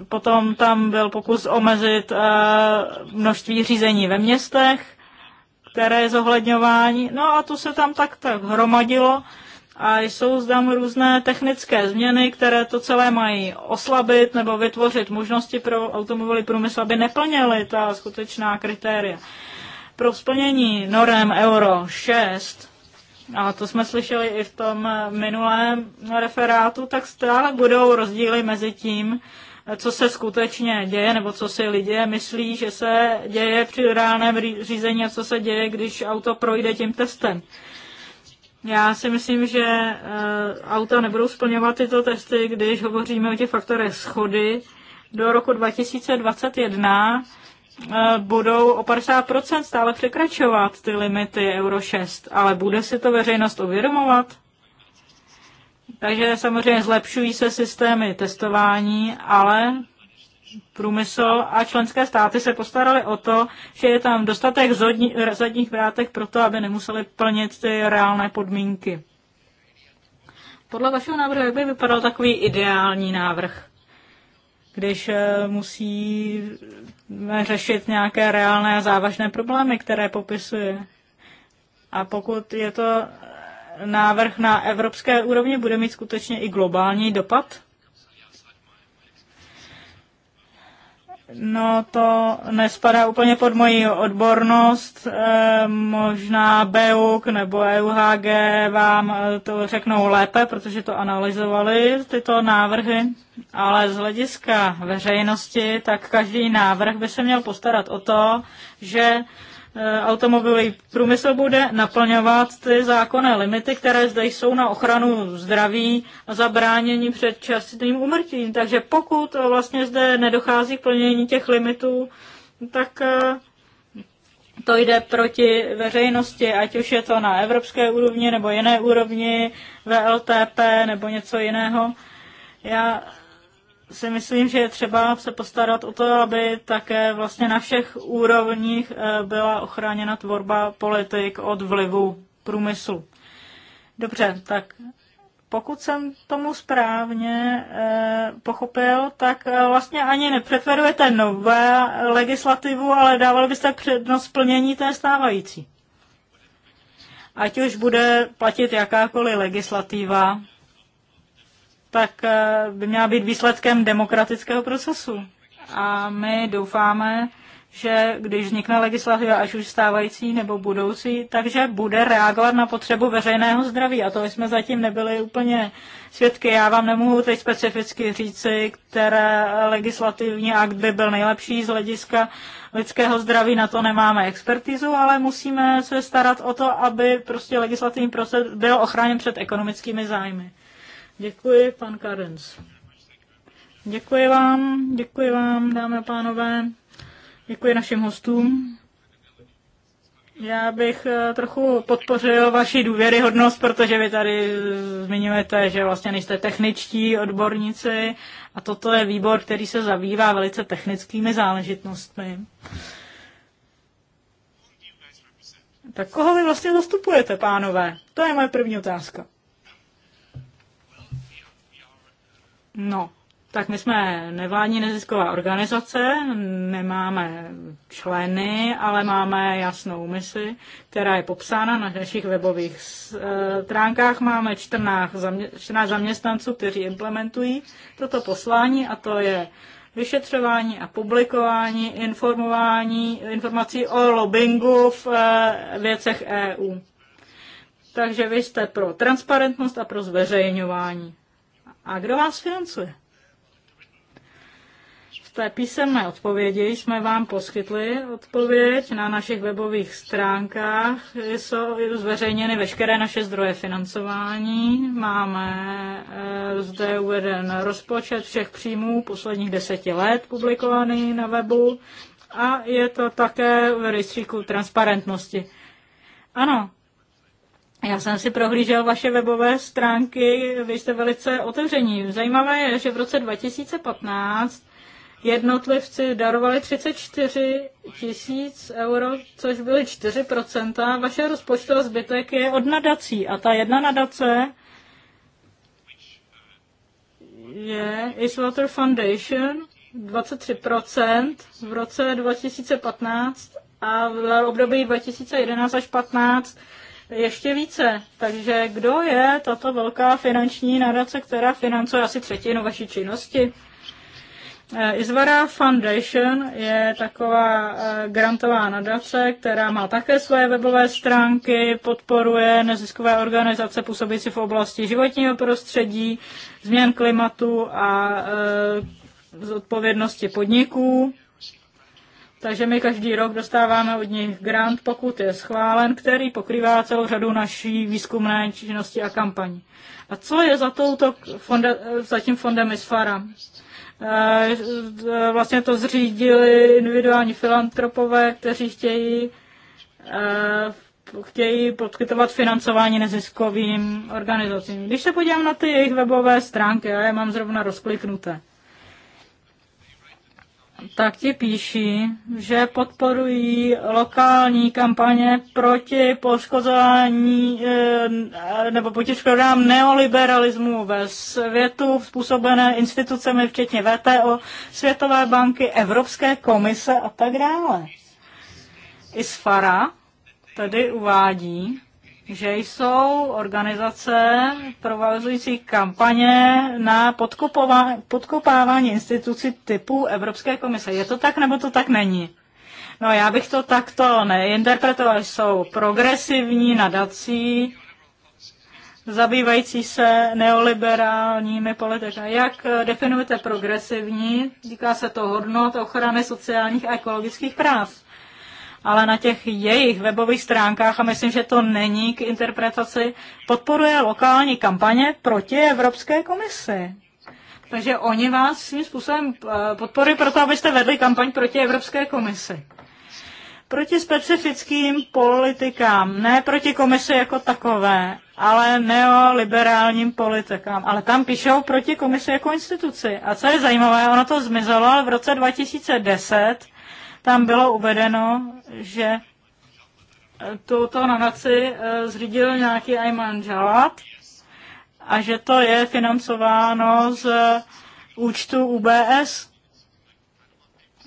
Potom tam byl pokus omezit množství řízení ve městech, které je zohledňování. No a to se tam tak tak hromadilo a jsou zde různé technické změny, které to celé mají oslabit nebo vytvořit možnosti pro automobily průmysl, aby neplněly ta skutečná kritéria. Pro splnění norem Euro 6 a to jsme slyšeli i v tom minulém referátu, tak stále budou rozdíly mezi tím, co se skutečně děje, nebo co si lidé myslí, že se děje při reálném řízení a co se děje, když auto projde tím testem. Já si myslím, že eh, auta nebudou splňovat tyto testy, když hovoříme o těch faktorech schody. Do roku 2021 eh, budou o 50% stále překračovat ty limity Euro 6, ale bude si to veřejnost uvědomovat? Takže samozřejmě zlepšují se systémy testování, ale průmysl a členské státy se postarali o to, že je tam dostatek zadních vrátek pro to, aby nemuseli plnit ty reálné podmínky. Podle vašeho návrhu, jak by vypadal takový ideální návrh? když eh, musí řešit nějaké reálné a závažné problémy, které popisuje. A pokud je to návrh na evropské úrovni, bude mít skutečně i globální dopad? No to nespadá úplně pod moji odbornost, eh, možná BEUK nebo EUHG vám eh, to řeknou lépe, protože to analyzovali tyto návrhy, ale z hlediska veřejnosti, tak každý návrh by se měl postarat o to, že Eh, automobilový průmysl bude naplňovat ty zákonné limity, které zde jsou na ochranu zdraví a zabránění časným umrtím. Takže pokud vlastně zde nedochází k plnění těch limitů, tak eh, to jde proti veřejnosti, ať už je to na evropské úrovni nebo jiné úrovni, VLTP nebo něco jiného. Já si myslím, že je třeba se postarat o to, aby také vlastně na všech úrovních eh, byla ochráněna tvorba politik od vlivu průmyslu. Dobře, tak pokud jsem tomu správně eh, pochopil, tak eh, vlastně ani nepreferujete nové legislativu, ale dávali byste přednost plnění té stávající. Ať už bude platit jakákoliv legislativa, tak eh, by měla být výsledkem demokratického procesu. A my doufáme, že když vznikne legislativa, až už stávající nebo budoucí, takže bude reagovat na potřebu veřejného zdraví. A to jsme zatím nebyli úplně svědky. Já vám nemohu teď specificky říci, které legislativní akt by byl nejlepší z hlediska lidského zdraví. Na to nemáme expertizu, ale musíme se starat o to, aby prostě legislativní proces byl ochráněn před ekonomickými zájmy. Děkuji, pan Karens. Děkuji vám, děkuji vám, dámy a pánové. Děkuji našim hostům. Já bych eh, trochu podpořil vaši důvěryhodnost, protože vy tady eh, zmiňujete, že vlastně nejste techničtí odborníci a toto je výbor, který se zabývá velice technickými záležitostmi. Tak koho vy vlastně zastupujete, pánové? To je moje první otázka. No, tak my jsme nevládní nezisková organizace, nemáme členy, ale máme jasnou misi, která je popsána na našich webových eh, stránkách. Máme 14, zamě- 14 zaměstnanců, kteří implementují toto poslání a to je vyšetřování a publikování informování, informací o lobbingu v eh, věcech EU. Takže vy jste pro transparentnost a pro zveřejňování. A kdo vás financuje? V té písemné odpovědi jsme vám poskytli odpověď na našich webových stránkách. Jsou zveřejněny veškeré naše zdroje financování. Máme eh, zde uveden rozpočet všech příjmů posledních deseti let publikovaný na webu a je to také v rejstříku transparentnosti. Ano, já jsem si prohlížel vaše webové stránky, vy jste velice otevření. Zajímavé je, že v roce 2015 jednotlivci darovali 34 tisíc euro, což byly 4%. Vaše rozpočtová zbytek je od nadací. A ta jedna nadace je Iswater Foundation 23% v roce 2015 a v období 2011 až 15 ještě více. Takže kdo je tato velká finanční nadace, která financuje asi třetinu vaší činnosti? Eh, Izvara Foundation je taková eh, grantová nadace, která má také své webové stránky, podporuje neziskové organizace působící v oblasti životního prostředí, změn klimatu a eh, zodpovědnosti podniků. Takže my každý rok dostáváme od nich grant, pokud je schválen, který pokrývá celou řadu naší výzkumné činnosti a kampaní. A co je za, touto fonda, za tím fondem ISFARA? Eh, vlastně to zřídili individuální filantropové, kteří chtějí, eh, chtějí podkytovat financování neziskovým organizacím. Když se podívám na ty jejich webové stránky, já je mám zrovna rozkliknuté, tak ti píší, že podporují lokální kampaně proti poškozování eh, nebo proti škodám neoliberalismu ve světu způsobené institucemi, včetně VTO, Světové banky, Evropské komise a tak dále. ISFARA tedy uvádí, že jsou organizace provazující kampaně na podkopávání institucí typu Evropské komise. Je to tak, nebo to tak není? No já bych to takto neinterpretoval. Jsou progresivní nadací, zabývající se neoliberálními politikami. Jak eh, definujete progresivní? Týká se to hodnot ochrany sociálních a ekologických práv ale na těch jejich webových stránkách, a myslím, že to není k interpretaci, podporuje lokální kampaně proti Evropské komisi. Takže oni vás svým způsobem eh, podporují proto, abyste vedli kampaň proti Evropské komisi. Proti specifickým politikám, ne proti komisi jako takové, ale neoliberálním politikám. Ale tam píšou proti komisi jako instituci. A co je zajímavé, ono to zmizelo, ale v roce 2010 tam bylo uvedeno, že eh, tuto nadaci eh, zřídil nějaký Ayman Jalat a že to je financováno z eh, účtu UBS.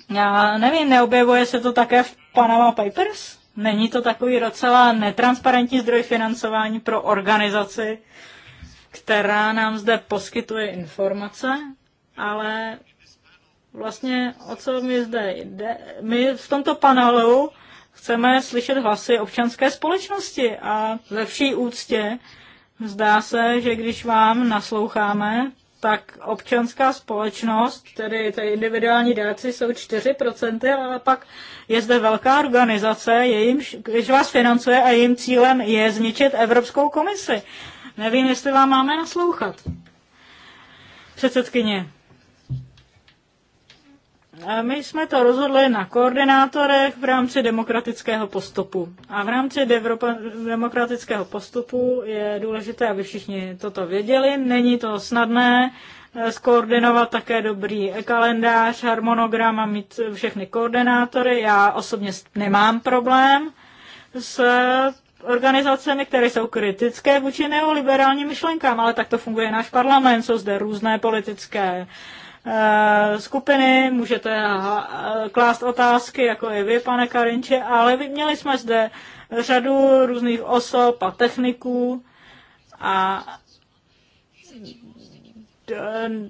Já nevím, neobjevuje se to také v Panama Papers? Není to takový docela netransparentní zdroj financování pro organizaci, která nám zde poskytuje informace, ale vlastně o co mi zde jde. My v tomto panelu chceme slyšet hlasy občanské společnosti a ve vší úctě zdá se, že když vám nasloucháme, tak občanská společnost, tedy ty individuální dáci jsou 4%, ale pak je zde velká organizace, jejímž když vás financuje a jejím cílem je zničit Evropskou komisi. Nevím, jestli vám máme naslouchat. Předsedkyně, my jsme to rozhodli na koordinátorech v rámci demokratického postupu. A v rámci demokratického postupu je důležité, aby všichni toto věděli. Není to snadné eh, skoordinovat také dobrý kalendář, harmonogram a mít všechny koordinátory. Já osobně nemám problém s organizacemi, které jsou kritické vůči neoliberálním myšlenkám, ale tak to funguje náš parlament, jsou zde různé politické uh, Eh, skupiny, můžete eh, klást otázky, jako je vy, pane Karinče, ale měli jsme zde řadu různých osob a techniků a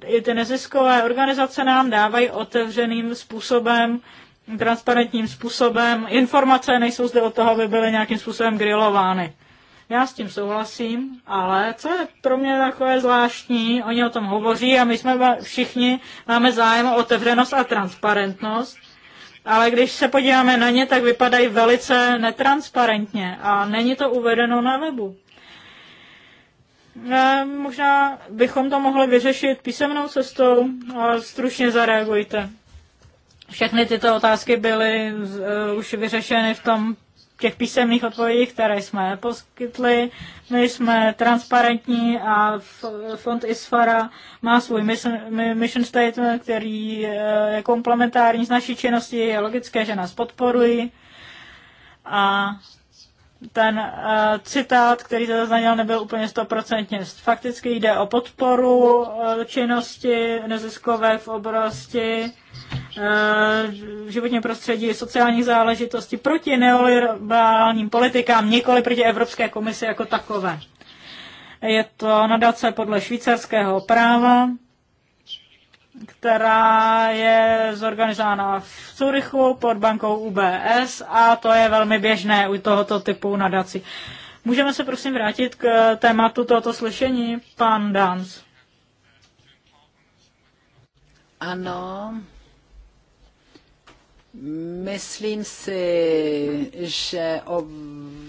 i ty neziskové organizace nám dávají otevřeným způsobem, transparentním způsobem. Informace nejsou zde od toho, aby byly nějakým způsobem grilovány. Já s tím souhlasím, ale co je pro mě takové zvláštní, oni o tom hovoří a my jsme všichni máme zájem o otevřenost a transparentnost, ale když se podíváme na ně, tak vypadají velice netransparentně a není to uvedeno na webu. Ne, možná bychom to mohli vyřešit písemnou cestou, ale stručně zareagujte. Všechny tyto otázky byly uh, už vyřešeny v tom těch písemných odpovědích, které jsme poskytli. My jsme transparentní a fond ISFARA má svůj mission statement, který eh, je komplementární s naší činností. Je logické, že nás podporují. A ten uh, citát, který se zazněl, nebyl úplně stoprocentně. Fakticky jde o podporu uh, činnosti neziskové v oblasti Eh, životní prostředí, sociální záležitosti, proti neoliberálním politikám, nikoli proti Evropské komisi jako takové. Je to nadace podle švýcarského práva, která je zorganizována v Curychu pod bankou UBS a to je velmi běžné u tohoto typu nadací. Můžeme se prosím vrátit k tématu tohoto slyšení, pan Dans. Ano, Myslím si, že o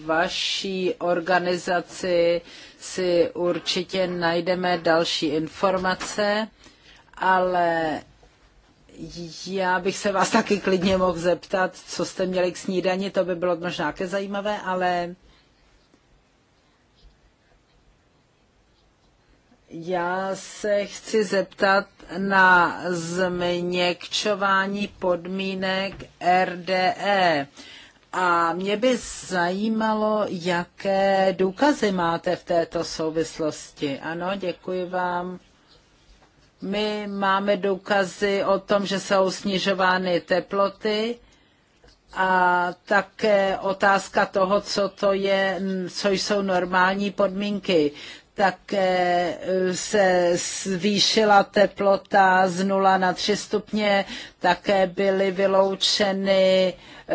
vaší organizaci si určitě najdeme další informace, ale já bych se vás taky klidně mohl zeptat, co jste měli k snídani, to by bylo možná také zajímavé, ale já se chci zeptat, na změkčování podmínek RDE. A mě by zajímalo, jaké důkazy máte v této souvislosti. Ano, děkuji vám. My máme důkazy o tom, že jsou snižovány teploty a také otázka toho, co to je, co jsou normální podmínky také eh, se zvýšila teplota z 0 na 3 stupně, také byly vyloučeny eh,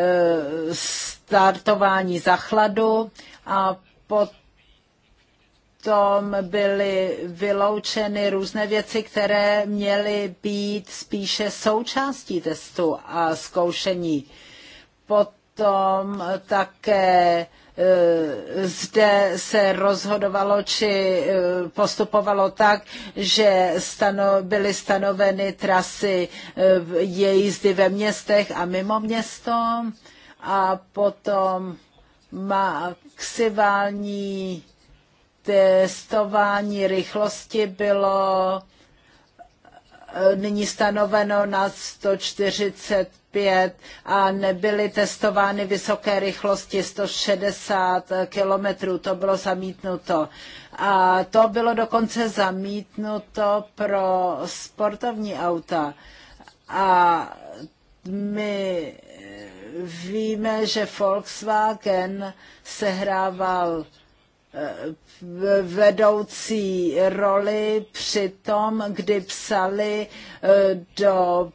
startování zachladu a potom byly vyloučeny různé věci, které měly být spíše součástí testu a zkoušení. Potom také Eh, zde se rozhodovalo či eh, postupovalo tak, že stano, byly stanoveny trasy eh, je jízdy ve městech a mimo město a potom maximální testování rychlosti bylo Eh, nyní stanoveno na 145 a nebyly testovány vysoké rychlosti 160 kilometrů. To bylo zamítnuto. A to bylo dokonce zamítnuto pro sportovní auta. A my víme, že Volkswagen sehrával eh, vedoucí roli při tom, kdy psali eh, do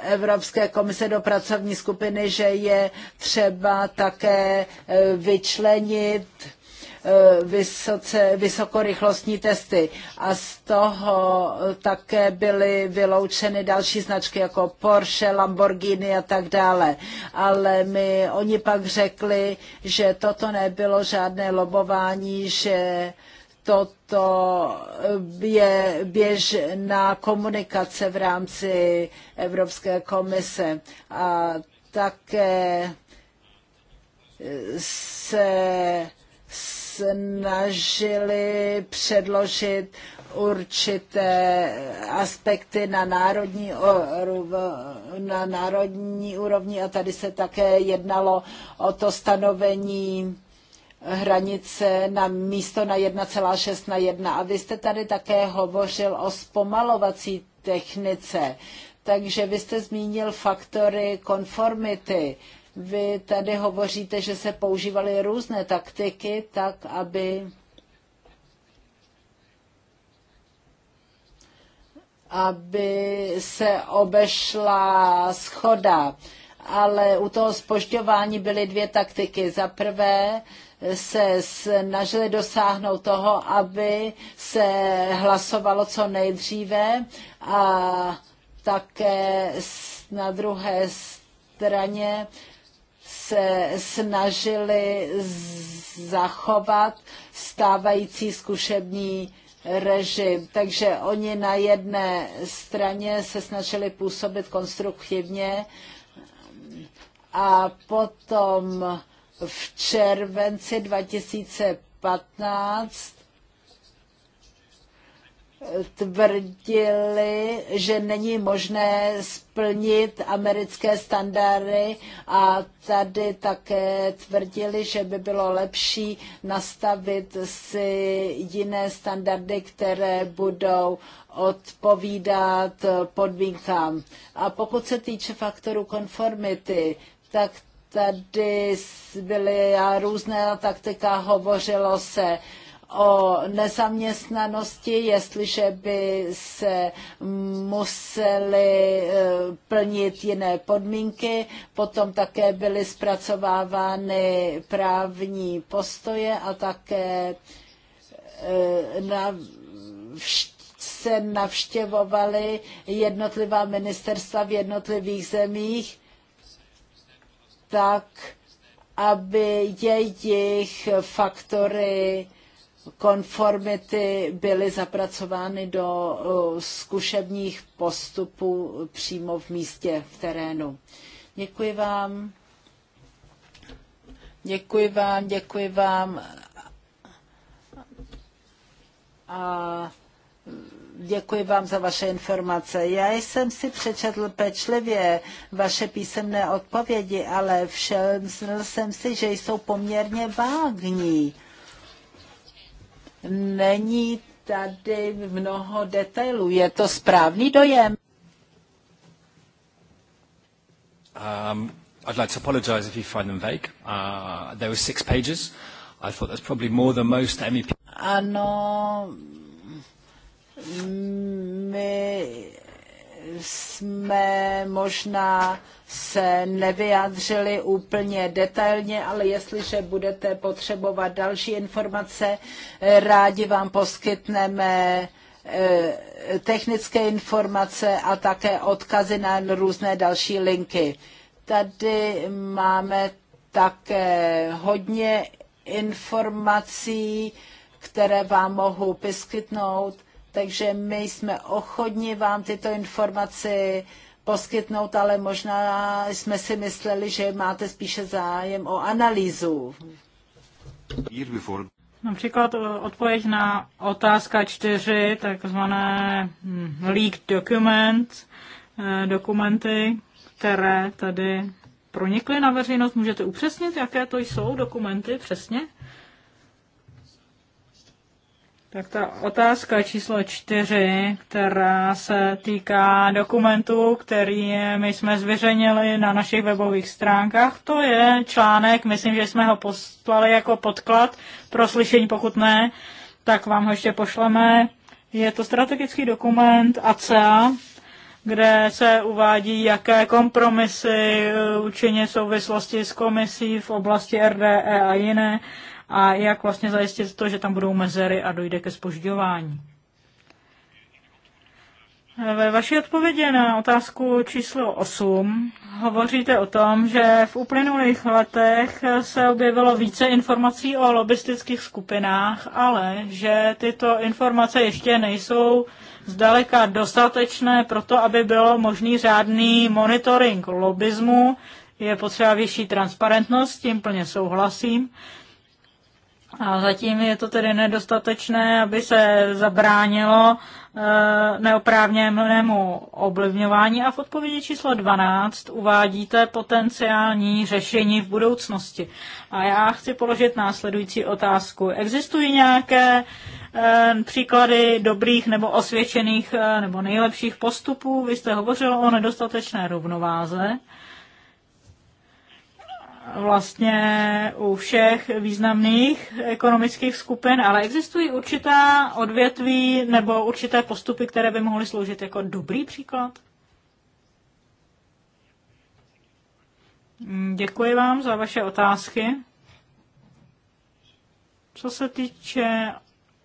Evropské komise do pracovní skupiny, že je třeba také eh, vyčlenit Eh, vysoce, vysokorychlostní testy a z toho také byly vyloučeny další značky jako Porsche, Lamborghini a tak dále. Ale my, oni pak řekli, že toto nebylo žádné lobování, že toto eh, je běžná komunikace v rámci Evropské komise a také se snažili předložit určité aspekty na národní, na národní úrovni a tady se také jednalo o to stanovení hranice na místo na 1,6 na 1. A vy jste tady také hovořil o zpomalovací technice. Takže vy jste zmínil faktory konformity. Uh, vy tady hovoříte, že se používaly různé taktiky, tak aby aby se obešla schoda. Ale u toho spožďování byly dvě taktiky. Za prvé se snažili dosáhnout toho, aby se hlasovalo co nejdříve a také na druhé straně se snažili zachovat stávající zkušební režim. Takže oni na jedné straně se snažili působit konstruktivně a potom v červenci 2015 tvrdili, že není možné splnit americké standardy a tady také tvrdili, že by bylo lepší nastavit si jiné standardy, které budou odpovídat podmínkám. A pokud se týče faktoru konformity, tak tady byly různé taktika, hovořilo se o nezaměstnanosti, jestliže by se museli e, plnit jiné podmínky. Potom také byly zpracovávány právní postoje a také e, na se navštěvovaly jednotlivá ministerstva v jednotlivých zemích, tak aby jejich faktory konformity byly zapracovány do uh, zkušebních postupů přímo v místě, v terénu. Děkuji vám. Děkuji vám, děkuji vám. A Děkuji vám za vaše informace. Já jsem si přečetl pečlivě vaše písemné odpovědi, ale všel jsem si, že jsou poměrně vágní. Není tady mnoho detailů. Je to správný dojem? Um, I'd like to apologize if you find them vague. Uh, there were six pages. I thought that's probably more than most MEP. Ano, my jsme možná se nevyjádřili úplně detailně, ale jestliže budete potřebovat další informace, rádi vám poskytneme eh, technické informace a také odkazy na různé další linky. Tady máme také hodně informací, které vám mohu poskytnout takže my jsme ochotni vám tyto informace poskytnout, ale možná jsme si mysleli, že máte spíše zájem o analýzu. Například e, odpověď na otázka čtyři, takzvané hm, leaked document, e, dokumenty, které tady pronikly na veřejnost. Můžete upřesnit, jaké to jsou dokumenty přesně? Tak ta otázka číslo čtyři, která se týká dokumentu, který my jsme zveřejnili na našich webových stránkách, to je článek, myslím, že jsme ho poslali jako podklad pro slyšení, pokud ne, tak vám ho ještě pošleme. Je to strategický dokument ACA, kde se uvádí, jaké kompromisy učině eh, souvislosti s komisí v oblasti RDE a jiné a jak vlastně zajistit to, že tam budou mezery a dojde ke spožďování. Ve vaší odpovědi na otázku číslo 8 hovoříte o tom, že v uplynulých letech se objevilo více informací o lobistických skupinách, ale že tyto informace ještě nejsou zdaleka dostatečné pro to, aby bylo možný řádný monitoring lobismu. Je potřeba vyšší transparentnost, s tím plně souhlasím. A zatím je to tedy nedostatečné, aby se zabránilo eh, neoprávněnému oblivňování. A v odpovědi číslo 12 uvádíte potenciální řešení v budoucnosti. A já chci položit následující otázku. Existují nějaké eh, příklady dobrých nebo osvědčených eh, nebo nejlepších postupů? Vy jste hovořil o nedostatečné rovnováze vlastně u všech významných ekonomických skupin, ale existují určitá odvětví nebo určité postupy, které by mohly sloužit jako dobrý příklad? Děkuji vám za vaše otázky. Co se týče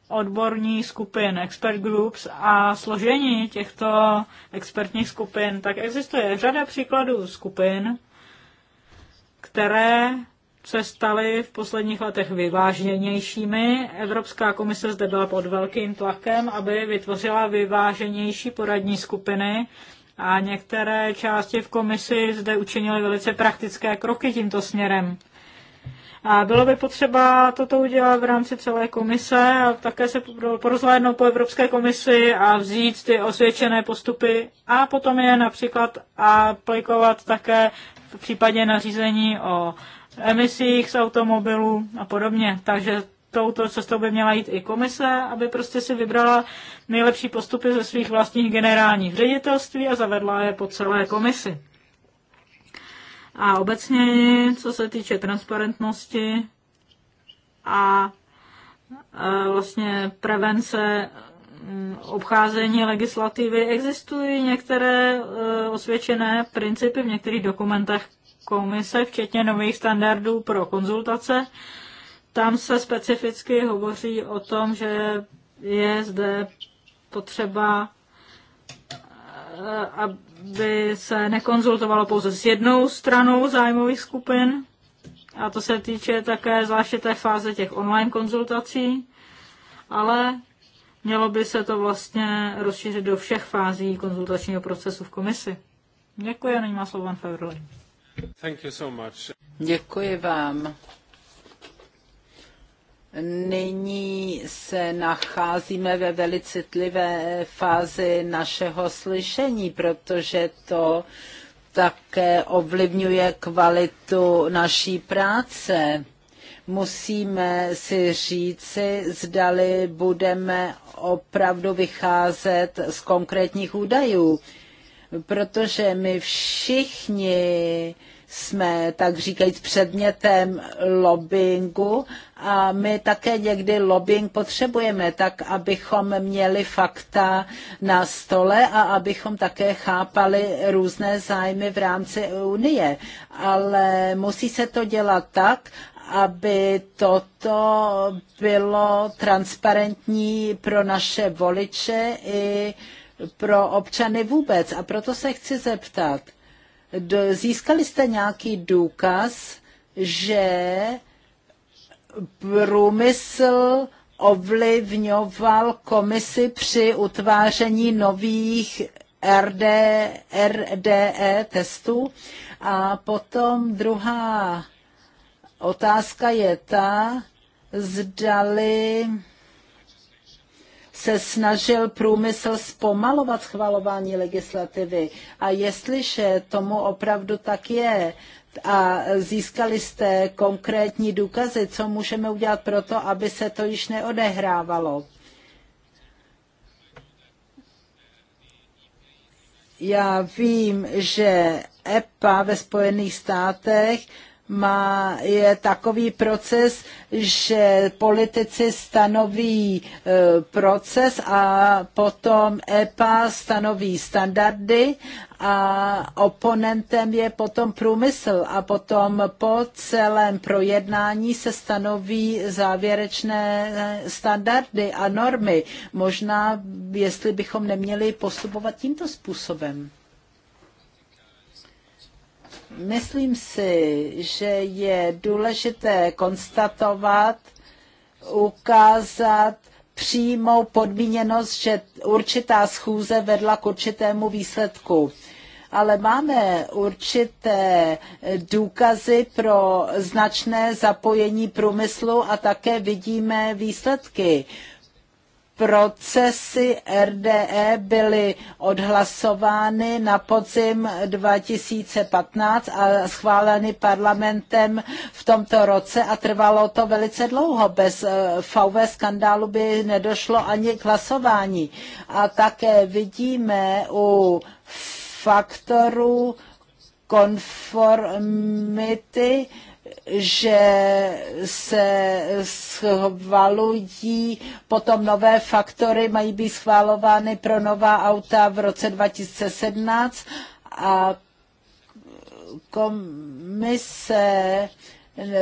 odborní skupin, expert groups a složení těchto expertních skupin, tak existuje řada příkladů skupin, které se staly v posledních letech vyváženějšími. Evropská komise zde byla pod velkým tlakem, aby vytvořila vyváženější poradní skupiny a některé části v komisi zde učinily velice praktické kroky tímto směrem. A bylo by potřeba toto udělat v rámci celé komise a také se porozhlédnout po Evropské komisi a vzít ty osvědčené postupy a potom je například aplikovat také v případě nařízení o emisích z automobilů a podobně. Takže touto cestou by měla jít i komise, aby prostě si vybrala nejlepší postupy ze svých vlastních generálních ředitelství a zavedla je po celé komisi. A obecně, co se týče transparentnosti a e, vlastně prevence Mm, obcházení legislativy. Existují některé e, osvědčené principy v některých dokumentech komise, včetně nových standardů pro konzultace. Tam se specificky hovoří o tom, že je zde potřeba, e, aby se nekonzultovalo pouze s jednou stranou zájmových skupin. A to se týče také zvláště té fáze těch online konzultací, ale Mělo by se to vlastně rozšířit do všech fází konzultačního procesu v komisi. Děkuji a nyní má slovo Thank you so much. Děkuji vám. Nyní se nacházíme ve velice citlivé fázi našeho slyšení, protože to také ovlivňuje kvalitu naší práce musíme si říci, zdali budeme opravdu vycházet z konkrétních údajů, protože my všichni jsme, tak říkajíc, předmětem lobbyingu a my také někdy lobbying potřebujeme, tak abychom měli fakta na stole a abychom také chápali různé zájmy v rámci Unie. Ale musí se to dělat tak, aby toto bylo transparentní pro naše voliče i pro občany vůbec. A proto se chci zeptat, získali jste nějaký důkaz, že průmysl ovlivňoval komisi při utváření nových RD, RDE testů. A potom druhá Otázka je ta, zdali se snažil průmysl zpomalovat schvalování legislativy. A jestliže tomu opravdu tak je, a získali jste konkrétní důkazy, co můžeme udělat pro to, aby se to již neodehrávalo. Já vím, že EPA ve Spojených státech má, je takový proces, že politici stanoví e, proces a potom EPA stanoví standardy a oponentem je potom průmysl a potom po celém projednání se stanoví závěrečné standardy a normy. Možná, jestli bychom neměli postupovat tímto způsobem. Myslím si, že je důležité konstatovat, ukázat přímou podmíněnost, že určitá schůze vedla k určitému výsledku ale máme určité důkazy pro značné zapojení průmyslu a také vidíme výsledky procesy RDE byly odhlasovány na podzim 2015 a schváleny parlamentem v tomto roce a trvalo to velice dlouho. Bez VV eh, skandálu by nedošlo ani k hlasování. A také vidíme u faktorů konformity, že se schvalují potom nové faktory, mají být schválovány pro nová auta v roce 2017 a komise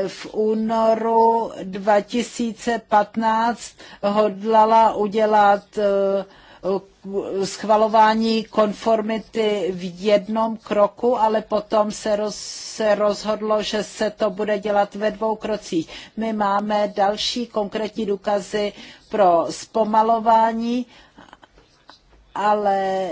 v únoru 2015 hodlala udělat uh, schvalování konformity v jednom kroku, ale potom se, roz, se rozhodlo, že se to bude dělat ve dvou krocích. My máme další konkrétní důkazy pro zpomalování, ale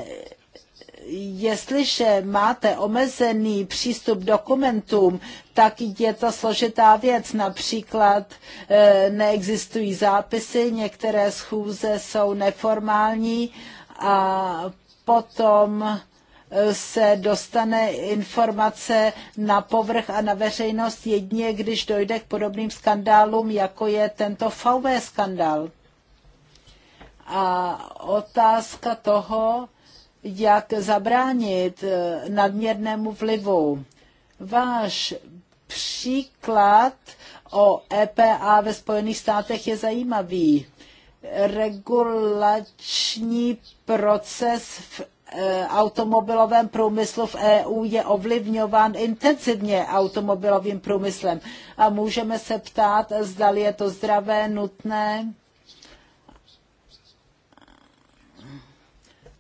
jestliže máte omezený přístup dokumentům, tak je to složitá věc. Například eh, neexistují zápisy, některé schůze jsou neformální a potom eh, se dostane informace na povrch a na veřejnost jedině, když dojde k podobným skandálům, jako je tento VV skandál. A otázka toho, jak zabránit eh, nadměrnému vlivu. Váš příklad o EPA ve Spojených státech je zajímavý. Regulační proces v eh, automobilovém průmyslu v EU je ovlivňován intenzivně automobilovým průmyslem. A můžeme se ptát, zda je to zdravé, nutné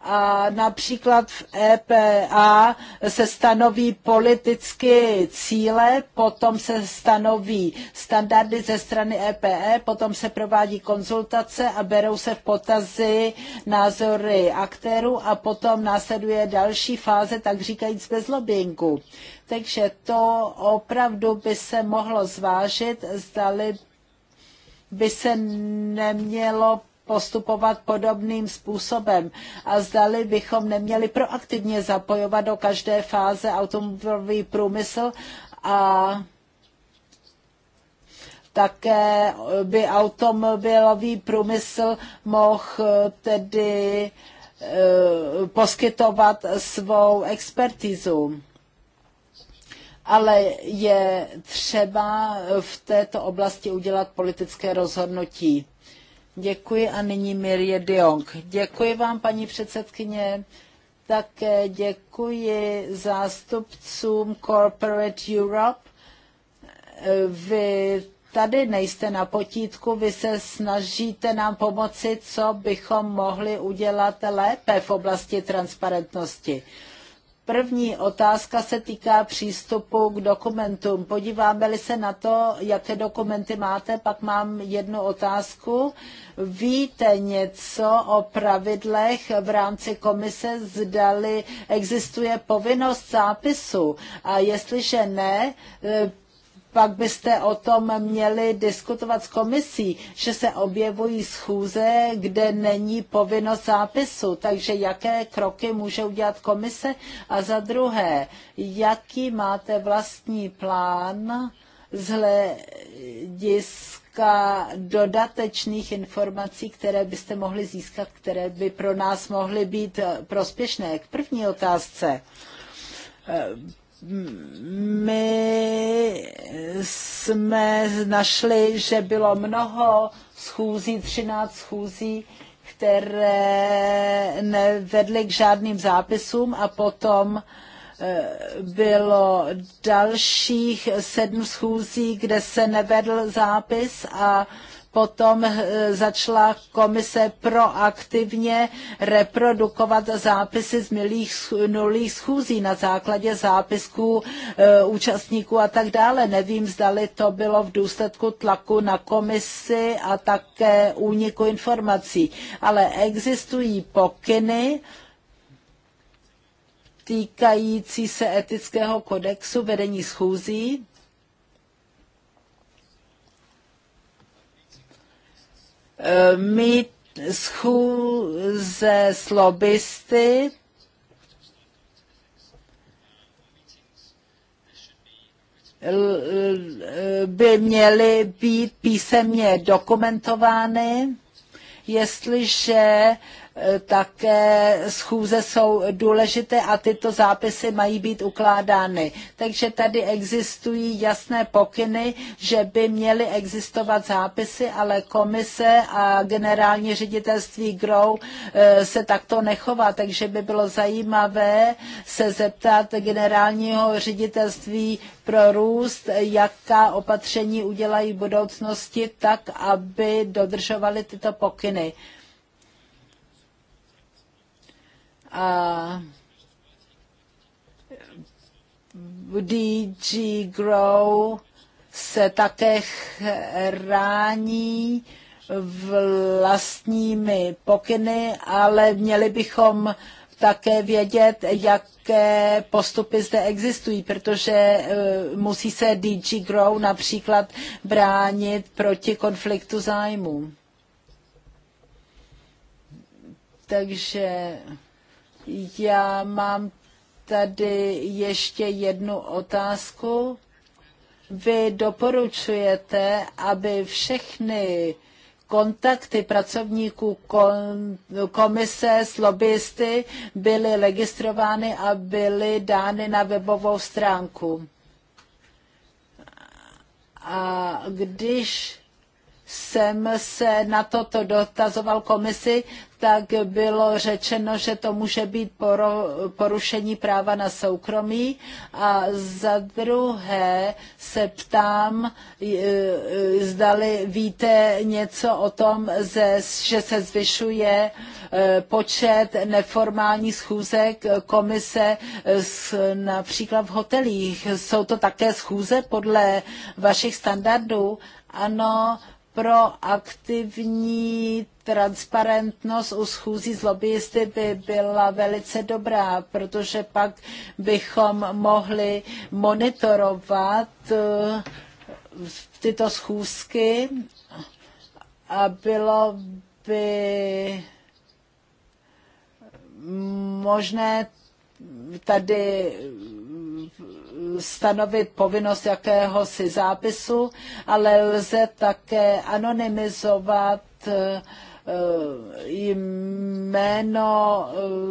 a například v EPA se stanoví politicky cíle, potom se stanoví standardy ze strany EPE, e, potom se provádí konzultace a berou se v potazy názory aktérů a potom následuje další fáze, tak říkajíc bez lobbyingu. Takže to opravdu by se mohlo zvážit, zdali by se nemělo postupovat podobným způsobem a zdali bychom neměli proaktivně zapojovat do každé fáze automobilový průmysl a také by automobilový průmysl mohl tedy eh, poskytovat svou expertizu. Ale je třeba v této oblasti udělat politické rozhodnutí. Děkuji a nyní Mirje Diong. Děkuji vám, paní předsedkyně. Také děkuji zástupcům Corporate Europe. Vy tady nejste na potítku, vy se snažíte nám pomoci, co bychom mohli udělat lépe v oblasti transparentnosti. První otázka se týká přístupu k dokumentům. Podíváme-li se na to, jaké dokumenty máte, pak mám jednu otázku. Víte něco o pravidlech v rámci komise, zdali existuje povinnost zápisu? A jestliže ne, pak byste o tom měli diskutovat s komisí, že se objevují schůze, kde není povinnost zápisu. Takže jaké kroky může udělat komise? A za druhé, jaký máte vlastní plán z hlediska dodatečných informací, které byste mohli získat, které by pro nás mohly být prospěšné? K první otázce my jsme našli, že bylo mnoho schůzí, 13 schůzí, které nevedly k žádným zápisům a potom eh, bylo dalších sedm schůzí, kde se nevedl zápis a potom eh, začala komise proaktivně reprodukovat zápisy z milých nulých schůzí na základě zápisků eh, účastníků a tak dále. Nevím, zdali to bylo v důsledku tlaku na komisi a také úniku informací, ale existují pokyny, týkající se etického kodexu vedení schůzí Eh, mít schůze s lobbysty, by měly být písemně dokumentovány, jestliže Eh, také schůze jsou důležité a tyto zápisy mají být ukládány. Takže tady existují jasné pokyny, že by měly existovat zápisy, ale komise a generální ředitelství GROW eh, se takto nechová, takže by bylo zajímavé se zeptat generálního ředitelství pro růst, jaká opatření udělají v budoucnosti tak, aby dodržovali tyto pokyny. a DG Grow se také chrání vlastními pokyny, ale měli bychom také vědět, jaké postupy zde existují, protože e, musí se DG Grow například bránit proti konfliktu zájmu. Takže já mám tady ještě jednu otázku. Vy doporučujete, aby všechny kontakty pracovníků komise s lobbyisty byly registrovány a byly dány na webovou stránku. A když jsem se na toto dotazoval komisi, tak bylo řečeno, že to může být porušení práva na soukromí. A za druhé se ptám, e, zdali víte něco o tom, že se zvyšuje e, počet neformálních schůzek komise e, například v hotelích. Jsou to také schůze podle vašich standardů? Ano, pro aktivní transparentnost u schůzí s lobbyisty by byla velice dobrá, protože pak bychom mohli monitorovat eh, tyto schůzky a bylo by možné tady stanovit povinnost jakéhosi zápisu, ale lze také anonymizovat eh, jméno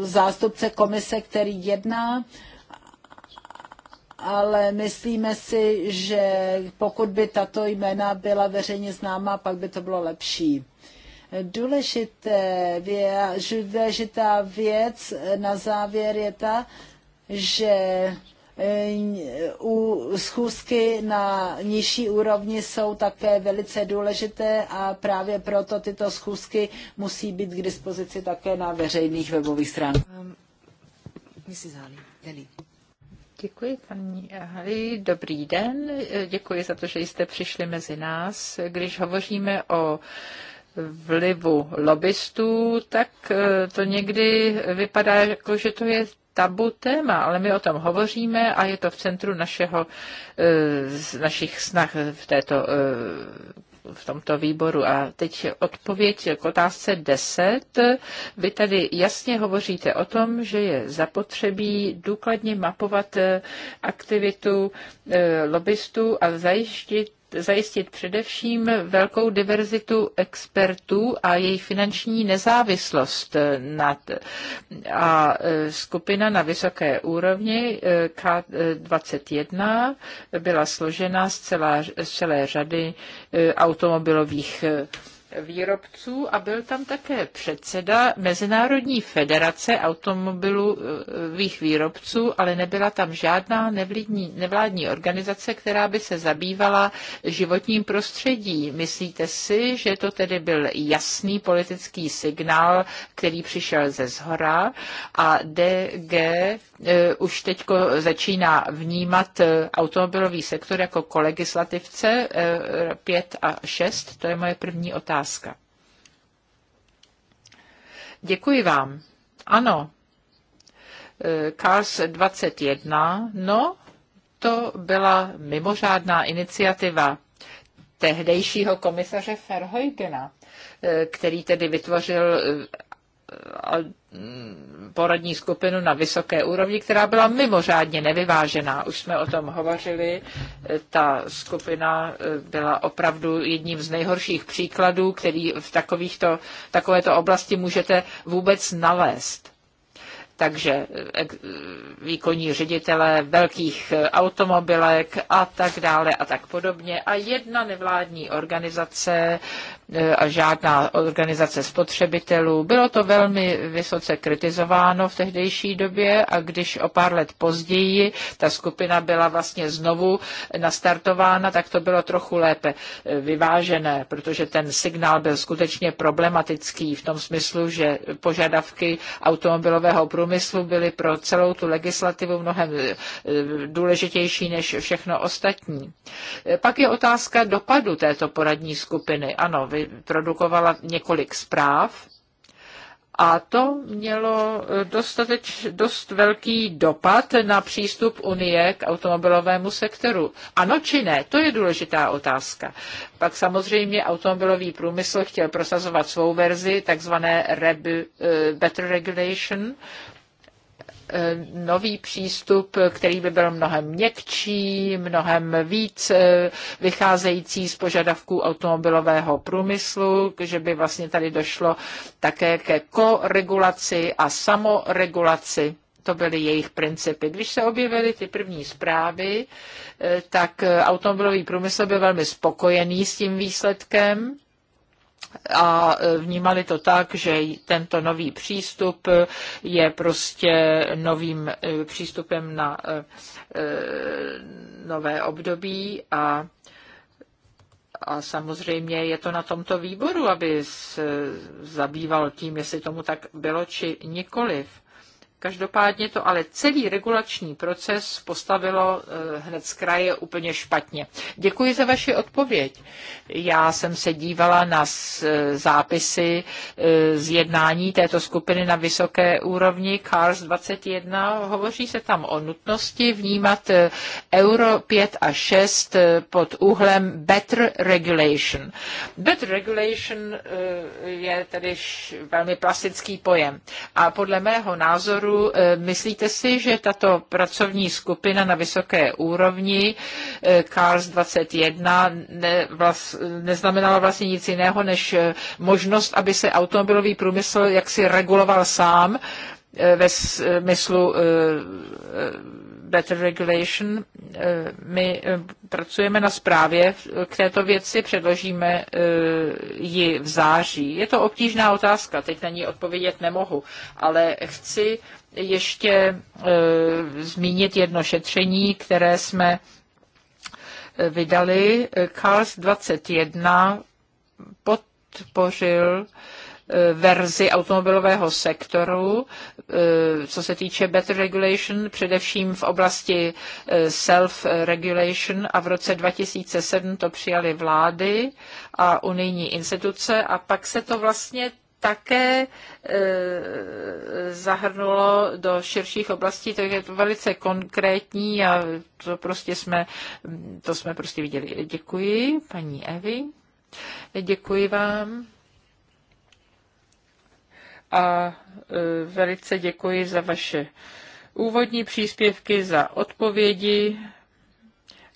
eh, zástupce komise, který jedná, ale myslíme si, že pokud by tato jména byla veřejně známa, pak by to bylo lepší. Důležité, důležitá věc na závěr je ta, že Eh, u schůzky na nižší úrovni jsou také velice důležité a právě proto tyto schůzky musí být k dispozici také na veřejných webových stránkách. Um, Děkuji, paní Hali. Dobrý den. Děkuji za to, že jste přišli mezi nás. Když hovoříme o vlivu lobbystů, tak eh, to někdy vypadá, jako že to je tabu téma, ale my o tom hovoříme a je to v centru našeho, eh, našich snah v této eh, v tomto výboru. A teď odpověď k otázce 10. Vy tady jasně hovoříte o tom, že je zapotřebí důkladně mapovat eh, aktivitu lobbystů a zajištit zajistit především velkou diverzitu expertů a jejich finanční nezávislost nad a e, skupina na vysoké úrovni e, K21 byla složena z, celá, z celé řady e, automobilových výrobců a byl tam také předseda Mezinárodní federace automobilových výrobců, ale nebyla tam žádná nevlídní, nevládní organizace, která by se zabývala životním prostředí. Myslíte si, že to tedy byl jasný politický signál, který přišel ze zhora a DG Eh, už teď začíná vnímat eh, automobilový sektor jako kolegislativce 5 eh, a 6? To je moje první otázka. Děkuji vám. Ano. Cars 21, no, to byla mimořádná iniciativa tehdejšího komisaře Ferhojgena, který tedy vytvořil poradní skupinu na vysoké úrovni, která byla mimořádně nevyvážená. Už jsme o tom hovořili. Ta skupina e, byla opravdu jedním z nejhorších příkladů, který v takovýchto, takovéto oblasti můžete vůbec nalézt. Takže e, e, výkonní ředitelé velkých automobilek a tak dále a tak podobně. A jedna nevládní organizace E, a žádná organizace spotřebitelů. Bylo to velmi vysoce kritizováno v tehdejší době a když o pár let později ta skupina byla vlastně znovu nastartována, tak to bylo trochu lépe e, vyvážené, protože ten signál byl skutečně problematický v tom smyslu, že požadavky automobilového průmyslu byly pro celou tu legislativu mnohem e, důležitější než všechno ostatní. Pak je otázka dopadu této poradní skupiny. Ano, vyprodukovala několik zpráv a to mělo eh, dostateč, dost velký dopad na přístup Unie k automobilovému sektoru. Ano či ne? To je důležitá otázka. Pak samozřejmě automobilový průmysl chtěl prosazovat svou verzi, takzvané eh, Better Regulation, Eh, nový přístup, který by byl mnohem měkčí, mnohem víc eh, vycházející z požadavků automobilového průmyslu, že by vlastně tady došlo také ke koregulaci a samoregulaci to byly jejich principy. Když se objevily ty první zprávy, eh, tak automobilový průmysl byl velmi spokojený s tím výsledkem a e, vnímali to tak, že tento nový přístup je prostě novým e, přístupem na e, nové období a a samozřejmě je to na tomto výboru, aby se zabýval tím, jestli tomu tak bylo či nikoliv. Každopádně to ale celý regulační proces postavilo eh, hned z kraje úplně špatně. Děkuji za vaši odpověď. Já jsem se dívala na eh, zápisy eh, z jednání této skupiny na vysoké úrovni CARS 21. Hovoří se tam o nutnosti vnímat euro 5 a 6 pod úhlem better regulation. Better regulation je tedy velmi plastický pojem. A podle mého názoru nákladů. Eh, myslíte si, že tato pracovní skupina na vysoké úrovni CARS eh, 21 ne, vlast, neznamenala vlastně nic jiného než eh, možnost, aby se automobilový průmysl jaksi reguloval sám ve smyslu Better Regulation. Eh, my eh, pracujeme na zprávě k této věci, předložíme eh, ji v září. Je to obtížná otázka, teď na ní odpovědět nemohu, ale chci ještě zmínit jedno šetření, které jsme vydali. Cars 21 podpořil E, verzi automobilového sektoru, e, co se týče better regulation, především v oblasti e, self-regulation a v roce 2007 to přijali vlády a unijní instituce a pak se to vlastně také zahrnulo do širších oblastí, tak je to velice konkrétní a to prostě jsme, to jsme prostě viděli. Děkuji, paní Evi. Děkuji vám a e, velice děkuji za vaše úvodní příspěvky, za odpovědi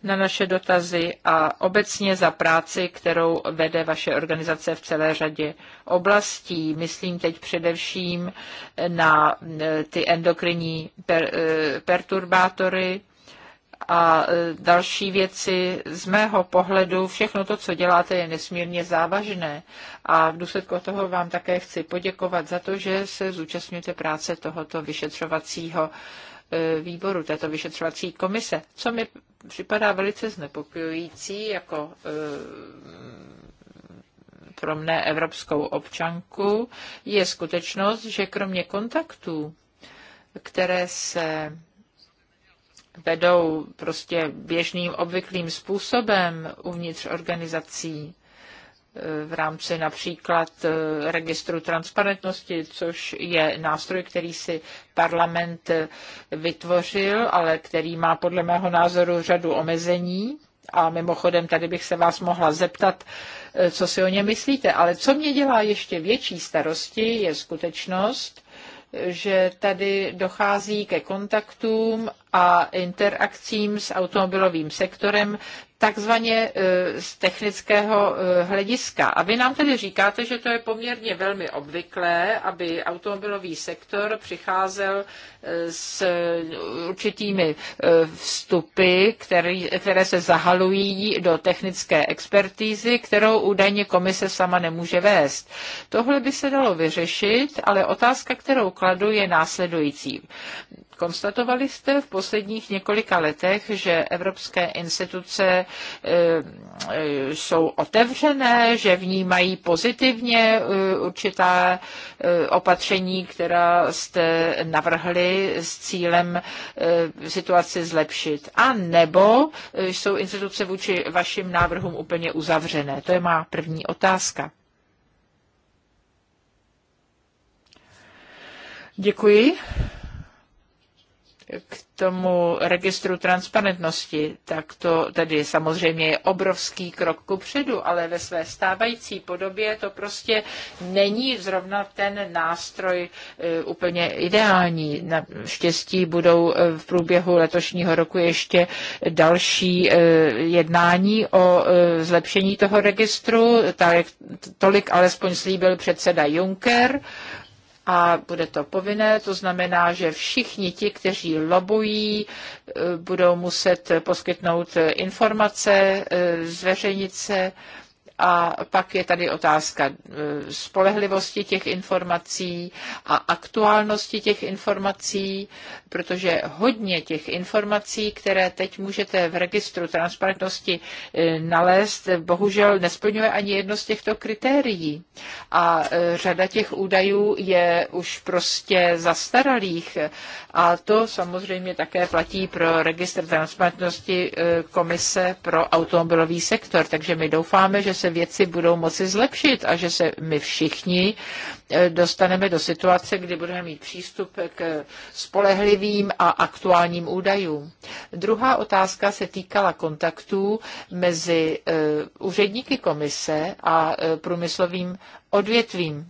na naše dotazy a obecně za práci, kterou vede vaše organizace v celé řadě oblastí. Myslím teď především na e, ty endokrinní per, e, perturbátory, a e, další věci. Z mého pohledu všechno to, co děláte, je nesmírně závažné a v důsledku toho vám také chci poděkovat za to, že se zúčastňujete práce tohoto vyšetřovacího e, výboru, této vyšetřovací komise. Co mi připadá velice znepokojující jako e, pro mne evropskou občanku, je skutečnost, že kromě kontaktů, které se vedou prostě běžným obvyklým způsobem uvnitř organizací e, v rámci například e, registru transparentnosti, což je nástroj, který si parlament e, vytvořil, ale který má podle mého názoru řadu omezení. A mimochodem, tady bych se vás mohla zeptat, co si o ně myslíte. Ale co mě dělá ještě větší starosti, je skutečnost, že tady dochází ke kontaktům a interakcím s automobilovým sektorem takzvaně e, z technického e, hlediska. A vy nám tedy říkáte, že to je poměrně velmi obvyklé, aby automobilový sektor přicházel e, s určitými vstupy, který, které se zahalují do technické expertízy, kterou údajně komise sama nemůže vést. Tohle by se dalo vyřešit, ale otázka, kterou kladu, je následující. Konstatovali jste v posledních několika letech, že evropské instituce eh, eh, jsou otevřené, že vnímají pozitivně eh, určitá opatření, která jste navrhli s cílem situaci zlepšit. A nebo jsou instituce vůči vašim návrhům úplně uzavřené? To je má první otázka. Děkuji. K tomu registru transparentnosti, tak to tedy samozřejmě je obrovský krok ku předu, ale ve své stávající podobě to prostě není zrovna ten nástroj eh, úplně ideální. Naštěstí budou eh, v průběhu letošního roku ještě další eh, jednání o zlepšení toho registru, tak tolik alespoň slíbil předseda Juncker a bude to povinné, to znamená, že všichni ti, kteří lobují, eh, budou muset poskytnout eh, informace, eh, zveřejnit se, a pak je tady otázka e, spolehlivosti těch informací a aktuálnosti těch informací, protože hodně těch informací, které teď můžete v registru transparentnosti e, nalézt, bohužel nesplňuje ani jedno z těchto kritérií. A e, řada těch údajů je už prostě zastaralých. A to samozřejmě také platí pro registr transparentnosti Komise pro automobilový sektor. Takže my doufáme, že se se věci budou moci zlepšit a že se my všichni eh, dostaneme do situace, kdy budeme mít přístup k spolehlivým a aktuálním údajům. Druhá otázka se týkala kontaktů mezi eh, úředníky komise a eh, průmyslovým odvětvím.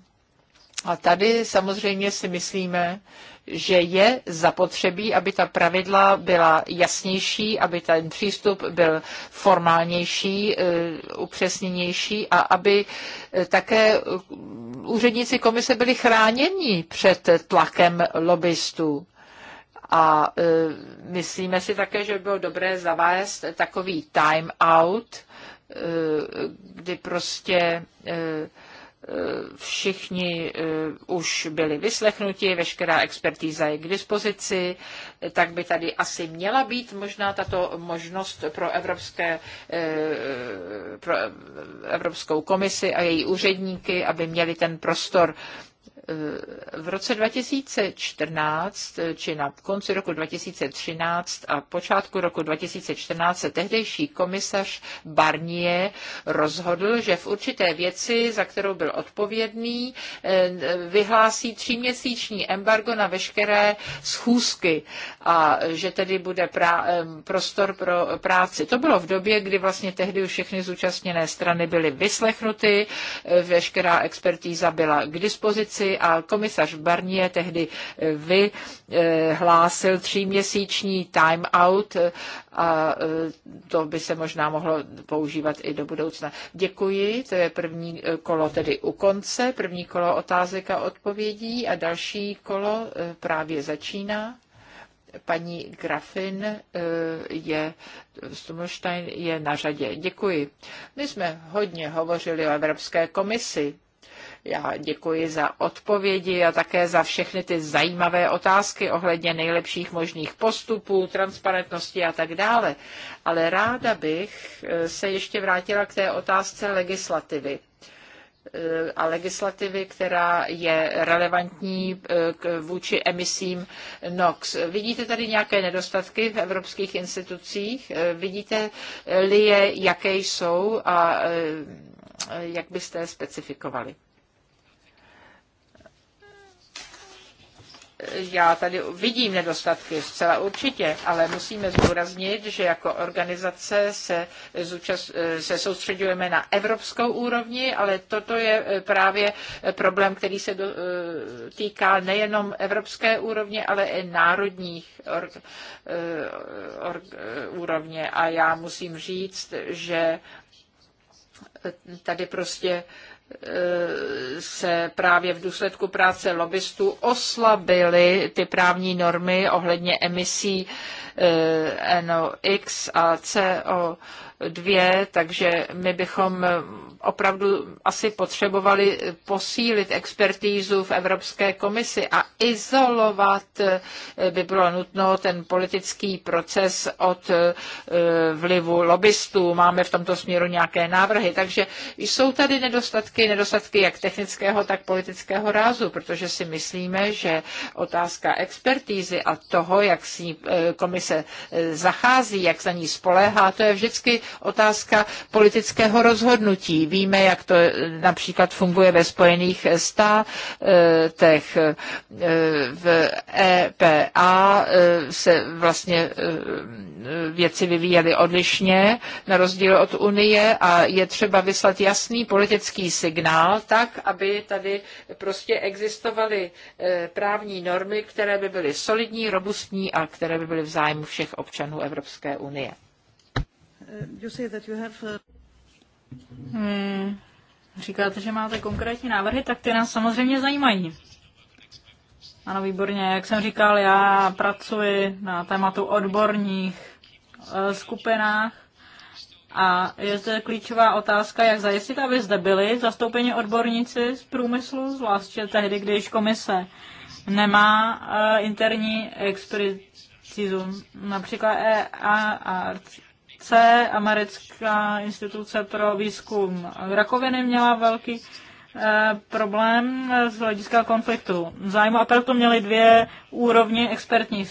A tady samozřejmě si myslíme, že je zapotřebí, aby ta pravidla byla jasnější, aby ten přístup byl formálnější, eh, upřesněnější a aby eh, také úředníci komise byli chráněni před tlakem lobbystů. A eh, myslíme si také, že by bylo dobré zavést takový time out, kdy prostě všichni eh, už byli vyslechnuti, veškerá expertíza je k dispozici, tak by tady asi měla být možná tato možnost pro, evropské, eh, pro Evropskou komisi a její úředníky, aby měli ten prostor v roce 2014, eh, či na konci roku 2013 a počátku roku 2014 se tehdejší komisař Barnier rozhodl, že v určité věci, za kterou byl odpovědný, eh, vyhlásí tříměsíční embargo na veškeré schůzky a že tedy bude eh, prostor pro práci. To bylo v době, kdy vlastně tehdy už všechny zúčastněné strany byly vyslechnuty, veškerá expertíza byla k dispozici a komisař Barnier tehdy eh, vyhlásil eh, tříměsíční time-out eh, a to by se možná mohlo používat i do budoucna. Děkuji, to je první kolo tedy u konce, první kolo otázek a odpovědí a další kolo právě začíná paní Grafin je, Stumlstein je na řadě. Děkuji. My jsme hodně hovořili o Evropské komisi já děkuji za odpovědi a také za všechny ty zajímavé otázky ohledně nejlepších možných postupů, transparentnosti a tak dále. Ale ráda bych eh, se ještě vrátila k té otázce legislativy eh, a legislativy, která je relevantní eh, k vůči emisím NOx. Vidíte tady nějaké nedostatky v evropských institucích? Vidíte-li je, jaké jsou a jak byste je specifikovali? já tady vidím nedostatky zcela určitě, ale musíme zdůraznit, že jako organizace se, zúčast, se soustředujeme na evropskou úrovni, ale toto je eh, právě eh, problém, který se do, eh, týká nejenom evropské úrovně, ale i národních or, or, úrovně. A já musím říct, že tady prostě Eh, se právě v důsledku práce lobbystů oslabily ty právní normy ohledně emisí eh, NOx a CO Dvě, takže my bychom opravdu asi potřebovali posílit expertízu v Evropské komisi a izolovat by bylo nutno ten politický proces od eh, vlivu lobbystů. Máme v tomto směru nějaké návrhy, takže jsou tady nedostatky, nedostatky jak technického, tak politického rázu, protože si myslíme, že otázka expertízy a toho, jak s ní eh, komise eh, zachází, jak za ní spoléhá, to je vždycky otázka politického rozhodnutí. Víme, jak to například funguje ve Spojených státech. V EPA se vlastně e, věci vyvíjely odlišně, na rozdíl od Unie a je třeba vyslat jasný politický signál tak, aby tady prostě existovaly e, právní normy, které by byly solidní, robustní a které by byly v zájmu všech občanů Evropské unie. Eh, you say that you have... Eh, hmm, říkáte, že máte konkrétní návrhy, tak ty nás samozřejmě zajímají. Ano, výborně. Jak jsem říkal, já pracuji na tématu odborných eh, skupinách a je zde klíčová otázka, jak zajistit, aby zde byli zastoupeni odborníci z průmyslu, zvláště tehdy, když komise nemá interní expertizu. Například EARC C, americká instituce pro výzkum rakoviny, měla velký eh, problém eh, z hlediska konfliktu. Zájmu a proto měly dvě úrovně expertní,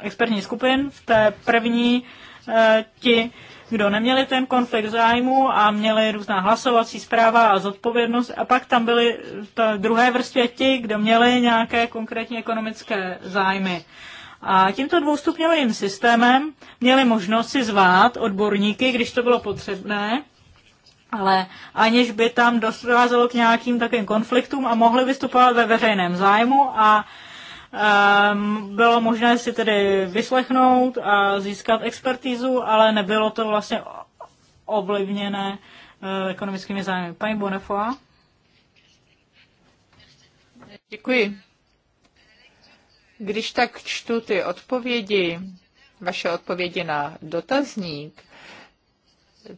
expertní skupin. V té první eh, ti, kdo neměli ten konflikt zájmu a měli různá hlasovací zpráva a zodpovědnost. A pak tam byly v druhé vrstvě ti, kdo měli nějaké konkrétní ekonomické zájmy. A tímto dvoustupňovým systémem měli možnost si zvát odborníky, když to bylo potřebné, ale aniž by tam docházelo k nějakým takovým konfliktům a mohli vystupovat ve veřejném zájmu a um, bylo možné si tedy vyslechnout a získat expertízu, ale nebylo to vlastně ovlivněné uh, ekonomickými zájmy. Paní Bonefoa? Děkuji. Když tak čtu ty odpovědi, vaše odpovědi na dotazník,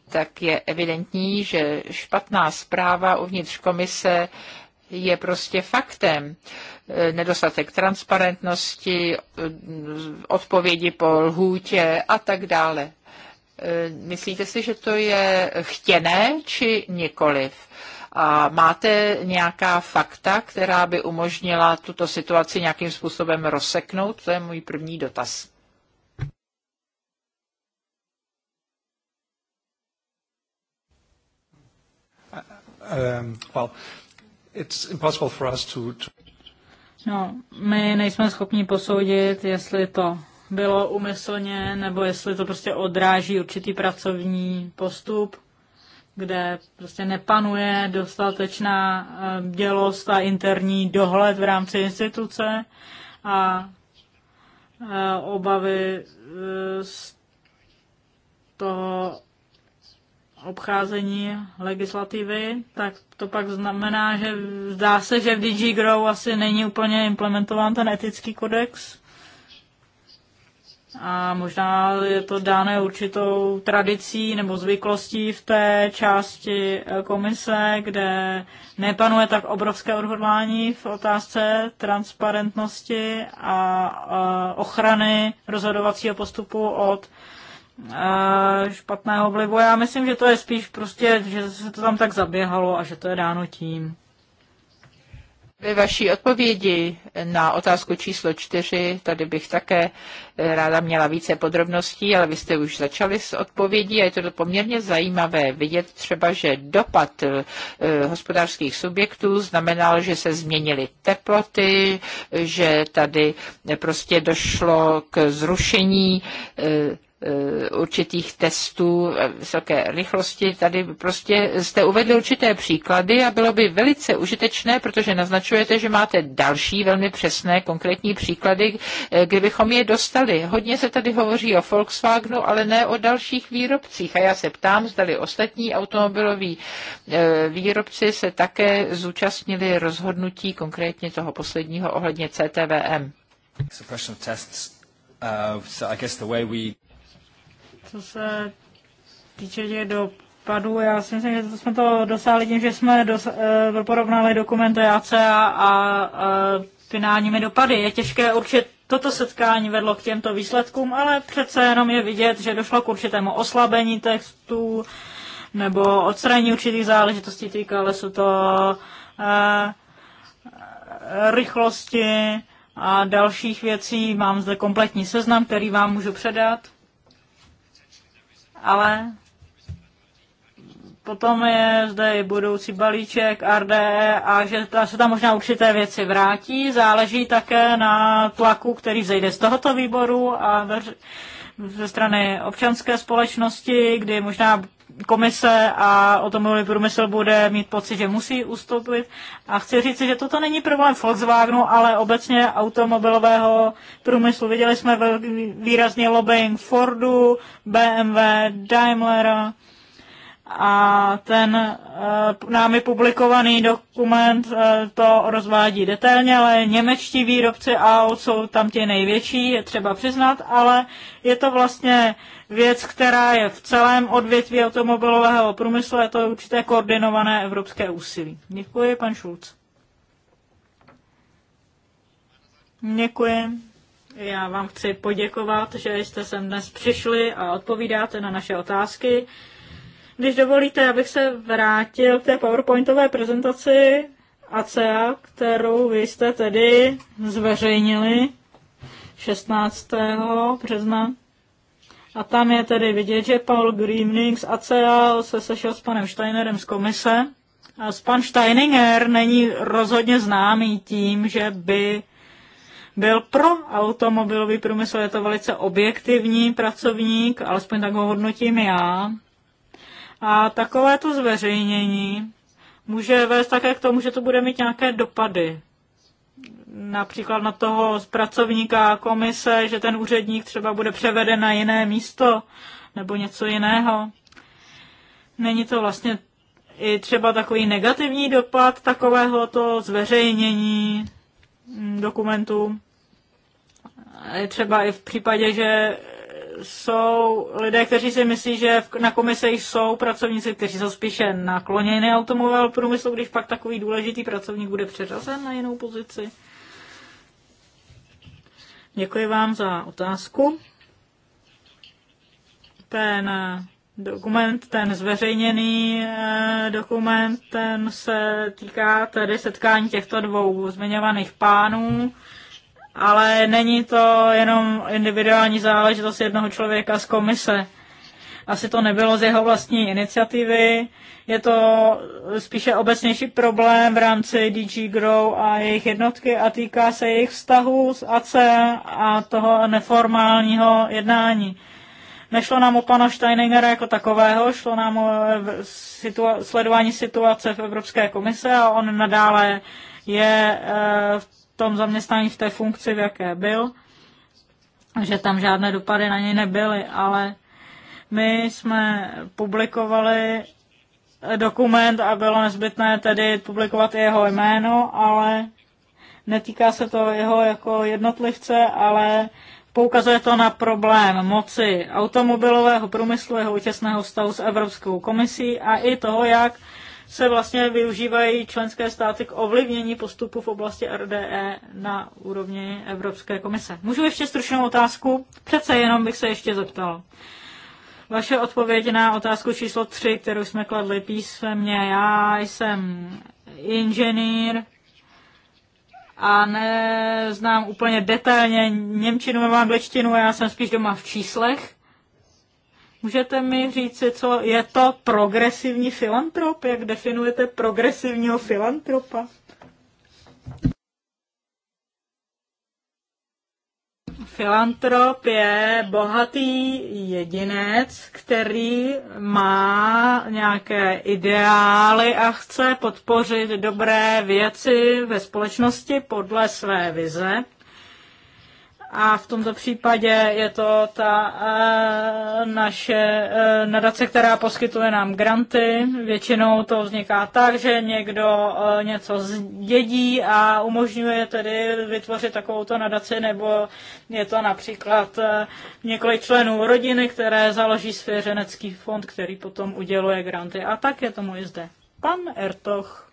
tak je evidentní, že špatná zpráva uvnitř komise je prostě faktem. Nedostatek transparentnosti, odpovědi po lhůtě a tak dále. Myslíte si, že to je chtěné či nikoliv? A máte nějaká fakta, která by umožnila tuto situaci nějakým způsobem rozseknout? To je můj první dotaz. Um, well, it's impossible for us to, to... No, my nejsme schopni posoudit, jestli to bylo umyslně, nebo jestli to prostě odráží určitý pracovní postup kde prostě nepanuje dostatečná eh, dělost a interní dohled v rámci instituce a eh, obavy eh, z toho obcházení legislativy, tak to pak znamená, že zdá se, že v DigiGrow asi není úplně implementován ten etický kodex. A možná je to dáno určitou tradicí nebo zvyklostí v té části eh, komise, kde nepanuje tak obrovské odhodlání v otázce transparentnosti a eh, ochrany rozhodovacího postupu od eh, špatného vlivu. Já myslím, že to je spíš prostě, že se to tam tak zaběhalo a že to je dáno tím. Ve vaší odpovědi na otázku číslo čtyři, tady bych také eh, ráda měla více podrobností, ale vy jste už začali s odpovědí a je to poměrně zajímavé vidět třeba, že dopad eh, hospodářských subjektů znamenal, že se změnily teploty, že tady prostě došlo k zrušení eh, Eh, určitých testů eh, vysoké rychlosti. Tady prostě jste uvedli určité příklady a bylo by velice užitečné, protože naznačujete, že máte další velmi přesné konkrétní příklady, eh, kdybychom je dostali. Hodně se tady hovoří o Volkswagenu, ale ne o dalších výrobcích. A já se ptám, zdali ostatní automobiloví výrobci se také zúčastnili rozhodnutí konkrétně toho posledního ohledně CTVM. Co se týče těch dopadů, já si myslím, že to jsme to dosáhli tím, že jsme dosa- e, eh, porovnali dokumenty ACA a a finálními dopady. Je těžké určit Toto setkání vedlo k těmto výsledkům, ale přece jenom je vidět, že došlo k určitému oslabení textů nebo odstranění určitých záležitostí, týkalo se to e, rychlosti a dalších věcí. Mám zde kompletní seznam, který vám můžu předat ale potom je zde i budoucí balíček RDE a že se tam možná určité věci vrátí. Záleží také na tlaku, který zejde z tohoto výboru a ze strany občanské společnosti, kdy možná komise a automobilový průmysl bude mít pocit, že musí ustoupit. A chci říct, že toto není problém Volkswagenu, ale obecně automobilového průmyslu. Viděli jsme výrazně lobbying Fordu, BMW, Daimlera a ten eh, námi publikovaný dokument eh, to rozvádí detailně, ale němečtí výrobci aut jsou tam ti největší, je třeba přiznat, ale je to vlastně věc, která je v celém odvětví automobilového průmyslu, je to určité koordinované evropské úsilí. Děkuji, pan Šulc. Děkuji. Já vám chci poděkovat, že jste sem dnes přišli a odpovídáte na naše otázky. Když dovolíte, abych se vrátil k té PowerPointové prezentaci ACEA, kterou vy jste tedy zveřejnili 16. března. A tam je tedy vidět, že Paul Greening z ACEA se sešel s panem Steinerem z komise. A pan Steininger není rozhodně známý tím, že by byl pro automobilový průmysl. Je to velice objektivní pracovník, alespoň tak ho hodnotím já. A takovéto zveřejnění může vést také k tomu, že to bude mít nějaké dopady. Například na toho pracovníka komise, že ten úředník třeba bude převeden na jiné místo nebo něco jiného. Není to vlastně i třeba takový negativní dopad takovéhoto zveřejnění mm, dokumentů. Třeba i v případě, že jsou lidé, kteří si myslí, že na komise jsou pracovníci, kteří jsou spíše nakloněni automobil průmyslu, když pak takový důležitý pracovník bude přeřazen na jinou pozici. Děkuji vám za otázku. Ten eh, dokument, ten zveřejněný eh, dokument, ten se týká tedy setkání těchto dvou zmiňovaných pánů ale není to jenom individuální záležitost jednoho člověka z komise. Asi to nebylo z jeho vlastní iniciativy, je to spíše obecnější problém v rámci DG Grow a jejich jednotky a týká se jejich vztahu s AC a toho neformálního jednání. Nešlo nám o pana Steiningera jako takového, šlo nám o eh, situa- sledování situace v Evropské komise a on nadále je eh, v tom zaměstnání v té funkci, v jaké byl, že tam žádné dopady na něj nebyly, ale my jsme publikovali dokument a bylo nezbytné tedy publikovat i jeho jméno, ale netýká se to jeho jako jednotlivce, ale poukazuje to na problém moci automobilového průmyslu, jeho těsného stavu s Evropskou komisí a i toho, jak se vlastně využívají členské státy k ovlivnění postupu v oblasti RDE na úrovni Evropské komise. Můžu ještě stručnou otázku? Přece jenom bych se ještě zeptal. Vaše odpověď na otázku číslo 3, kterou jsme kladli písemně. Já jsem inženýr, a neznám úplně detailně Němčinu nebo angličtinu, já jsem spíš doma v číslech. Můžete mi říct, co je to progresivní filantrop? Jak definujete progresivního filantropa? Filantrop je bohatý jedinec, který má nějaké ideály a chce podpořit dobré věci ve společnosti podle své vize a v tomto případě je to ta eh, naše eh, nadace, která poskytuje nám granty. Většinou to vzniká tak, že někdo eh, něco zdědí a umožňuje tedy vytvořit takovouto nadaci, nebo je to například několik členů rodiny, které založí svěřenecký fond, který potom uděluje granty. A tak je tomu i zde. Pan Ertoch.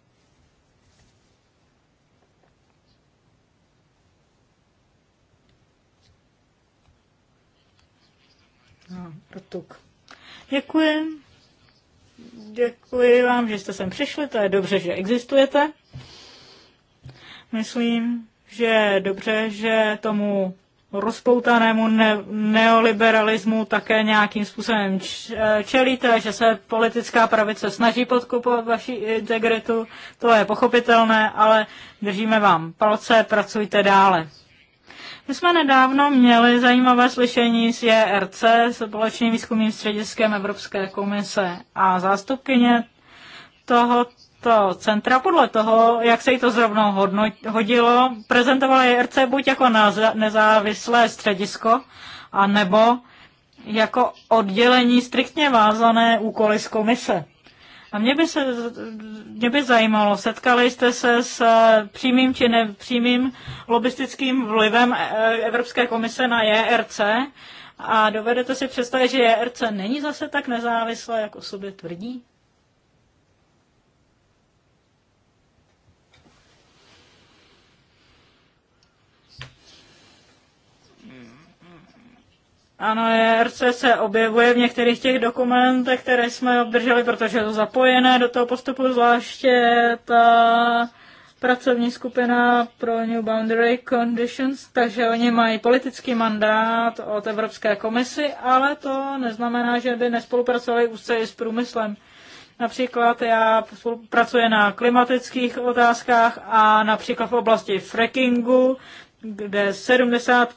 No, potuk. Děkuji. Děkuji vám, že jste sem přišli, to je dobře, že existujete. Myslím, že je dobře, že tomu rozpoutanému ne- neoliberalismu také nějakým způsobem čelíte, že se politická pravice snaží podkupovat vaši integritu, to je pochopitelné, ale držíme vám palce, pracujte dále. My jsme nedávno měli zajímavé slyšení s JRC, společným výzkumným střediskem Evropské komise a zástupkyně tohoto centra podle toho, jak se jí to zrovna hodilo, prezentovala JRC buď jako nezávislé středisko, anebo jako oddělení striktně vázané úkoly z komise. A mě by, se, mě by zajímalo, setkali jste se s eh, přímým či nepřímým lobistickým vlivem eh, Evropské komise na JRC a dovedete si představit, že JRC není zase tak nezávislé, jak o sobě tvrdí? Ano, ERC se objevuje v některých těch dokumentech, které jsme obdrželi, protože je to zapojené do toho postupu, zvláště ta pracovní skupina pro New Boundary Conditions, takže oni mají politický mandát od Evropské komisy, ale to neznamená, že by nespolupracovali úzce i s průmyslem. Například já pracuji na klimatických otázkách a například v oblasti frackingu, kde 70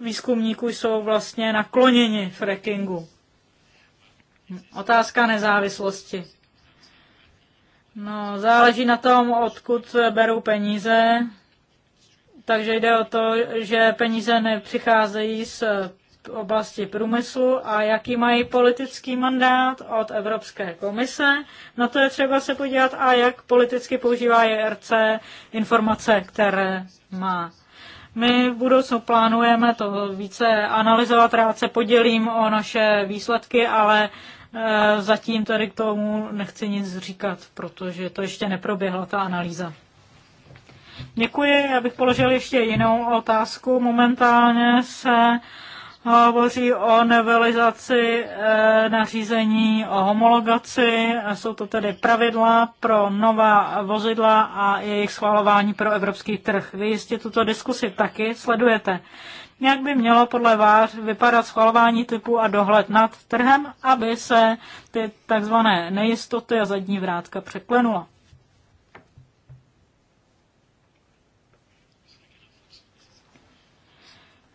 výzkumníků jsou vlastně nakloněni frackingu. Otázka nezávislosti. No, záleží na tom, odkud berou peníze. Takže jde o to, že peníze nepřicházejí z oblasti průmyslu a jaký mají politický mandát od Evropské komise. Na no, to je třeba se podívat a jak politicky používá JRC informace, které má. My v budoucnu plánujeme to více analyzovat, rád se podělím o naše výsledky, ale e, zatím tady k tomu nechci nic říkat, protože to ještě neproběhla ta analýza. Děkuji, já bych položil ještě jinou otázku. Momentálně se hovoří o novelizaci eh, nařízení o homologaci. Jsou to tedy pravidla pro nová vozidla a jejich schvalování pro evropský trh. Vy jistě tuto diskusi taky sledujete. Jak by mělo podle vás vypadat schvalování typu a dohled nad trhem, aby se ty takzvané nejistoty a zadní vrátka překlenula?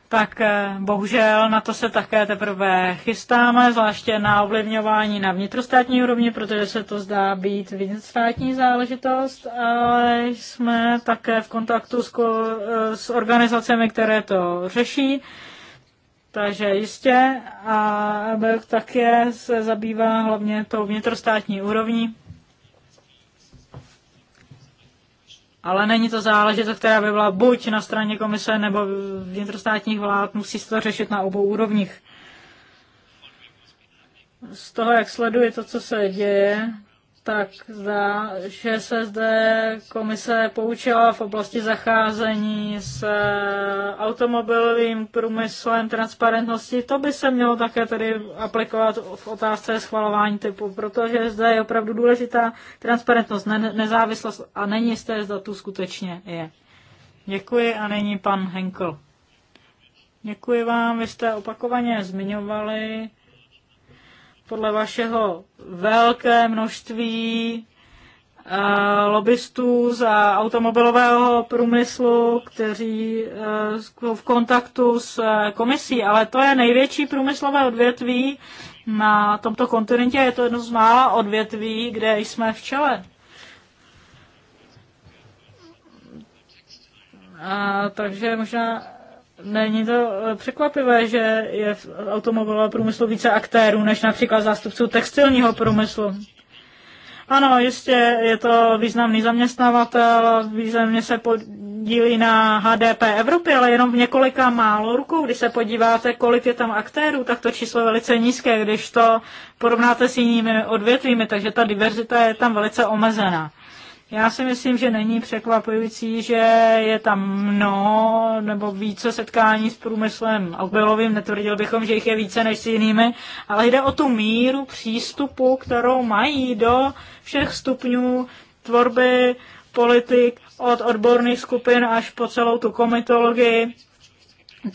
tak eh, bohužel na to se také teprve chystáme, zvláště na ovlivňování na vnitrostátní úrovni, protože se to zdá být vnitrostátní záležitost, ale jsme také v kontaktu s, eh, s organizacemi, které to řeší. Takže jistě a tak je se zabývá hlavně tou vnitrostátní úrovní Ale není to záležitost, která by byla buď na straně komise nebo vnitrostátních vlád, musí se to řešit na obou úrovních. Z toho, jak sleduje to, co se děje, tak zdá, že se zde komise poučila v oblasti zacházení s eh, automobilovým průmyslem transparentnosti. To by se mělo také tedy aplikovat v otázce schvalování typu, protože zde je opravdu důležitá transparentnost, ne- nezávislost a není jisté, zda tu skutečně je. Děkuji a není pan Henkel. Děkuji vám, vy jste opakovaně zmiňovali podle vašeho velké množství eh, lobbystů za eh, automobilového průmyslu, kteří jsou eh, v kontaktu s komisí, ale to je největší průmyslové odvětví na tomto kontinentě, je to jedno z mála odvětví, kde jsme v čele. A, takže možná Není to eh, překvapivé, že je v automobilovém průmyslu více aktérů než například zástupců textilního průmyslu. Ano, jistě je to významný zaměstnavatel, významně se podílí na HDP Evropy, ale jenom v několika málo rukou. Když se podíváte, kolik je tam aktérů, tak to číslo je velice nízké, když to porovnáte s jinými odvětvími, takže ta diverzita je tam velice omezená. Já si myslím, že není překvapující, že je tam mnoho nebo více setkání s průmyslem automobilovým. Netvrdil bychom, že jich je více než s jinými, ale jde o tu míru přístupu, kterou mají do všech stupňů tvorby politik, od odborných skupin až po celou tu komitologii.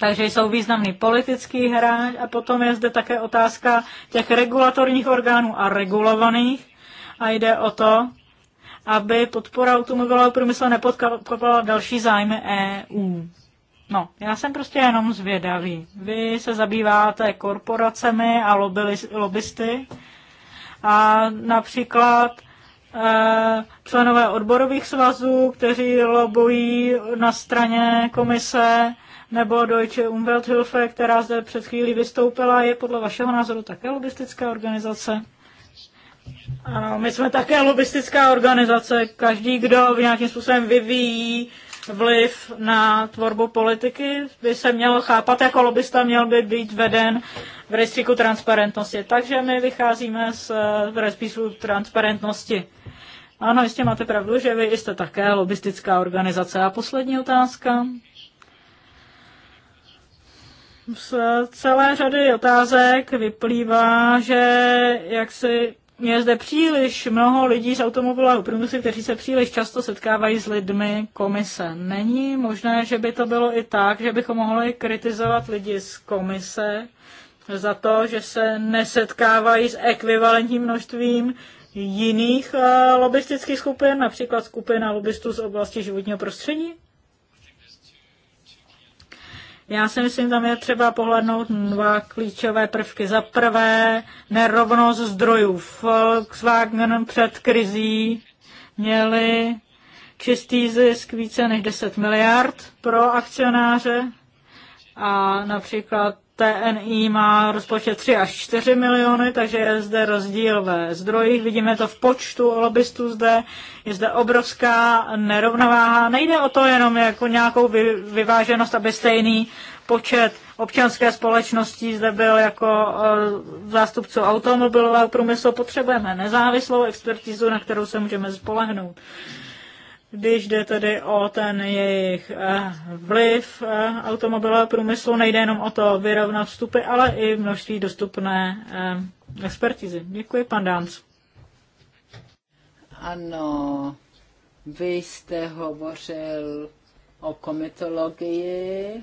Takže jsou významný politický hráč a potom je zde také otázka těch regulatorních orgánů a regulovaných. A jde o to, aby podpora automobilového průmyslu nepodkopala další zájmy EU. No, já jsem prostě jenom zvědavý. Vy se zabýváte korporacemi a lobbysty a například eh, členové odborových svazů, kteří lobují na straně komise, nebo Deutsche Umwelthilfe, která zde před chvílí vystoupila, je podle vašeho názoru také lobbystická organizace? Ano, my jsme také lobistická organizace. Každý, kdo v nějakým způsobem vyvíjí vliv na tvorbu politiky, by se měl chápat jako lobista, měl by být veden v rejstříku transparentnosti. Takže my vycházíme z rejstříku transparentnosti. Ano, jistě máte pravdu, že vy jste také lobistická organizace. A poslední otázka. Z celé řady otázek vyplývá, že jak si je zde příliš mnoho lidí z automobilového průmyslu, kteří se příliš často setkávají s lidmi komise. Není možné, že by to bylo i tak, že bychom mohli kritizovat lidi z komise za to, že se nesetkávají s ekvivalentním množstvím jiných eh, lobbystických skupin, například skupina lobbystů z oblasti životního prostředí? Já si myslím, tam je třeba pohlednout dva klíčové prvky. Za prvé, nerovnost zdrojů. Volkswagen před krizí měli čistý zisk více než 10 miliard pro akcionáře a například TNI má rozpočet 3 až 4 miliony, takže je zde rozdíl ve zdrojích. Vidíme to v počtu lobbystů zde. Je zde obrovská nerovnováha. Nejde o to jenom jako nějakou vy, vyváženost, aby stejný počet občanské společnosti zde byl jako eh, zástupců automobilového průmyslu. Potřebujeme nezávislou expertizu, na kterou se můžeme spolehnout. Když jde tedy o ten jejich eh, vliv eh, automobilového průmyslu, nejde jenom o to vyrovnat vstupy, ale i množství dostupné eh, expertizy. Děkuji, pan Dánc. Ano, vy jste hovořil o komitologii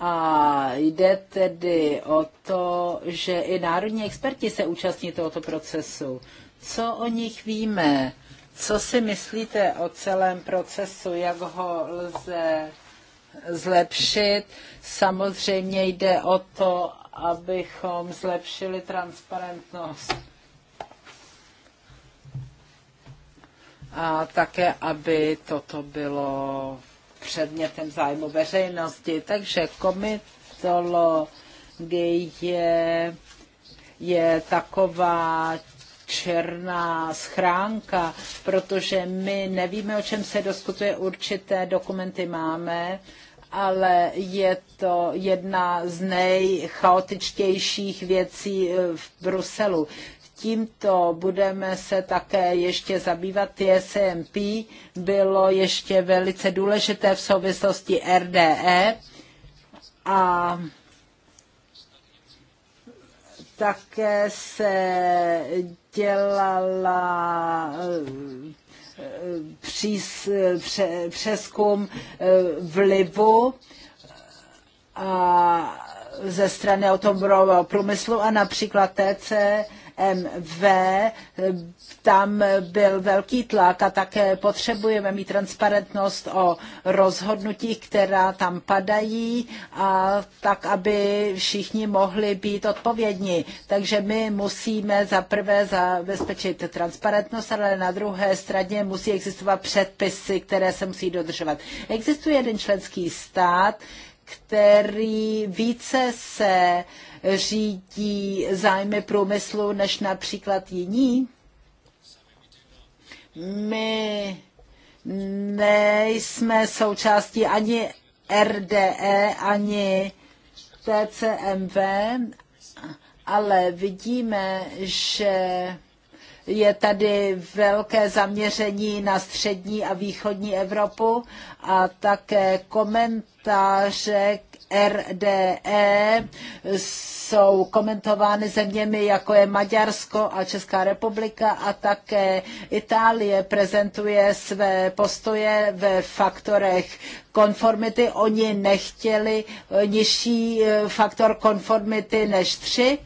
a jde tedy o to, že i národní experti se účastní tohoto procesu. Co o nich víme? Co si myslíte o celém procesu, jak ho lze zlepšit? Samozřejmě jde o to, abychom zlepšili transparentnost. A také, aby toto bylo předmětem zájmu veřejnosti. Takže komitologie je taková černá schránka, protože my nevíme, o čem se diskutuje, určité dokumenty máme, ale je to jedna z nejchaotičtějších věcí eh, v Bruselu. Tímto budeme se také ještě zabývat. TSMP bylo ještě velice důležité v souvislosti RDE a také se dělala eh, přes, přeskum eh, vlivu a ze strany automobilového průmyslu a například TC MV, tam byl velký tlak a také potřebujeme mít transparentnost o rozhodnutí, která tam padají a tak, aby všichni mohli být odpovědní. Takže my musíme zaprvé zabezpečit transparentnost, ale na druhé straně musí existovat předpisy, které se musí dodržovat. Existuje jeden členský stát, který více se řídí zájmy průmyslu než například jiní? My nejsme součástí ani RDE, ani TCMV, ale vidíme, že je tady velké zaměření na střední a východní Evropu a také komentáře k RDE jsou komentovány zeměmi, jako je Maďarsko a Česká republika a také Itálie prezentuje své postoje ve faktorech konformity. Oni nechtěli nižší eh, faktor konformity než tři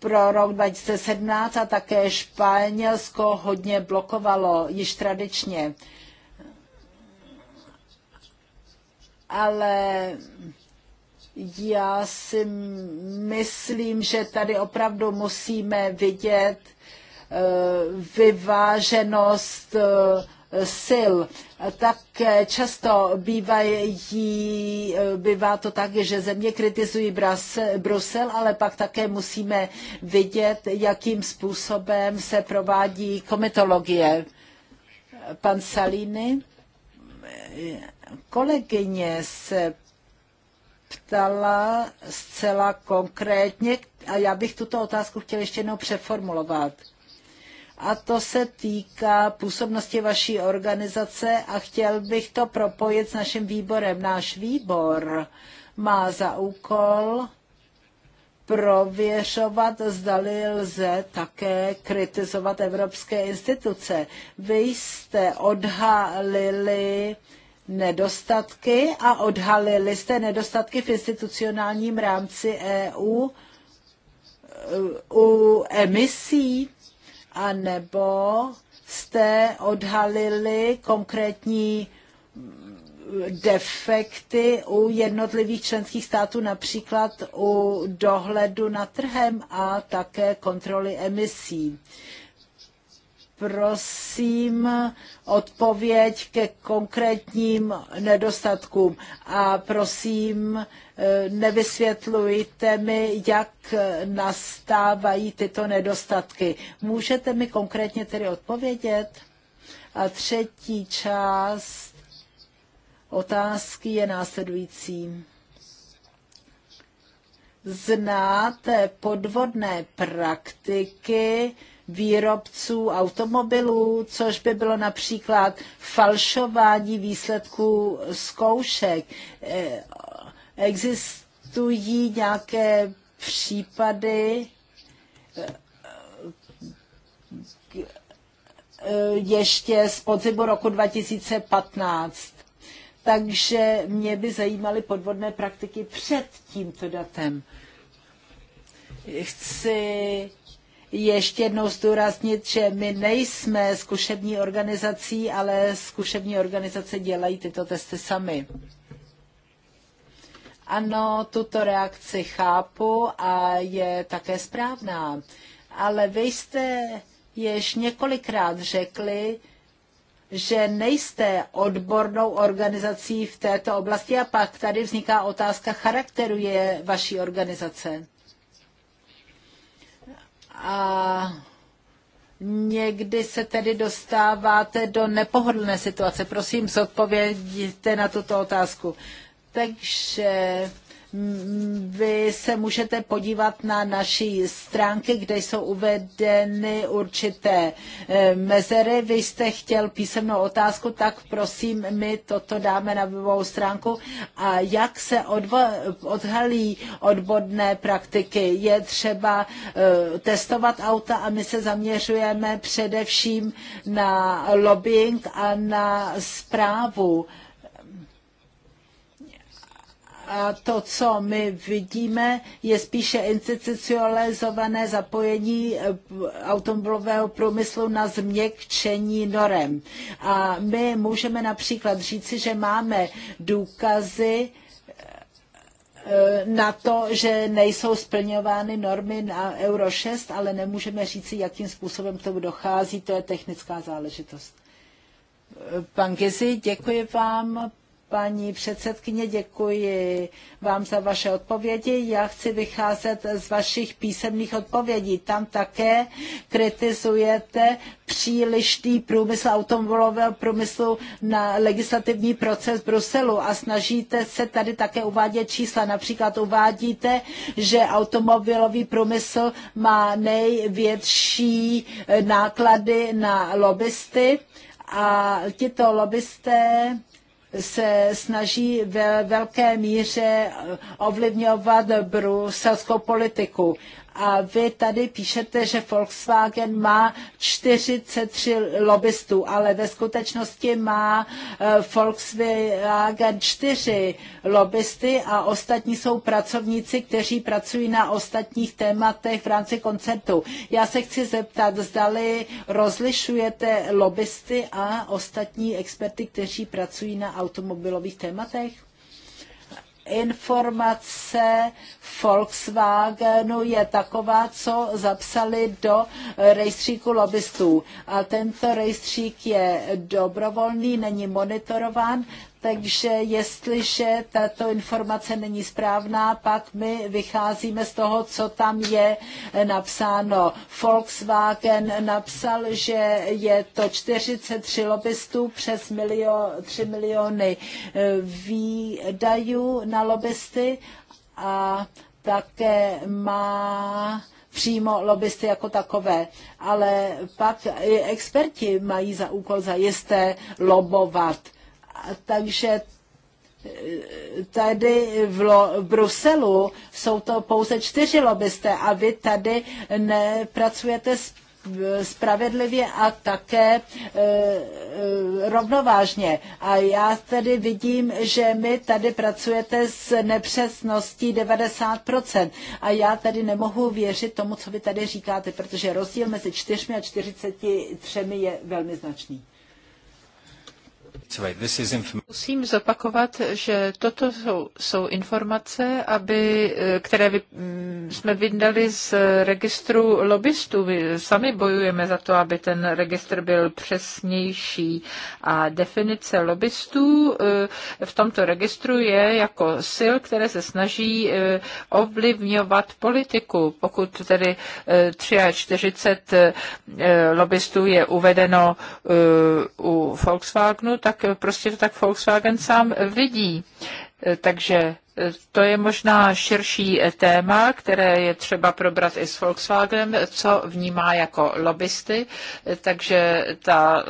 pro rok 2017 a také Španělsko hodně blokovalo již tradičně. Ale já si myslím, že tady opravdu musíme vidět eh, vyváženost eh, sil, tak často bývají, bývá to tak, že země kritizují Brusel, ale pak také musíme vidět, jakým způsobem se provádí komitologie. Pan Salini, kolegyně se ptala zcela konkrétně a já bych tuto otázku chtěl ještě jednou přeformulovat a to se týká působnosti vaší organizace a chtěl bych to propojit s naším výborem. Náš výbor má za úkol prověřovat, zdali lze také kritizovat evropské instituce. Vy jste odhalili nedostatky a odhalili jste nedostatky v institucionálním rámci EU e, u emisí anebo jste odhalili konkrétní defekty u jednotlivých členských států, například u dohledu na trhem a také kontroly emisí prosím odpověď ke konkrétním nedostatkům a prosím eh, nevysvětlujte mi, jak nastávají tyto nedostatky. Můžete mi konkrétně tedy odpovědět? A třetí část otázky je následující. Znáte podvodné praktiky, výrobců automobilů, což by bylo například falšování výsledků zkoušek. Eh, existují nějaké případy, eh, ještě z podzimu roku 2015. Takže mě by zajímaly podvodné praktiky před tímto datem. Chci ještě jednou zdůraznit, že my nejsme zkušební organizací, ale zkušební organizace dělají tyto testy sami. Ano, tuto reakci chápu a je také správná. Ale vy jste již několikrát řekli, že nejste odbornou organizací v této oblasti a pak tady vzniká otázka charakteru je vaší organizace. A někdy se tedy dostáváte do nepohodlné situace. Prosím, zodpověděte na tuto otázku. Takže vy se můžete podívat na naší stránky, kde jsou uvedeny určité eh, mezery. Vy jste chtěl písemnou otázku, tak prosím, my toto dáme na webovou stránku. A jak se odhalí odbodné praktiky? Je třeba eh, testovat auta a my se zaměřujeme především na lobbying a na zprávu. A to, co my vidíme, je spíše institucionalizované zapojení eh, automobilového průmyslu na změkčení norem. A my můžeme například říci, že máme důkazy, eh, na to, že nejsou splňovány normy na Euro 6, ale nemůžeme říci, jakým způsobem k tomu dochází, to je technická záležitost. Eh, pan Gezi, děkuji vám. Paní předsedkyně, děkuji vám za vaše odpovědi. Já chci vycházet z vašich písemných odpovědí. Tam také kritizujete přílišný průmysl automobilového průmyslu na legislativní proces Bruselu a snažíte se tady také uvádět čísla. Například uvádíte, že automobilový průmysl má největší náklady na lobbysty a tito lobbysté se snaží ve velké míře ovlivňovat bruselskou politiku a vy tady píšete, že Volkswagen má 43 lobbystů, ale ve skutečnosti má eh, Volkswagen 4 lobbysty a ostatní jsou pracovníci, kteří pracují na ostatních tématech v rámci koncertu. Já se chci zeptat, zdali rozlišujete lobbysty a ostatní experty, kteří pracují na automobilových tématech? informace Volkswagenu je taková, co zapsali do rejstříku lobbystů. A tento rejstřík je dobrovolný, není monitorován, takže jestliže tato informace není správná, pak my vycházíme z toho, co tam je napsáno. Volkswagen napsal, že je to 43 lobbystů přes milio, 3 miliony eh, výdajů na lobbysty a také má přímo lobbysty jako takové, ale pak i experti mají za úkol zajisté lobovat takže eh, tady v, Lo, v Bruselu jsou to pouze čtyři lobbyste a vy tady nepracujete s spravedlivě a také e, e, rovnovážně. A já tedy vidím, že my tady pracujete s nepřesností 90%. A já tady nemohu věřit tomu, co vy tady říkáte, protože rozdíl mezi 4 a 43 je velmi značný. Musím zopakovat, že toto jsou, jsou informace, aby, eh, které vy, mm, jsme vydali z registru lobbystů. My sami bojujeme za to, aby ten registr byl přesnější. A definice lobbystů eh, v tomto registru je jako sil, které se snaží eh, ovlivňovat politiku. Pokud tedy 43 lobbystů je uvedeno u Volkswagenu, tak tak eh, prostě to tak Volkswagen sám eh, vidí. Eh, takže to je možná širší téma, které je třeba probrat i s Volkswagenem, co vnímá jako lobbysty, takže ta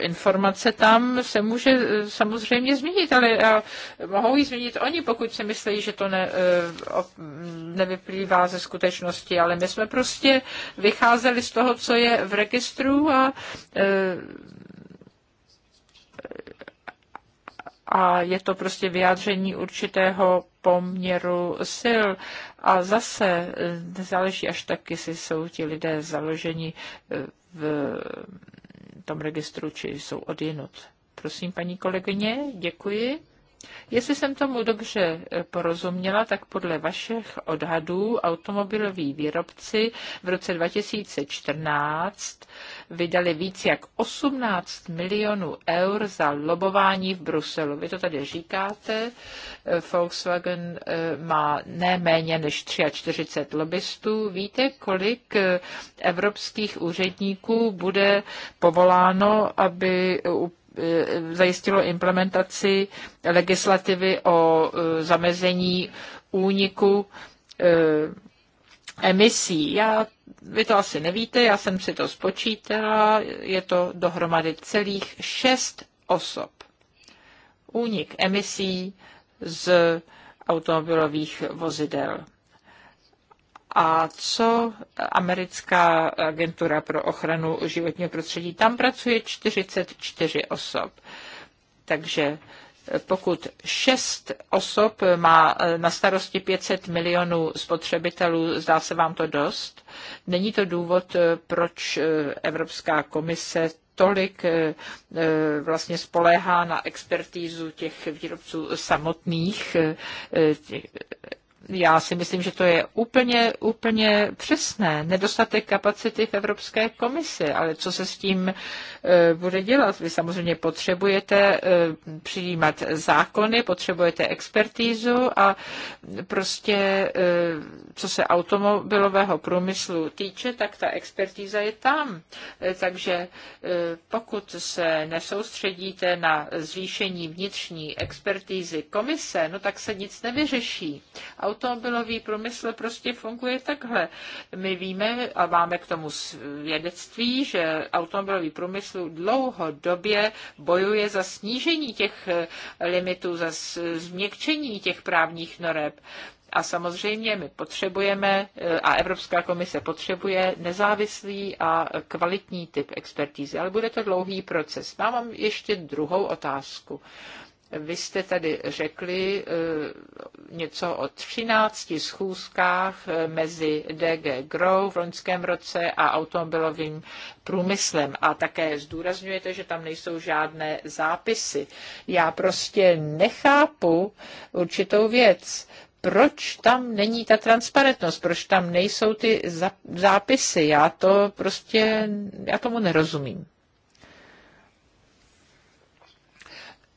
informace tam se může samozřejmě změnit, ale mohou ji změnit oni, pokud si myslí, že to ne, nevyplývá ze skutečnosti, ale my jsme prostě vycházeli z toho, co je v registru a a je to prostě vyjádření určitého poměru sil. A zase nezáleží eh, až tak, jestli jsou ti lidé založeni eh, v tom registru, či jsou odjinut. Prosím, paní kolegyně, děkuji. Jestli jsem tomu dobře porozuměla, tak podle vašich odhadů automobiloví výrobci v roce 2014 vydali víc jak 18 milionů eur za lobování v Bruselu. Vy to tady říkáte, Volkswagen eh, má neméně než 43 lobbystů. Víte, kolik eh, evropských úředníků bude povoláno, aby Eh, zajistilo implementaci legislativy o eh, zamezení úniku eh, emisí. Já, vy to asi nevíte, já jsem si to spočítala, je to dohromady celých šest osob. Únik emisí z automobilových vozidel a co americká agentura pro ochranu životního prostředí. Tam pracuje 44 osob. Takže pokud šest osob má na starosti 500 milionů spotřebitelů, zdá se vám to dost? Není to důvod, proč Evropská komise tolik eh, vlastně spoléhá na expertízu těch výrobců samotných, eh, těch já si myslím, že to je úplně, úplně přesné. Nedostatek kapacity v Evropské komisi, ale co se s tím e, bude dělat? Vy samozřejmě potřebujete e, přijímat zákony, potřebujete expertízu a prostě, e, co se automobilového průmyslu týče, tak ta expertíza je tam. Takže pokud se nesoustředíte na zvýšení vnitřní expertízy komise, no tak se nic nevyřeší automobilový průmysl prostě funguje takhle. My víme a máme k tomu svědectví, že automobilový průmysl dlouhodobě bojuje za snížení těch eh, limitů, za změkčení těch právních noreb. A samozřejmě my potřebujeme, eh, a Evropská komise potřebuje, nezávislý a kvalitní typ expertízy. Ale bude to dlouhý proces. Mám vám ještě druhou otázku. Vy jste tady řekli eh, něco o 13 schůzkách eh, mezi DG Grow v loňském roce a automobilovým průmyslem a také zdůrazňujete, že tam nejsou žádné zápisy. Já prostě nechápu určitou věc proč tam není ta transparentnost, proč tam nejsou ty zápisy. Já to prostě, já tomu nerozumím.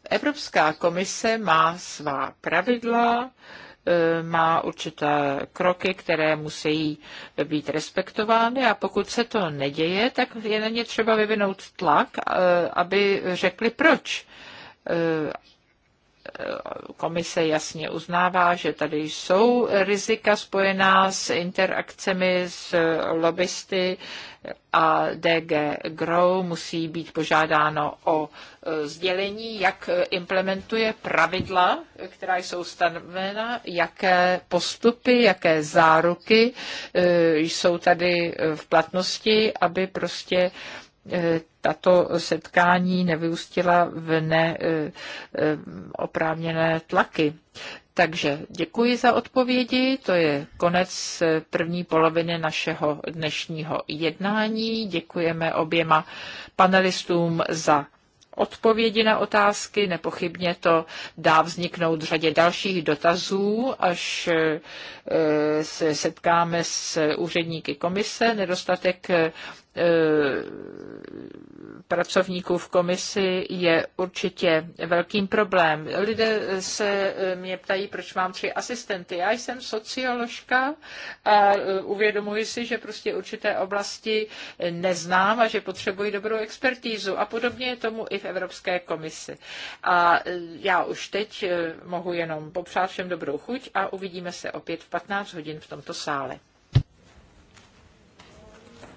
Evropská komise má svá pravidla, eh, má určité kroky, které musí být respektovány a pokud se to neděje, tak je na ně třeba vyvinout tlak, eh, aby řekli proč eh, komise jasně uznává, že tady jsou rizika spojená s interakcemi s lobbysty a DG Grow musí být požádáno o e, sdělení, jak implementuje pravidla, která jsou stanovena, jaké postupy, jaké záruky e, jsou tady v platnosti, aby prostě e, tato setkání nevyústila v neoprávněné e, e, tlaky. Takže děkuji za odpovědi. To je konec první poloviny našeho dnešního jednání. Děkujeme oběma panelistům za odpovědi na otázky. Nepochybně to dá vzniknout řadě dalších dotazů, až e, se setkáme s úředníky komise. Nedostatek Eh, pracovníků v komisi je určitě velkým problém. Lidé se eh, mě ptají, proč mám tři asistenty. Já jsem socioložka a eh, uvědomuji si, že prostě určité oblasti neznám a že potřebuji dobrou expertízu. A podobně je tomu i v Evropské komisi. A já už teď mohu jenom popřát všem dobrou chuť a uvidíme se opět v 15 hodin v tomto sále.